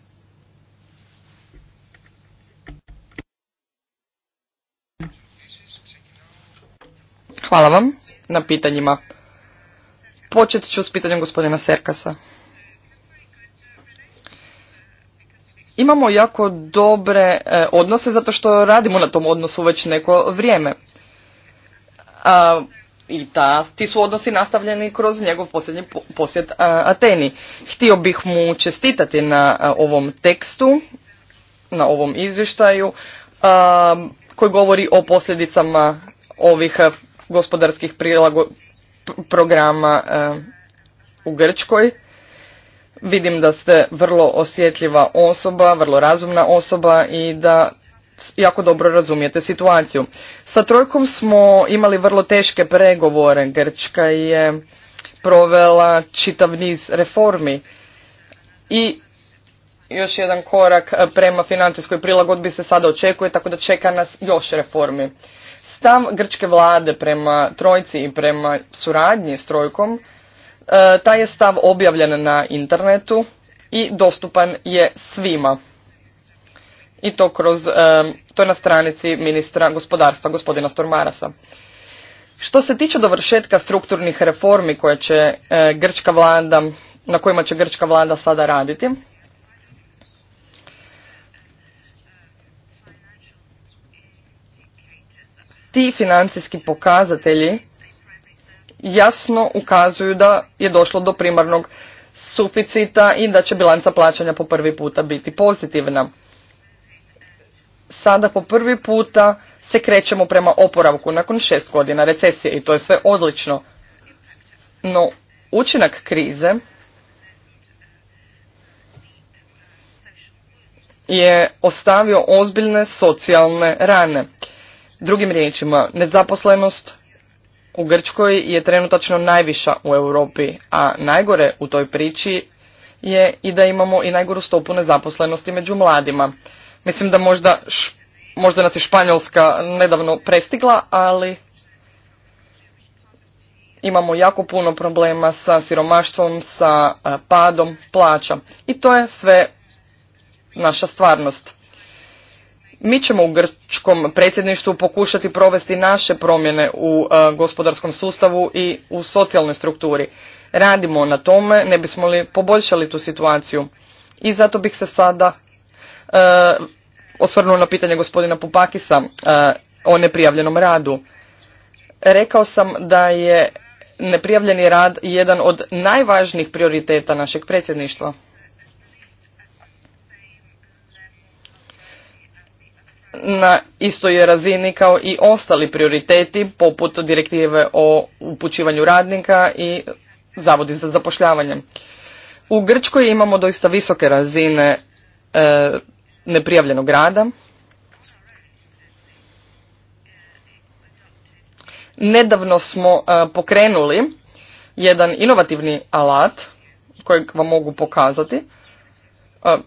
Hvala vam na pitanjima. Počet ću s pitanjem gospodina Serkasa. Imamo jako dobre e, odnose zato što radimo na tom odnosu već neko vrijeme. A, i ta, ti su odnosi nastavljeni kroz njegov posljednji posjet Ateni. Htio bih mu čestitati na ovom tekstu, na ovom izvještaju koji govori o posljedicama ovih gospodarskih prilago programa e, u Grčkoj. Vidim da ste vrlo osjetljiva osoba, vrlo razumna osoba i da jako dobro razumijete situaciju. Sa trojkom smo imali vrlo teške pregovore. Grčka je provela čitav niz reformi i još jedan korak prema financijskoj prilagodbi se sada očekuje, tako da čeka nas još reformi. Stav grčke vlade prema trojci i prema suradnji s trojkom E, taj je stav objavljen na internetu i dostupan je svima. I to kroz, e, to je na stranici ministra gospodarstva, gospodina Stormarasa. Što se tiče dovršetka strukturnih reformi koje će e, grčka vlada, na kojima će grčka vlada sada raditi, ti financijski pokazatelji jasno ukazuju da je došlo do primarnog suficita i da će bilanca plaćanja po prvi puta biti pozitivna. Sada po prvi puta se krećemo prema oporavku nakon šest godina recesije i to je sve odlično. No učinak krize je ostavio ozbiljne socijalne rane. Drugim riječima, nezaposlenost, u Grčkoj je trenutačno najviša u Europi, a najgore u toj priči je i da imamo i najgoru stopu nezaposlenosti među mladima. Mislim da možda, možda nas je Španjolska nedavno prestigla, ali imamo jako puno problema sa siromaštvom, sa padom plaća. I to je sve naša stvarnost. Mi ćemo u grčkom predsjedništvu pokušati provesti naše promjene u e, gospodarskom sustavu i u socijalnoj strukturi. Radimo na tome, ne bismo li poboljšali tu situaciju. I zato bih se sada e, osvrnuo na pitanje gospodina Pupakisa e, o neprijavljenom radu. Rekao sam da je neprijavljeni rad jedan od najvažnijih prioriteta našeg predsjedništva. na istoj je razini kao i ostali prioriteti poput direktive o upućivanju radnika i zavodi za zapošljavanje. U Grčkoj imamo doista visoke razine e, neprijavljenog rada. Nedavno smo e, pokrenuli jedan inovativni alat kojeg vam mogu pokazati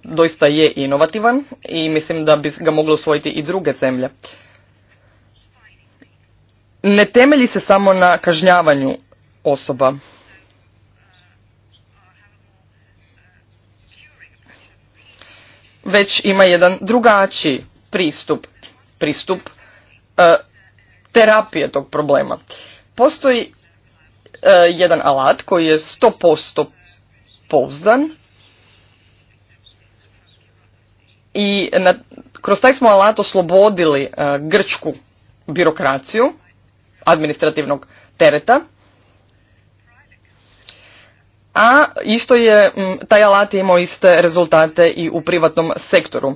doista je inovativan i mislim da bi ga moglo usvojiti i druge zemlje. Ne temelji se samo na kažnjavanju osoba. Već ima jedan drugačiji pristup, pristup e, terapije tog problema. Postoji e, jedan alat koji je 100% pouzdan i na, kroz taj smo alat oslobodili e, grčku birokraciju administrativnog tereta a isto je taj alat je imao iste rezultate i u privatnom sektoru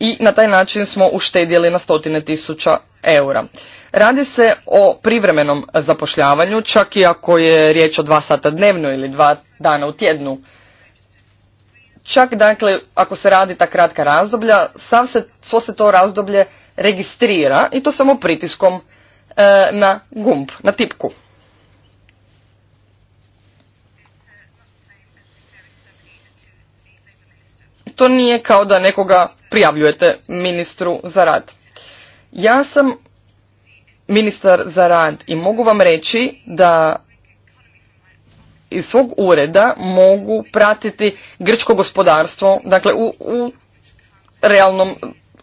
i na taj način smo uštedjeli na stotine tisuća eura radi se o privremenom zapošljavanju čak i ako je riječ o dva sata dnevno ili dva dana u tjednu Čak dakle, ako se radi ta kratka razdoblja, sam se, svo se to razdoblje registrira i to samo pritiskom e, na gumb, na tipku. To nije kao da nekoga prijavljujete ministru za rad. Ja sam ministar za rad i mogu vam reći da iz svog ureda mogu pratiti grčko gospodarstvo, dakle u, u realnom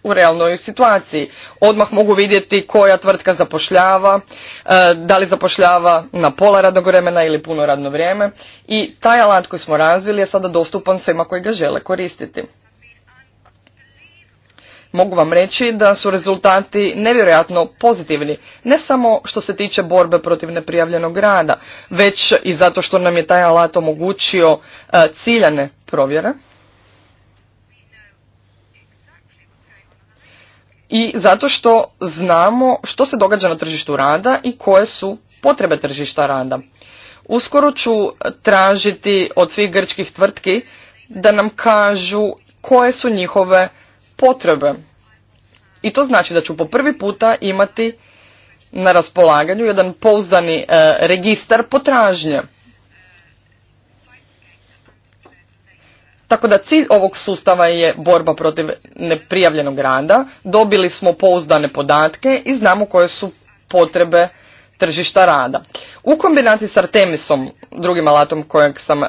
u realnoj situaciji. Odmah mogu vidjeti koja tvrtka zapošljava, e, da li zapošljava na pola radnog vremena ili puno radno vrijeme i taj alat koji smo razvili je sada dostupan svima koji ga žele koristiti. Mogu vam reći da su rezultati nevjerojatno pozitivni, ne samo što se tiče borbe protiv neprijavljenog rada, već i zato što nam je taj alat omogućio e, ciljane provjere. I zato što znamo što se događa na tržištu rada i koje su potrebe tržišta rada. Uskoro ću tražiti od svih grčkih tvrtki da nam kažu koje su njihove potrebe. I to znači da ću po prvi puta imati na raspolaganju jedan pouzdani e, registar potražnje. Tako da cilj ovog sustava je borba protiv neprijavljenog rada. Dobili smo pouzdane podatke i znamo koje su potrebe tržišta rada. U kombinaciji s Artemisom, drugim alatom kojeg sam e,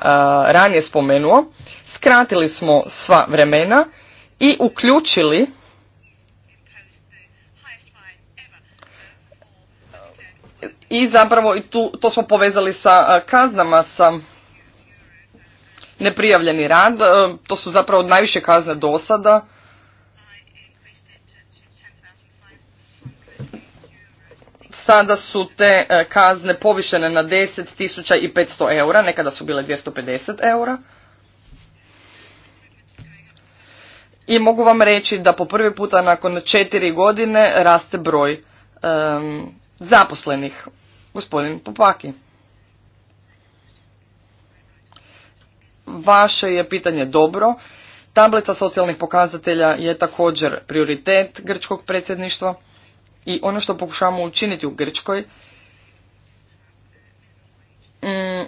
ranije spomenuo, skratili smo sva vremena i uključili i zapravo i tu, to smo povezali sa e, kaznama, sa neprijavljeni rad. E, to su zapravo najviše kazne do sada. Sada su te e, kazne povišene na 10.500 eura, nekada su bile 250 eura. i mogu vam reći da po prvi puta nakon četiri godine raste broj zaposlenih. Gospodin Popaki. Vaše je pitanje dobro. Tablica socijalnih pokazatelja je također prioritet grčkog predsjedništva i ono što pokušavamo učiniti u Grčkoj mm,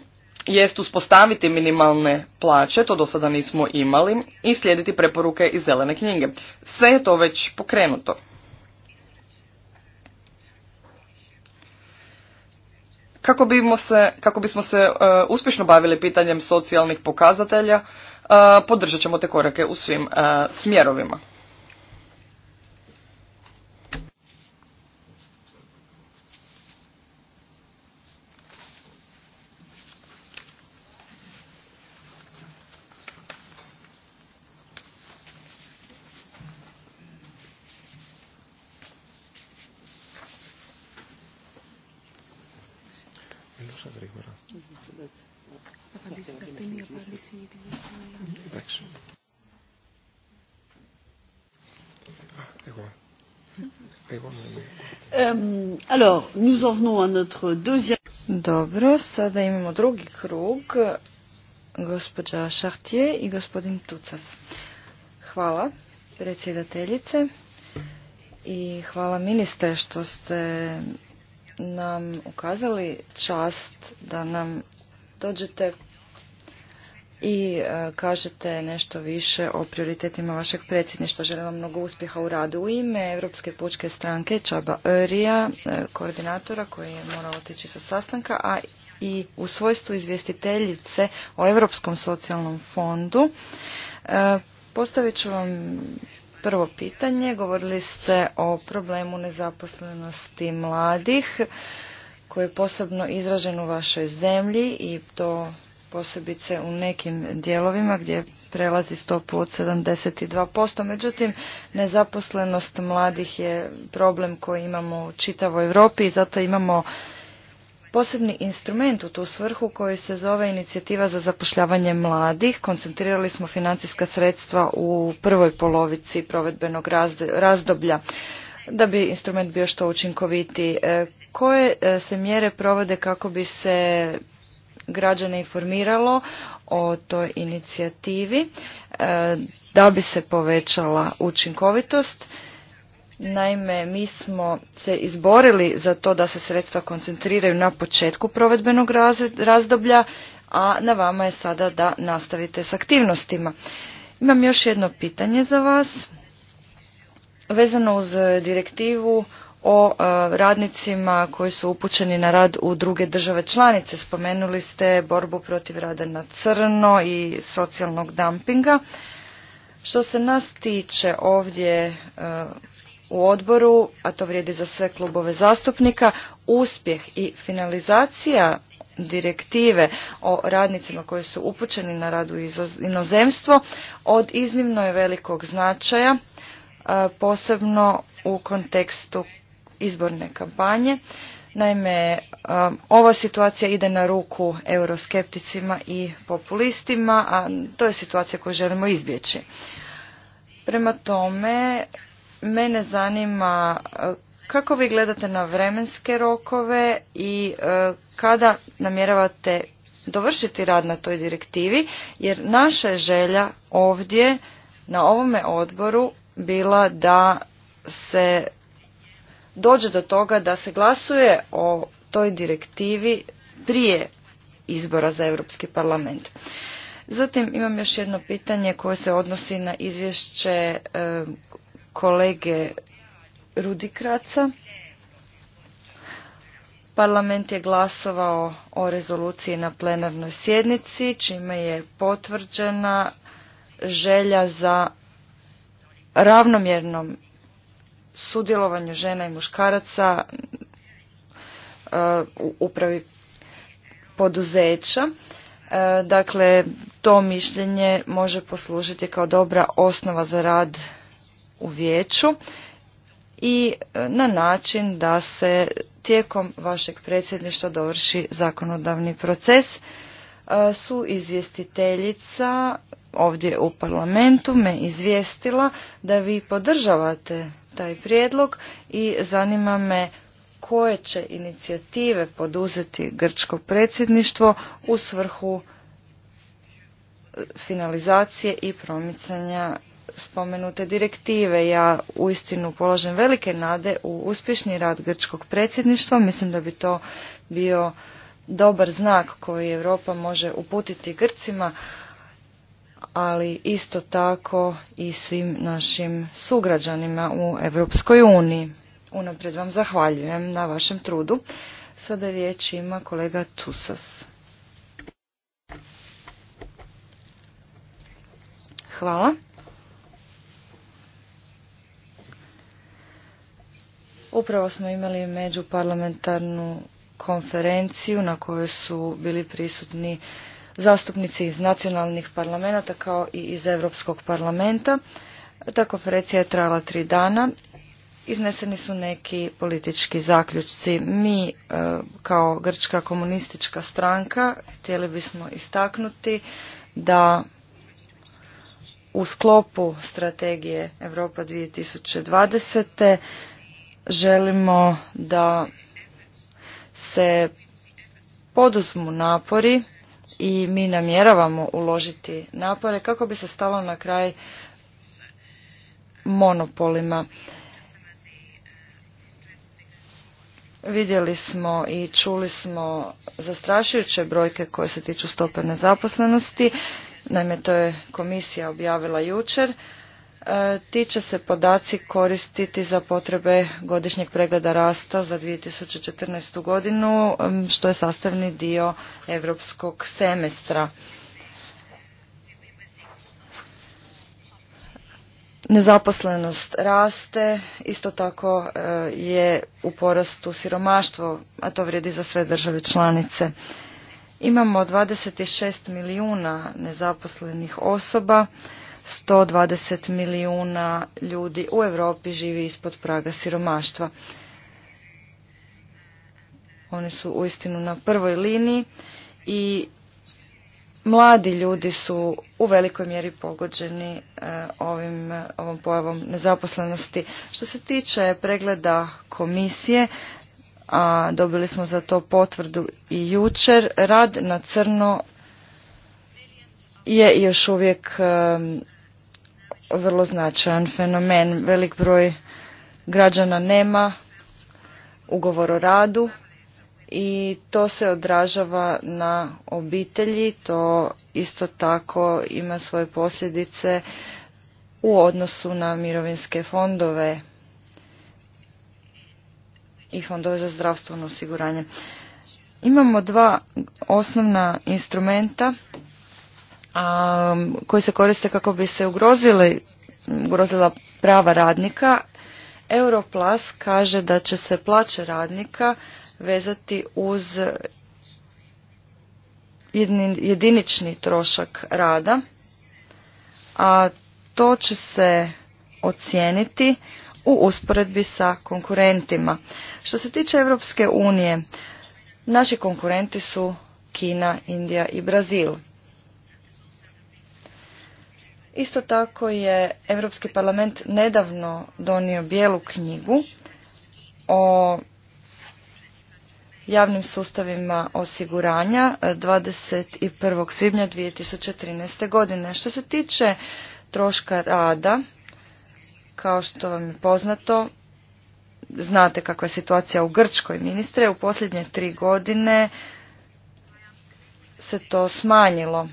jest uspostaviti minimalne plaće, to do sada nismo imali, i slijediti preporuke iz zelene knjige. Sve je to već pokrenuto. Kako, se, kako bismo se e, uspješno bavili pitanjem socijalnih pokazatelja, uh, podržat ćemo te korake u svim e, smjerovima. Alors, nous en à notre deuxième... Dobro, sada imamo drugi krug, gospođa Chartier i gospodin Tucas. Hvala, predsjedateljice, i hvala ministre što ste nam ukazali čast da nam dođete i e, kažete nešto više o prioritetima vašeg predsjedništva. Želim vam mnogo uspjeha u radu. U ime Europske pučke stranke Čaba Örija, e, koordinatora koji je morao otići sa sastanka, a i u svojstvu izvjestiteljice o Europskom socijalnom fondu. E, postavit ću vam prvo pitanje. Govorili ste o problemu nezaposlenosti mladih koji je posebno izražen u vašoj zemlji i to posebice u nekim dijelovima gdje prelazi stopu od 72%. Međutim, nezaposlenost mladih je problem koji imamo u čitavoj Europi i zato imamo posebni instrument u tu svrhu koji se zove inicijativa za zapošljavanje mladih. Koncentrirali smo financijska sredstva u prvoj polovici provedbenog razdoblja da bi instrument bio što učinkovitiji. E, koje e, se mjere provode kako bi se građane informiralo o toj inicijativi e, da bi se povećala učinkovitost. Naime, mi smo se izborili za to da se sredstva koncentriraju na početku provedbenog razdoblja, a na vama je sada da nastavite s aktivnostima. Imam još jedno pitanje za vas. Vezano uz direktivu o e, radnicima koji su upućeni na rad u druge države članice. Spomenuli ste borbu protiv rada na crno i socijalnog dumpinga. Što se nas tiče ovdje e, u odboru, a to vrijedi za sve klubove zastupnika, uspjeh i finalizacija direktive o radnicima koji su upućeni na rad u inozemstvo od iznimno je velikog značaja, e, posebno u kontekstu izborne kampanje. Naime, um, ova situacija ide na ruku euroskepticima i populistima, a to je situacija koju želimo izbjeći. Prema tome, mene zanima uh, kako vi gledate na vremenske rokove i uh, kada namjeravate dovršiti rad na toj direktivi, jer naša je želja ovdje na ovome odboru bila da se dođe do toga da se glasuje o toj direktivi prije izbora za Europski parlament. Zatim imam još jedno pitanje koje se odnosi na izvješće e, kolege Rudikraca. Parlament je glasovao o rezoluciji na plenarnoj sjednici, čime je potvrđena želja za ravnomjernom sudjelovanju žena i muškaraca uh, u upravi poduzeća. Uh, dakle, to mišljenje može poslužiti kao dobra osnova za rad u vijeću i uh, na način da se tijekom vašeg predsjedništva dovrši zakonodavni proces. Su izvjestiteljica ovdje u parlamentu me izvijestila da vi podržavate taj prijedlog i zanima me koje će inicijative poduzeti grčko predsjedništvo u svrhu e, finalizacije i promicanja spomenute direktive. Ja uistinu položem velike nade u uspješni rad grčkog predsjedništva. Mislim da bi to bio dobar znak koji Europa može uputiti Grcima ali isto tako i svim našim sugrađanima u Europskoj uniji. Unaprijed vam zahvaljujem na vašem trudu. Sada riječ ima kolega Tusas. Hvala. Upravo smo imali međuparlamentarnu konferenciju na kojoj su bili prisutni zastupnici iz nacionalnih parlamenta kao i iz Europskog parlamenta. Ta konferencija je trajala tri dana. Izneseni su neki politički zaključci. Mi e, kao Grčka komunistička stranka htjeli bismo istaknuti da u sklopu strategije Europa 2020. želimo da se poduzmu napori i mi namjeravamo uložiti napore kako bi se stalo na kraj monopolima. Vidjeli smo i čuli smo zastrašujuće brojke koje se tiču stope nezaposlenosti. Naime, to je komisija objavila jučer. E, ti će se podaci koristiti za potrebe godišnjeg pregleda rasta za 2014. godinu, što je sastavni dio europskog semestra. Nezaposlenost raste, isto tako e, je u porastu siromaštvo, a to vrijedi za sve države članice. Imamo 26 milijuna nezaposlenih osoba, 120 milijuna ljudi u Europi živi ispod praga siromaštva. Oni su uistinu na prvoj liniji i mladi ljudi su u velikoj mjeri pogođeni e, ovom pojavom nezaposlenosti. Što se tiče pregleda komisije, a dobili smo za to potvrdu i jučer, rad na crno je još uvijek vrlo značajan fenomen. Velik broj građana nema ugovor o radu i to se odražava na obitelji, to isto tako ima svoje posljedice u odnosu na mirovinske fondove i fondove za zdravstveno osiguranje. Imamo dva osnovna instrumenta a, koji se koriste kako bi se ugrozili, ugrozila prava radnika, Europlas kaže da će se plaće radnika vezati uz jedinični trošak rada, a to će se ocijeniti u usporedbi sa konkurentima. Što se tiče Europske unije, naši konkurenti su Kina, Indija i Brazil. Isto tako je Europski parlament nedavno donio bijelu knjigu o javnim sustavima osiguranja 21. E, svibnja 2013. godine. Što se tiče troška rada, kao što vam je poznato, znate kakva je situacija u Grčkoj ministre, u posljednje tri godine se to smanjilo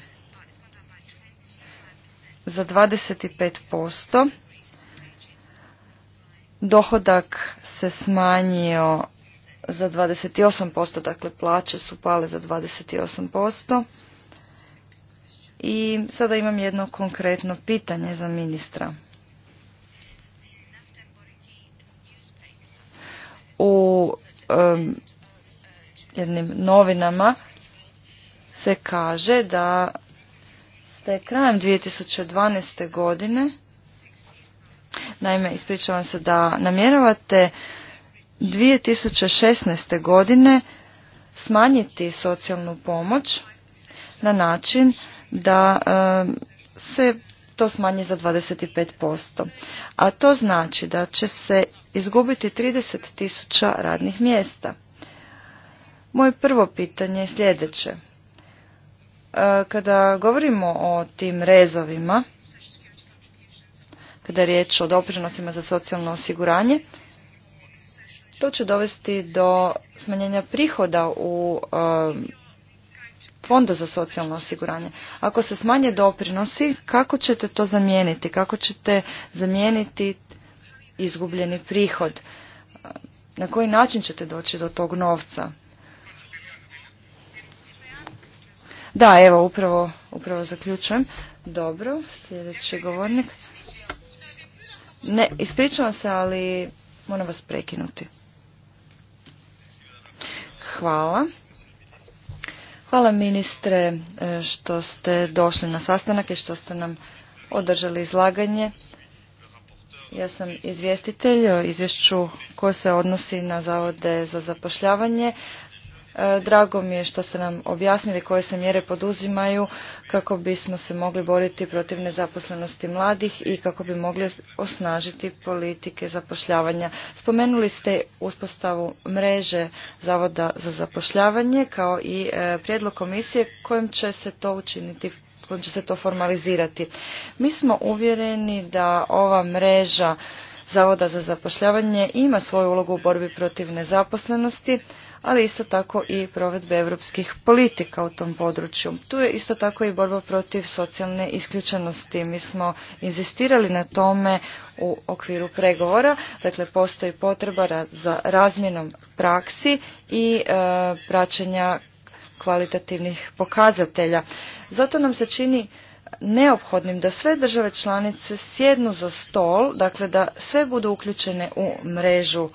za 25%. Dohodak se smanjio za 28%, dakle plaće su pale za 28%. I sada imam jedno konkretno pitanje za ministra. U jednim novinama se kaže da da je krajem 2012. godine, naime, ispričavam se da namjeravate 2016. godine smanjiti socijalnu pomoć na način da se to smanji za 25%. A to znači da će se izgubiti 30.000 radnih mjesta. Moje prvo pitanje je sljedeće. E, kada govorimo o tim rezovima, kada je riječ o doprinosima za socijalno osiguranje, to će dovesti do smanjenja prihoda u e, fondu za socijalno osiguranje. Ako se smanje doprinosi, kako ćete to zamijeniti? Kako ćete zamijeniti izgubljeni prihod? E, na koji način ćete doći do tog novca? Da, evo, upravo, upravo zaključujem. Dobro, sljedeći govornik. Ne, ispričavam se, ali moram vas prekinuti. Hvala. Hvala ministre e, što ste došli na sastanak i što ste nam održali izlaganje. Ja sam izvjestitelj o izvješću koje se odnosi na zavode za zapošljavanje. E, drago mi je što ste nam objasnili koje se mjere poduzimaju kako bismo se mogli boriti protiv nezaposlenosti mladih i kako bi mogli osnažiti politike zapošljavanja. Spomenuli ste uspostavu mreže Zavoda za zapošljavanje kao i e, prijedlog komisije kojim će se to učiniti kojim će se to formalizirati. Mi smo uvjereni da ova mreža Zavoda za zapošljavanje ima svoju ulogu u borbi protiv nezaposlenosti, ali isto tako i provedbe europskih politika u tom području. Tu je isto tako i borba protiv socijalne isključenosti. Mi smo inzistirali na tome u okviru pregovora, dakle postoji potreba za razmjenom praksi i e, praćenja kvalitativnih pokazatelja. Zato nam se čini neophodnim da sve države članice sjednu za stol, dakle da sve budu uključene u mrežu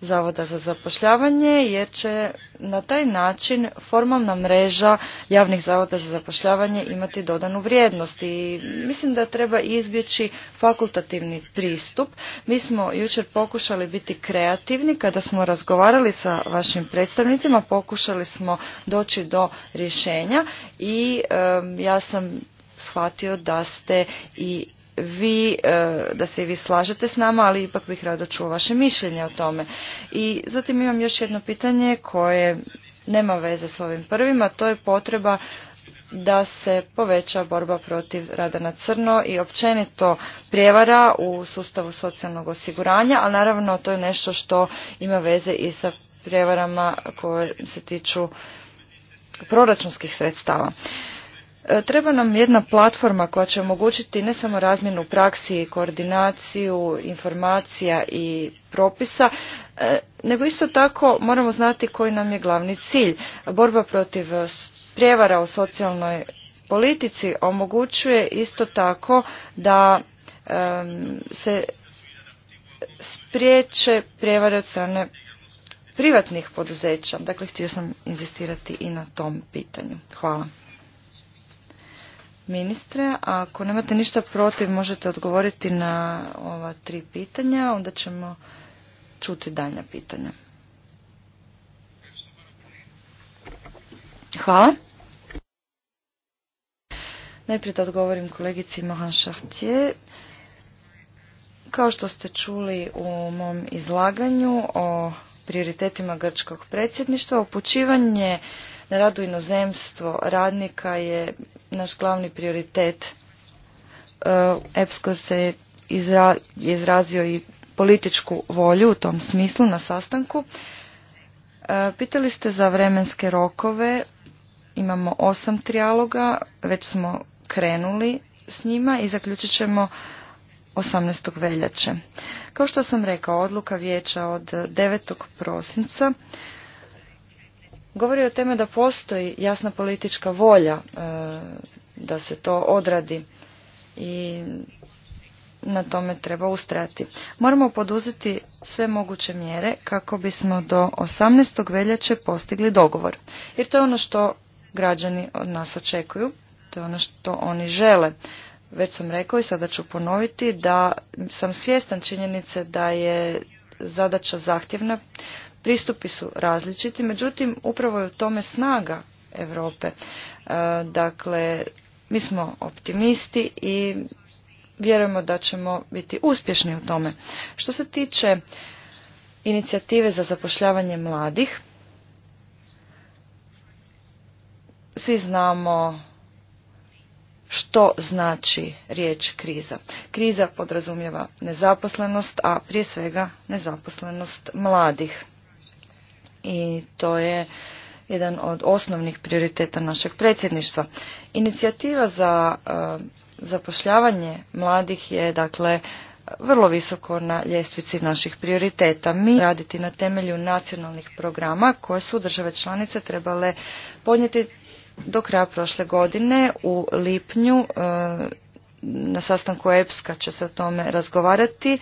Zavoda za zapošljavanje jer će na taj način formalna mreža javnih zavoda za zapošljavanje imati dodanu vrijednost i mislim da treba izbjeći fakultativni pristup. Mi smo jučer pokušali biti kreativni kada smo razgovarali sa vašim predstavnicima, pokušali smo doći do rješenja i ja sam shvatio da ste i vi, e, da se i vi slažete s nama, ali ipak bih rado čuo vaše mišljenje o tome. I zatim imam još jedno pitanje koje nema veze s ovim prvima. a to je potreba da se poveća borba protiv rada na crno i općenito prijevara u sustavu socijalnog osiguranja, a naravno to je nešto što ima veze i sa prijevarama koje se tiču proračunskih sredstava. E, treba nam jedna platforma koja će omogućiti ne samo razmjenu praksi, koordinaciju, informacija i propisa, e, nego isto tako moramo znati koji nam je glavni cilj. Borba protiv prijevara u socijalnoj politici omogućuje isto tako da se spriječe prijevare od strane privatnih poduzeća. Dakle, htio sam inzistirati i na tom pitanju. Hvala ministre. Ako nemate ništa protiv, možete odgovoriti na ova tri pitanja, onda ćemo čuti daljnja pitanja. Hvala. Najprije da odgovorim kolegici Mohan Kao što ste čuli u mom izlaganju o prioritetima grčkog predsjedništva, upućivanje na radu inozemstvo radnika je naš glavni prioritet. E, EPSKO se je izrazio i političku volju u tom smislu na sastanku. E, pitali ste za vremenske rokove. Imamo osam trijaloga, već smo krenuli s njima i zaključit ćemo 18. veljače. Kao što sam rekao, odluka vijeća od 9. prosinca govori o teme da postoji jasna politička volja e, da se to odradi i na tome treba ustrati. Moramo poduzeti sve moguće mjere kako bismo do 18. veljače postigli dogovor. Jer to je ono što građani od nas očekuju, to je ono što oni žele. Već sam rekao i sada ću ponoviti da sam svjestan činjenice da je zadaća zahtjevna. Pristupi su različiti, međutim upravo je u tome snaga Europe. E, dakle, mi smo optimisti i vjerujemo da ćemo biti uspješni u tome. Što se tiče inicijative za zapošljavanje mladih, svi znamo što znači riječ kriza. Kriza podrazumijeva nezaposlenost, a prije svega nezaposlenost mladih i to je jedan od osnovnih prioriteta našeg predsjedništva. Inicijativa za e, zapošljavanje mladih je dakle vrlo visoko na ljestvici naših prioriteta. Mi raditi na temelju nacionalnih programa koje su države članice trebale podnijeti do kraja prošle godine u lipnju e, na sastanku EPSKA će se o tome razgovarati.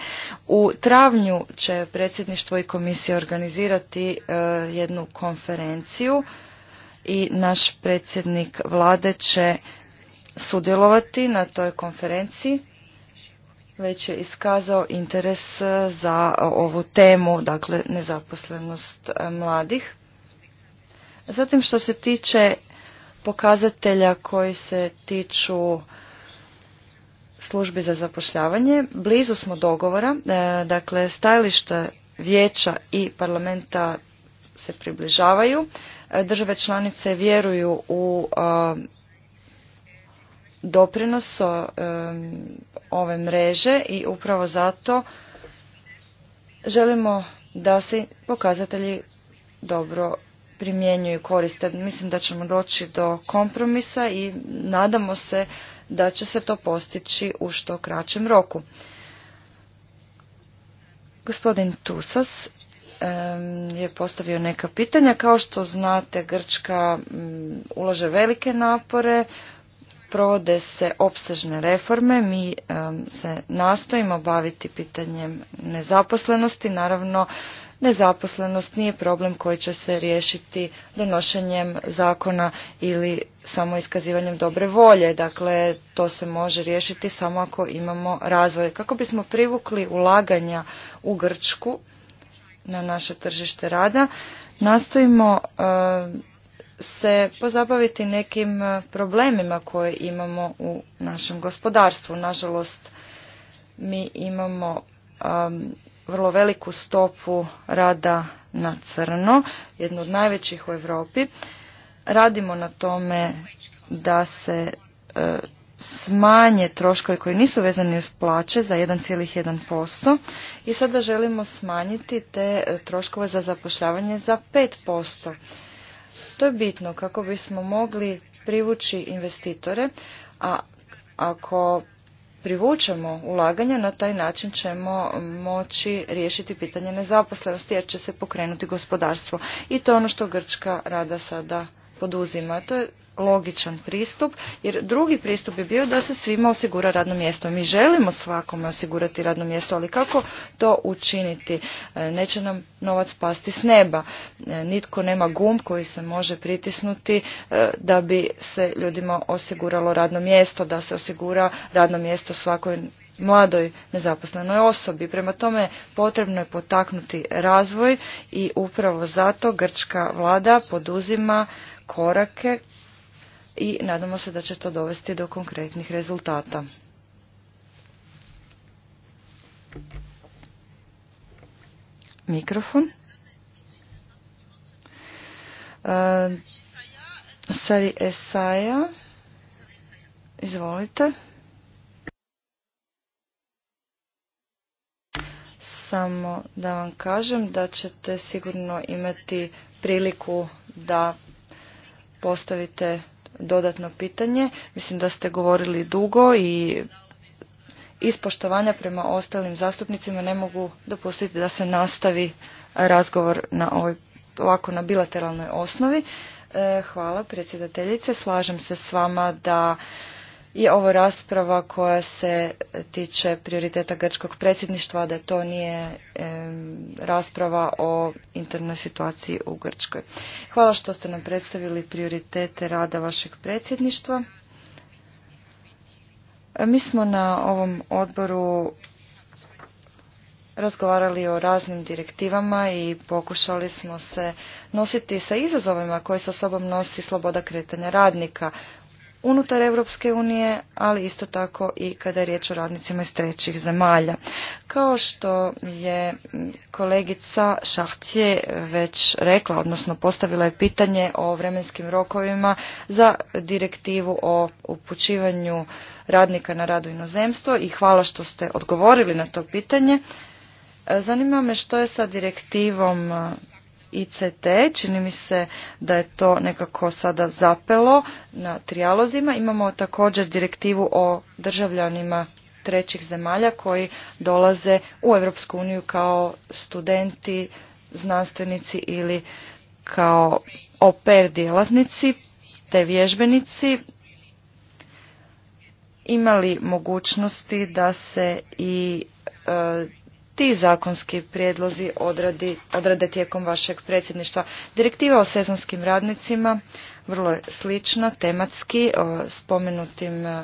U travnju će predsjedništvo i komisija organizirati e, jednu konferenciju i naš predsjednik vlade će sudjelovati na toj konferenciji. Već je iskazao interes e, za ovu temu, dakle nezaposlenost e, mladih. Zatim što se tiče pokazatelja koji se tiču službi za zapošljavanje. Blizu smo dogovora, e, dakle stajališta vijeća i parlamenta se približavaju. E, države članice vjeruju u e, doprinos ove mreže i upravo zato želimo da se pokazatelji dobro primjenjuju koriste. Mislim da ćemo doći do kompromisa i nadamo se da će se to postići u što kraćem roku. Gospodin Tusas je postavio neka pitanja. Kao što znate, Grčka mm, ulože velike napore, provode se opsežne reforme. Mi se nastojimo baviti pitanjem nezaposlenosti. Naravno, nezaposlenost nije problem koji će se riješiti donošenjem zakona ili samo iskazivanjem dobre volje. Dakle, to se može riješiti samo ako imamo razvoj. Kako bismo privukli ulaganja u Grčku na naše tržište rada, nastojimo eh, se pozabaviti nekim eh, problemima koje imamo u našem gospodarstvu. Nažalost, mi imamo eh, vrlo veliku stopu rada na crno, jednu od najvećih u Europi. Radimo na tome da se e, smanje troškovi koji nisu vezani uz plaće za 1,1% i sada želimo smanjiti te e, troškove za zapošljavanje za 5%. To je bitno kako bismo mogli privući investitore, a ako privučemo ulaganja, na taj način ćemo moći riješiti pitanje nezaposlenosti jer će se pokrenuti gospodarstvo. I to je ono što Grčka rada sada poduzima. To je logičan pristup, jer drugi pristup je bio da se svima osigura radno mjesto. Mi želimo svakome osigurati radno mjesto, ali kako to učiniti? E, neće nam novac pasti s neba. E, nitko nema gum koji se može pritisnuti e, da bi se ljudima osiguralo radno mjesto, da se osigura radno mjesto svakoj mladoj nezaposlenoj osobi. Prema tome potrebno je potaknuti razvoj i upravo zato grčka vlada poduzima korake i nadamo se da će to dovesti do konkretnih rezultata. Mikrofon. E, Sari Esaja, izvolite. Samo da vam kažem da ćete sigurno imati priliku da postavite dodatno pitanje. Mislim da ste govorili dugo i iz poštovanja prema ostalim zastupnicima ne mogu dopustiti da se nastavi razgovor na ovoj, ovako na bilateralnoj osnovi. E, hvala predsjedateljice, slažem se s vama da i ovo rasprava koja se tiče prioriteta grčkog predsjedništva, da to nije rasprava o internoj situaciji u Grčkoj. Hvala što ste nam predstavili prioritete rada vašeg predsjedništva. Mi smo na ovom odboru razgovarali o raznim direktivama i pokušali smo se nositi sa izazovima koje sa sobom nosi sloboda kretanja radnika unutar Europske unije, ali isto tako i kada je riječ o radnicima iz trećih zemalja. Kao što je kolegica Šahcije već rekla, odnosno postavila je pitanje o vremenskim rokovima za direktivu o upućivanju radnika na radu inozemstvo i hvala što ste odgovorili na to pitanje. Zanima me što je sa direktivom ICT. Čini mi se da je to nekako sada zapelo na trijalozima. Imamo također direktivu o državljanima trećih zemalja koji dolaze u Europsku uniju kao studenti, znanstvenici ili kao oper djelatnici te vježbenici imali mogućnosti da se i e, ti zakonski prijedlozi odrade tijekom vašeg predsjedništva. Direktiva o sezonskim radnicima vrlo je slična tematski o spomenutim e,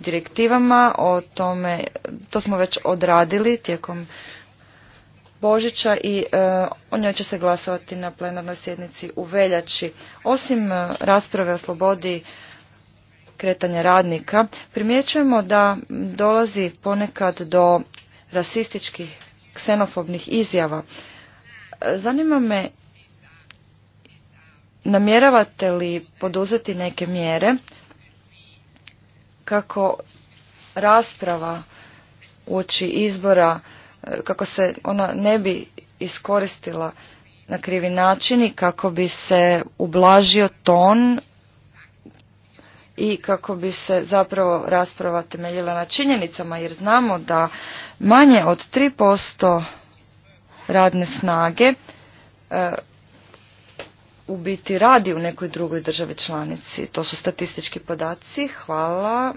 direktivama. O tome, to smo već odradili tijekom Božića i e, o njoj će se glasovati na plenarnoj sjednici u veljači. Osim e, rasprave o slobodi kretanja radnika, primjećujemo da dolazi ponekad do rasističkih, ksenofobnih izjava. Zanima me, namjeravate li poduzeti neke mjere kako rasprava uoči izbora, kako se ona ne bi iskoristila na krivi način i kako bi se ublažio ton i kako bi se zapravo rasprava temeljila na činjenicama jer znamo da manje od 3% radne snage e, u biti radi u nekoj drugoj državi članici. To su statistički podaci. Hvala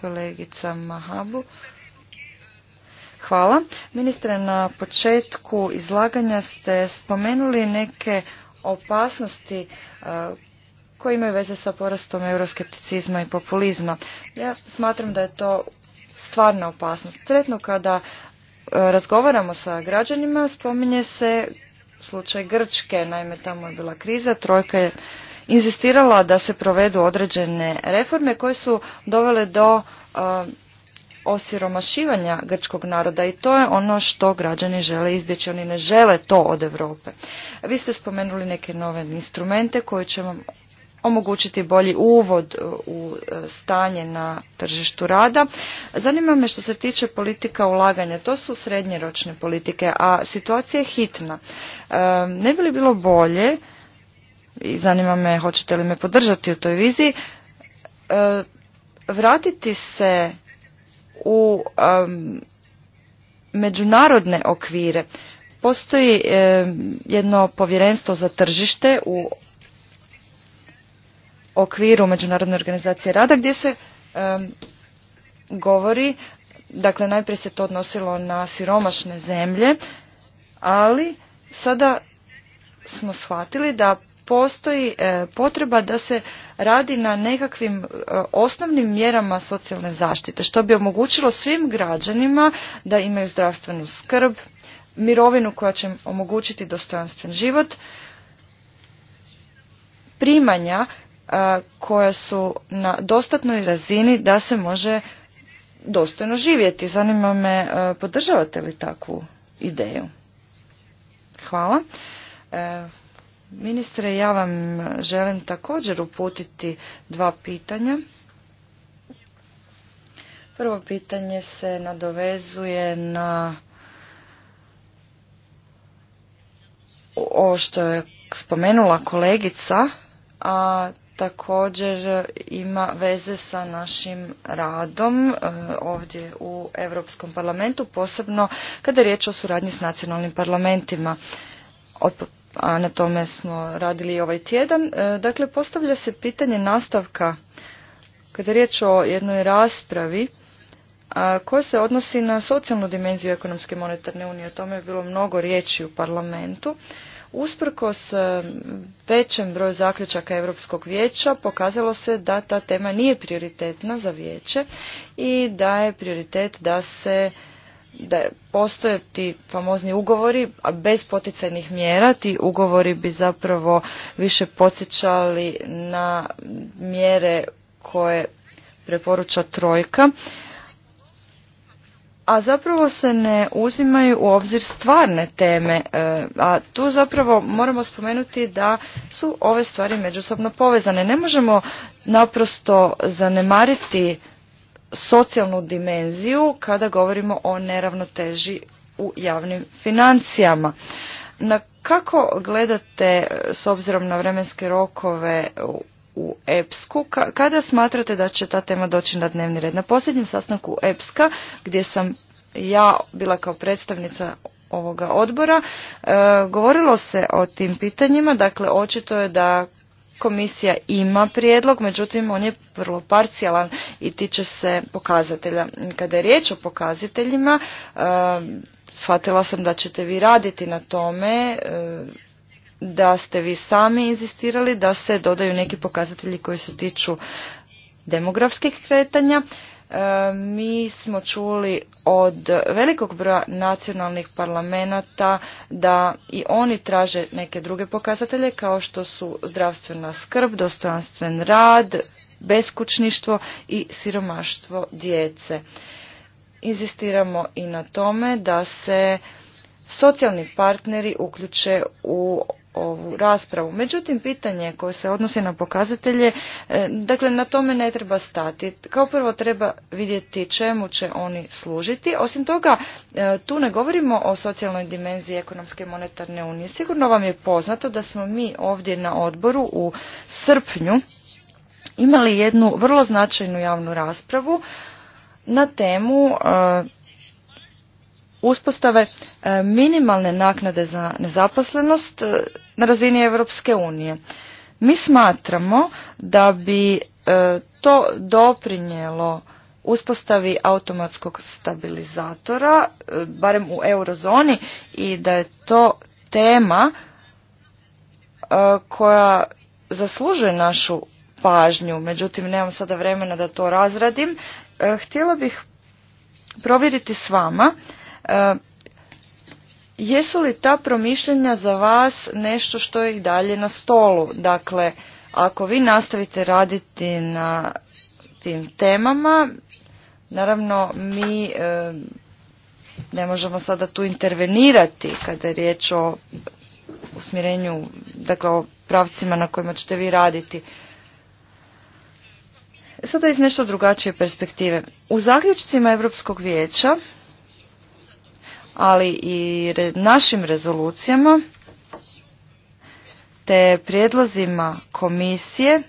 kolegica Mahabu. Hvala. Ministre, na početku izlaganja ste spomenuli neke opasnosti e, koji imaju veze sa porastom euroskepticizma i populizma. Ja smatram da je to stvarna opasnost. Tretno kada e, razgovaramo sa građanima spominje se slučaj Grčke, naime tamo je bila kriza, trojka je inzistirala da se provedu određene reforme koje su dovele do e, osiromašivanja grčkog naroda i to je ono što građani žele izbjeći. Oni ne žele to od Europe. Vi ste spomenuli neke nove instrumente koje će vam omogućiti bolji uvod u e, stanje na tržištu rada. Zanima me što se tiče politika ulaganja, to su srednjeročne politike, a situacija je hitna. E, ne bi li bilo bolje, i zanima me hoćete li me podržati u toj viziji, e, vratiti se u međunarodne okvire. Postoji jedno povjerenstvo za tržište u okviru Međunarodne organizacije rada gdje se govori, dakle najprije se to odnosilo na siromašne zemlje, ali sada smo shvatili da postoji e, potreba da se radi na nekakvim e, osnovnim mjerama socijalne zaštite što bi omogućilo svim građanima da imaju zdravstvenu skrb, mirovinu koja će omogućiti dostojanstven život, primanja koja su na dostatnoj razini da se može dostojno živjeti. Zanima me, podržavate li takvu ideju? Hvala. E, ministre, ja vam želim također uputiti dva pitanja. Prvo pitanje se nadovezuje na ovo što je spomenula kolegica, a također ima veze sa našim radom e, ovdje u Europskom parlamentu, posebno kada je riječ o suradnji s nacionalnim parlamentima. A na tome smo radili i ovaj tjedan. E, dakle, postavlja se pitanje nastavka kada je riječ o jednoj raspravi koja se odnosi na socijalnu dimenziju ekonomske monetarne unije. O tome je bilo mnogo riječi u parlamentu. Usprkos e, većem broju zaključaka Europskog vijeća pokazalo se da ta tema nije prioritetna za vijeće i da je prioritet da se da postoje ti famozni ugovori, a bez poticajnih mjera ti ugovori bi zapravo više podsjećali na mjere koje preporuča trojka a zapravo se ne uzimaju u obzir stvarne teme, e, a tu zapravo moramo spomenuti da su ove stvari međusobno povezane. Ne možemo naprosto zanemariti socijalnu dimenziju kada govorimo o neravnoteži u javnim financijama. Na kako gledate s obzirom na vremenske rokove u EPSKU. Kada smatrate da će ta tema doći na dnevni red? Na posljednjem sastanku EPSKA, gdje sam ja bila kao predstavnica ovoga odbora, e, govorilo se o tim pitanjima, dakle očito je da komisija ima prijedlog, međutim on je vrlo parcijalan i tiče se pokazatelja. Kada je riječ o pokazateljima, e, shvatila sam da ćete vi raditi na tome, e, da ste vi sami inzistirali da se dodaju neki pokazatelji koji se tiču demografskih kretanja. E, mi smo čuli od velikog broja nacionalnih parlamenta da i oni traže neke druge pokazatelje kao što su zdravstvena skrb, dostojanstven rad, beskućništvo i siromaštvo djece. Inzistiramo i na tome da se socijalni partneri uključe u ovu raspravu. Međutim, pitanje koje se odnosi na pokazatelje, e, dakle, na tome ne treba stati. Kao prvo treba vidjeti čemu će oni služiti. Osim toga, e, tu ne govorimo o socijalnoj dimenziji ekonomske i monetarne unije. Sigurno vam je poznato da smo mi ovdje na odboru u srpnju imali jednu vrlo značajnu javnu raspravu na temu e, uspostave e, minimalne naknade za nezaposlenost e, na razini Europske unije. Mi smatramo da bi e, to doprinjelo uspostavi automatskog stabilizatora, barem u eurozoni, i da je to tema koja zaslužuje našu pažnju. Međutim, nemam sada vremena da to razradim. Htjela bih provjeriti s vama E, jesu li ta promišljanja za vas nešto što je i dalje na stolu? Dakle, ako vi nastavite raditi na tim temama, naravno mi e, ne možemo sada tu intervenirati kada je riječ o usmjerenju, dakle o pravcima na kojima ćete vi raditi. Sada iz nešto drugačije perspektive. U zaključcima Europskog vijeća ali i našim rezolucijama te prijedlozima komisije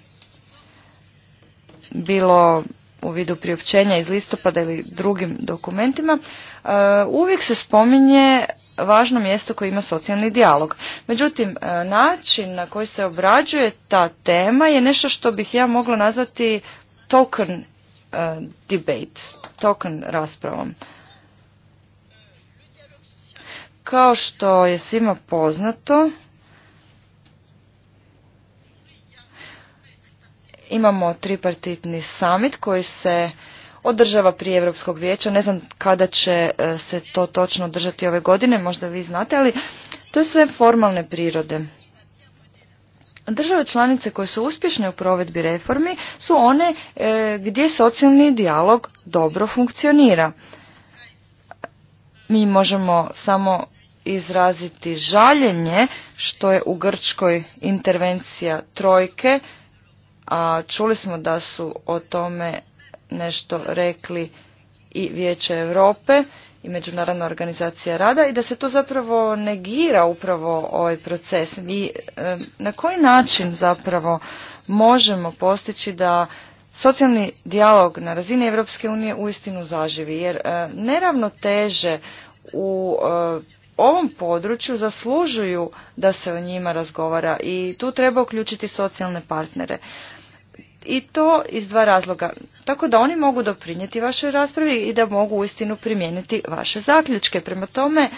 bilo u vidu priopćenja iz listopada ili drugim dokumentima, e, uvijek se spominje važno mjesto koje ima socijalni dijalog. Međutim, e, način na koji se obrađuje ta tema je nešto što bih ja mogla nazvati token e, debate, token raspravom. Kao što je svima poznato, imamo tripartitni summit koji se održava prije Europskog vijeća. Ne znam kada će e, se to točno održati ove godine, možda vi znate, ali to je sve formalne prirode. Države članice koje su uspješne u provedbi reformi su one e, gdje socijalni dijalog dobro funkcionira. Mi možemo samo izraziti žaljenje što je u Grčkoj intervencija trojke, a čuli smo da su o tome nešto rekli i Vijeće Europe i Međunarodna organizacija rada i da se to zapravo negira upravo ovaj proces i e, na koji način zapravo možemo postići da socijalni dijalog na razini Europske unije uistinu zaživi jer e, neravnoteže u e, ovom području zaslužuju da se o njima razgovara i tu treba uključiti socijalne partnere. I to iz dva razloga. Tako da oni mogu doprinijeti vašoj raspravi i da mogu uistinu primijeniti vaše zaključke. Prema tome,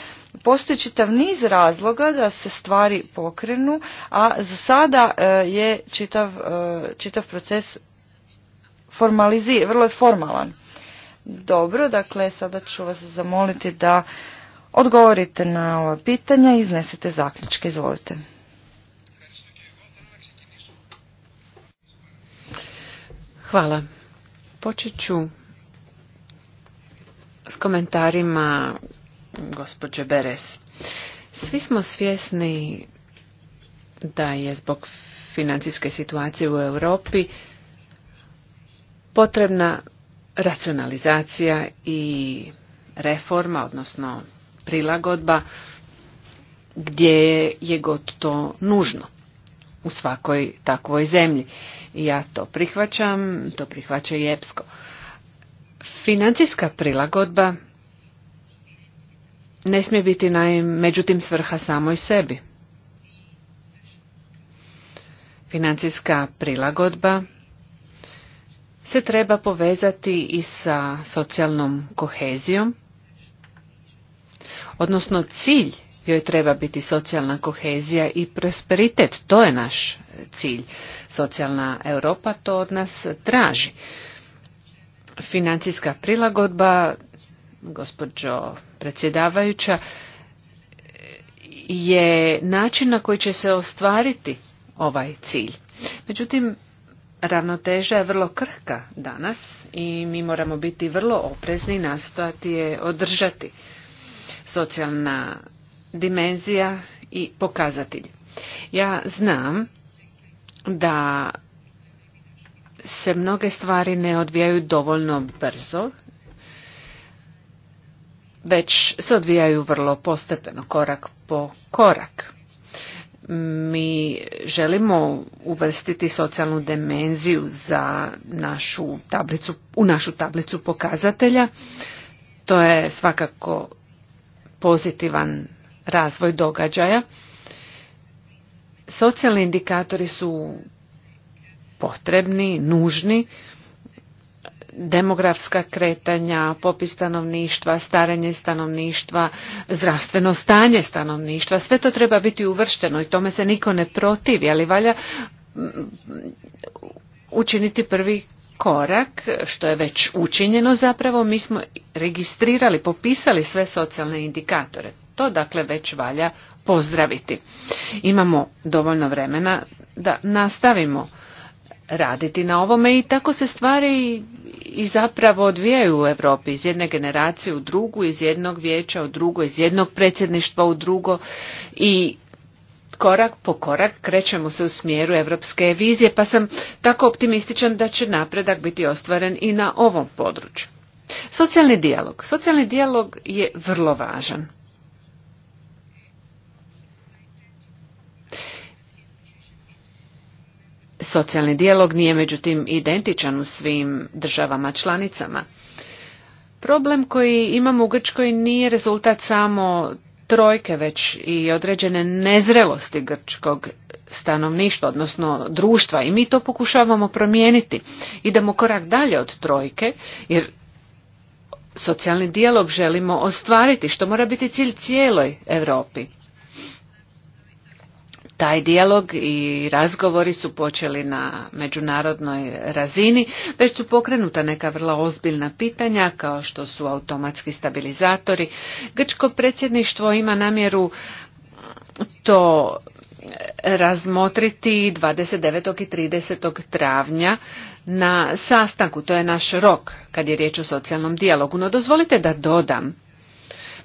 postoji čitav niz razloga da se stvari pokrenu, a za sada e, je čitav, e, čitav proces formaliziran, vrlo je formalan. Dobro, dakle, sada ću vas zamoliti da odgovorite na ova pitanja i iznesete zaključke. Izvolite. Hvala. Počet ću s komentarima gospođe Beres. Svi smo svjesni da je zbog financijske situacije u Europi potrebna racionalizacija i reforma, odnosno prilagodba gdje je god to nužno u svakoj takvoj zemlji. Ja to prihvaćam, to prihvaća i EPSKO. Financijska prilagodba ne smije biti naj, međutim svrha samoj sebi. Financijska prilagodba se treba povezati i sa socijalnom kohezijom odnosno cilj joj treba biti socijalna kohezija i prosperitet. To je naš cilj. Socijalna Europa to od nas traži. Financijska prilagodba, gospođo predsjedavajuća, je način na koji će se ostvariti ovaj cilj. Međutim, ravnoteža je vrlo krhka danas i mi moramo biti vrlo oprezni i nastojati je održati socijalna dimenzija i pokazatelj. Ja znam da se mnoge stvari ne odvijaju dovoljno brzo, već se odvijaju vrlo postepeno, korak po korak. Mi želimo uvrstiti socijalnu dimenziju za našu tablicu, u našu tablicu pokazatelja. To je svakako pozitivan razvoj događaja. Socijalni indikatori su potrebni, nužni, demografska kretanja, popis stanovništva, starenje stanovništva, zdravstveno stanje stanovništva, sve to treba biti uvršteno i tome se niko ne protivi, ali valja učiniti prvi korak, što je već učinjeno zapravo, mi smo registrirali, popisali sve socijalne indikatore. To dakle već valja pozdraviti. Imamo dovoljno vremena da nastavimo raditi na ovome i tako se stvari i zapravo odvijaju u Europi iz jedne generacije u drugu, iz jednog vijeća u drugo, iz jednog predsjedništva u drugo i korak po korak krećemo se u smjeru europske vizije, pa sam tako optimističan da će napredak biti ostvaren i na ovom području. Socijalni dijalog. Socijalni dijalog je vrlo važan. Socijalni dijalog nije međutim identičan u svim državama članicama. Problem koji imamo u Grčkoj nije rezultat samo trojke, već i određene nezrelosti grčkog stanovništva, odnosno društva. I mi to pokušavamo promijeniti. Idemo korak dalje od trojke, jer socijalni dijalog želimo ostvariti, što mora biti cilj cijeloj Europi. Taj dijalog i razgovori su počeli na međunarodnoj razini, već su pokrenuta neka vrlo ozbiljna pitanja kao što su automatski stabilizatori. Grčko predsjedništvo ima namjeru to razmotriti 29. i 30. travnja na sastanku, to je naš rok kad je riječ o socijalnom dijalogu. No dozvolite da dodam,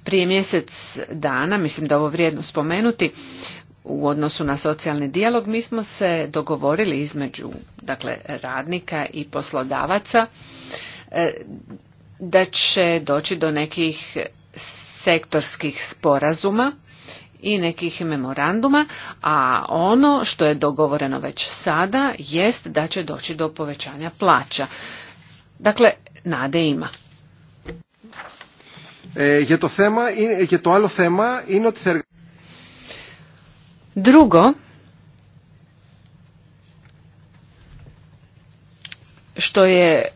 prije mjesec dana, mislim da ovo vrijedno spomenuti, u odnosu na socijalni dijalog mi smo se dogovorili između dakle radnika i poslodavaca e, da će doći do nekih sektorskih sporazuma i nekih memoranduma, a ono što je dogovoreno već sada jest da će doći do povećanja plaća. Dakle, nade ima. E, to, tema, to Drugo, što je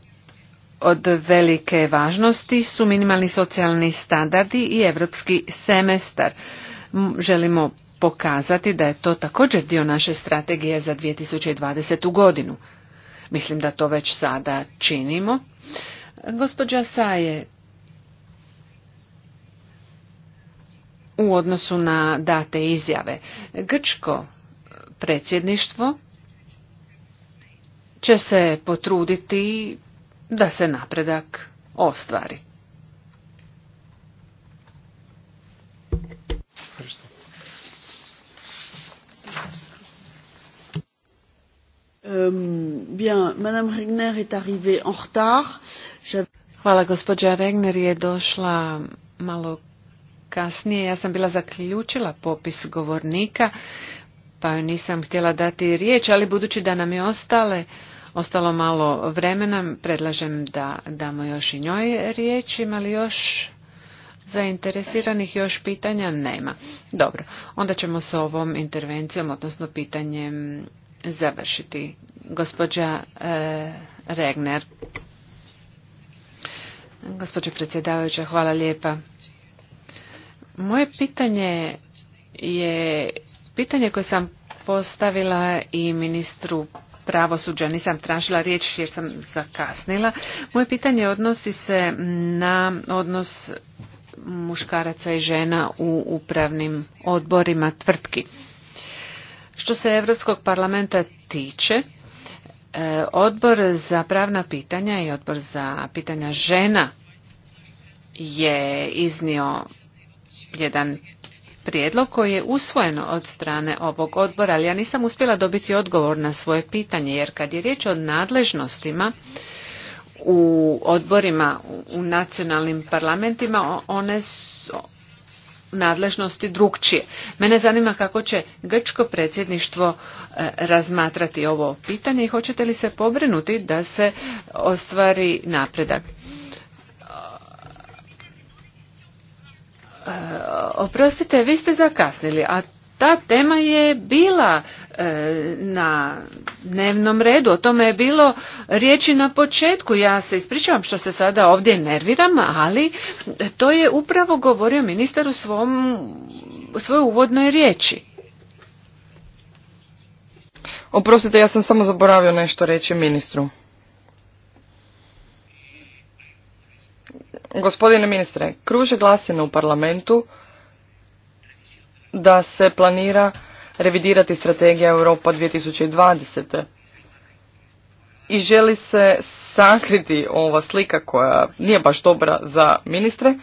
od velike važnosti su minimalni socijalni standardi i europski semestar. Želimo pokazati da je to također dio naše strategije za 2020. godinu. Mislim da to već sada činimo. Gospođa Saje u odnosu na date izjave. Grčko predsjedništvo će se potruditi da se napredak ostvari. Euh, Regner Hvala, gospođa Regner je došla malo kasnije. Ja sam bila zaključila popis govornika, pa nisam htjela dati riječ, ali budući da nam je ostale, ostalo malo vremena, predlažem da damo još i njoj riječ. Ima li još zainteresiranih još pitanja? Nema. Dobro, onda ćemo s ovom intervencijom, odnosno pitanjem, završiti. Gospođa e, Regner. Gospođo predsjedavajuća, hvala lijepa. Moje pitanje je pitanje koje sam postavila i ministru pravosuđa. Nisam tražila riječ jer sam zakasnila. Moje pitanje odnosi se na odnos muškaraca i žena u upravnim odborima tvrtki. Što se Europskog parlamenta tiče, e, odbor za pravna pitanja i odbor za pitanja žena je iznio jedan prijedlog koji je usvojen od strane ovog odbora, ali ja nisam uspjela dobiti odgovor na svoje pitanje, jer kad je riječ o nadležnostima u odborima u nacionalnim parlamentima, one su nadležnosti drugčije. Mene zanima kako će grčko predsjedništvo e, razmatrati ovo pitanje i hoćete li se pobrinuti da se ostvari napredak. E, oprostite, vi ste zakasnili, a ta tema je bila e, na dnevnom redu, o tome je bilo riječi na početku. Ja se ispričavam što se sada ovdje nerviram, ali to je upravo govorio ministar u svom, svojoj uvodnoj riječi. Oprostite, ja sam samo zaboravio nešto reći ministru. Gospodine ministre, kruže glasine u parlamentu da se planira revidirati strategija Europa 2020. I želi se sakriti ova slika koja nije baš dobra za ministre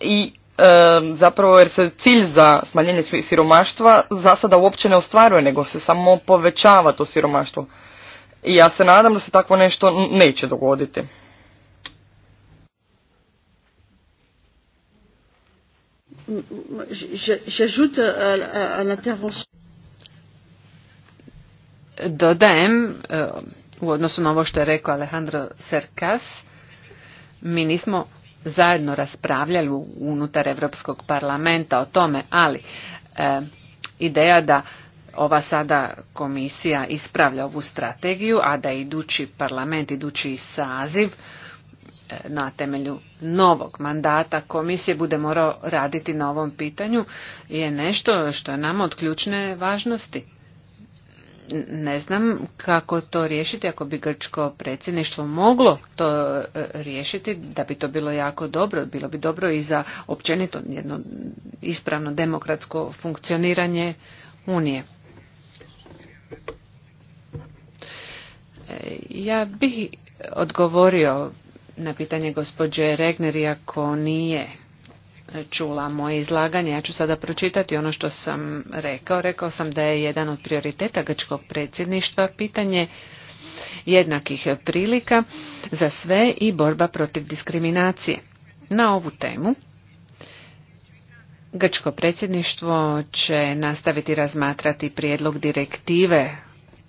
i zapravo jer se cilj za smanjenje siromaštva za sada uopće ne ostvaruje, nego se samo povećava to siromaštvo. I ja se nadam da se takvo nešto neće dogoditi. J'ajoute euh, à l'intervention. Dodajem, euh, u odnosu na ovo što je rekao Alejandro Serkas, mi nismo zajedno raspravljali unutar Europskog parlamenta o tome, ali eh, ideja da ova sada komisija ispravlja ovu strategiju, a da idući parlament, idući saziv, E, na temelju novog mandata komisije bude morao raditi na ovom pitanju je nešto što je nama od ključne važnosti. Ne znam kako to riješiti, ako bi grčko predsjedništvo moglo to e, riješiti, da bi to bilo jako dobro, bilo bi dobro i za općenito jedno ispravno demokratsko funkcioniranje Unije. E, ja bih odgovorio na pitanje gospođe Regner, iako nije čula moje izlaganje, ja ću sada pročitati ono što sam rekao. Rekao sam da je jedan od prioriteta grčkog predsjedništva pitanje jednakih prilika za sve i borba protiv diskriminacije. Na ovu temu Grčko predsjedništvo će nastaviti razmatrati prijedlog direktive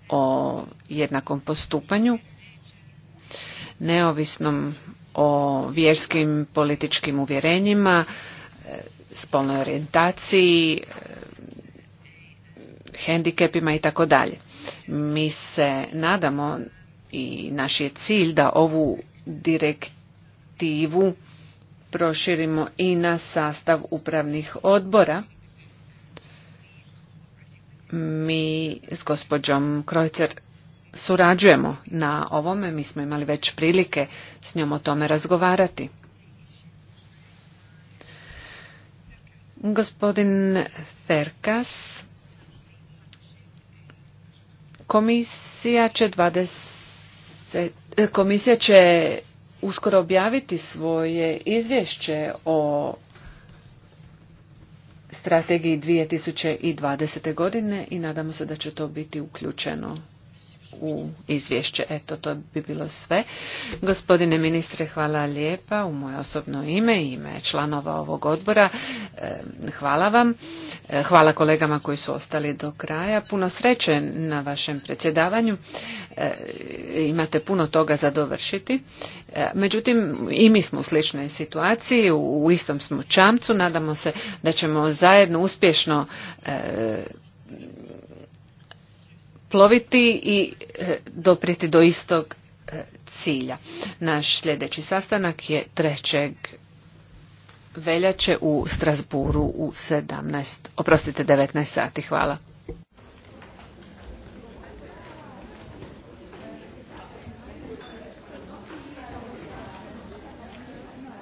o jednakom postupanju neovisnom o vjerskim političkim uvjerenjima, e, spolnoj orijentaciji, e, hendikepima i tako dalje. Mi se nadamo i naš je cilj da ovu direktivu proširimo i na sastav upravnih odbora. Mi s gospođom Krojcer surađujemo na ovome. Mi smo imali već prilike s njom o tome razgovarati. Gospodin Ferkas, komisija će 20, komisija će uskoro objaviti svoje izvješće o strategiji 2020. godine i nadamo se da će to biti uključeno u izvješće. Eto, to bi bilo sve. Gospodine ministre, hvala lijepa u moje osobno ime i ime članova ovog odbora. Hvala vam. E, hvala kolegama koji su ostali do kraja. Puno sreće na vašem predsjedavanju. E, imate puno toga za dovršiti. E, međutim, i mi smo u sličnoj situaciji, u istom smo čamcu. Nadamo se da ćemo zajedno uspješno ploviti i e, doprijeti do istog e, cilja. Naš sljedeći sastanak je 3. veljače u Strasburu u 17, oprostite 19 sati. Hvala.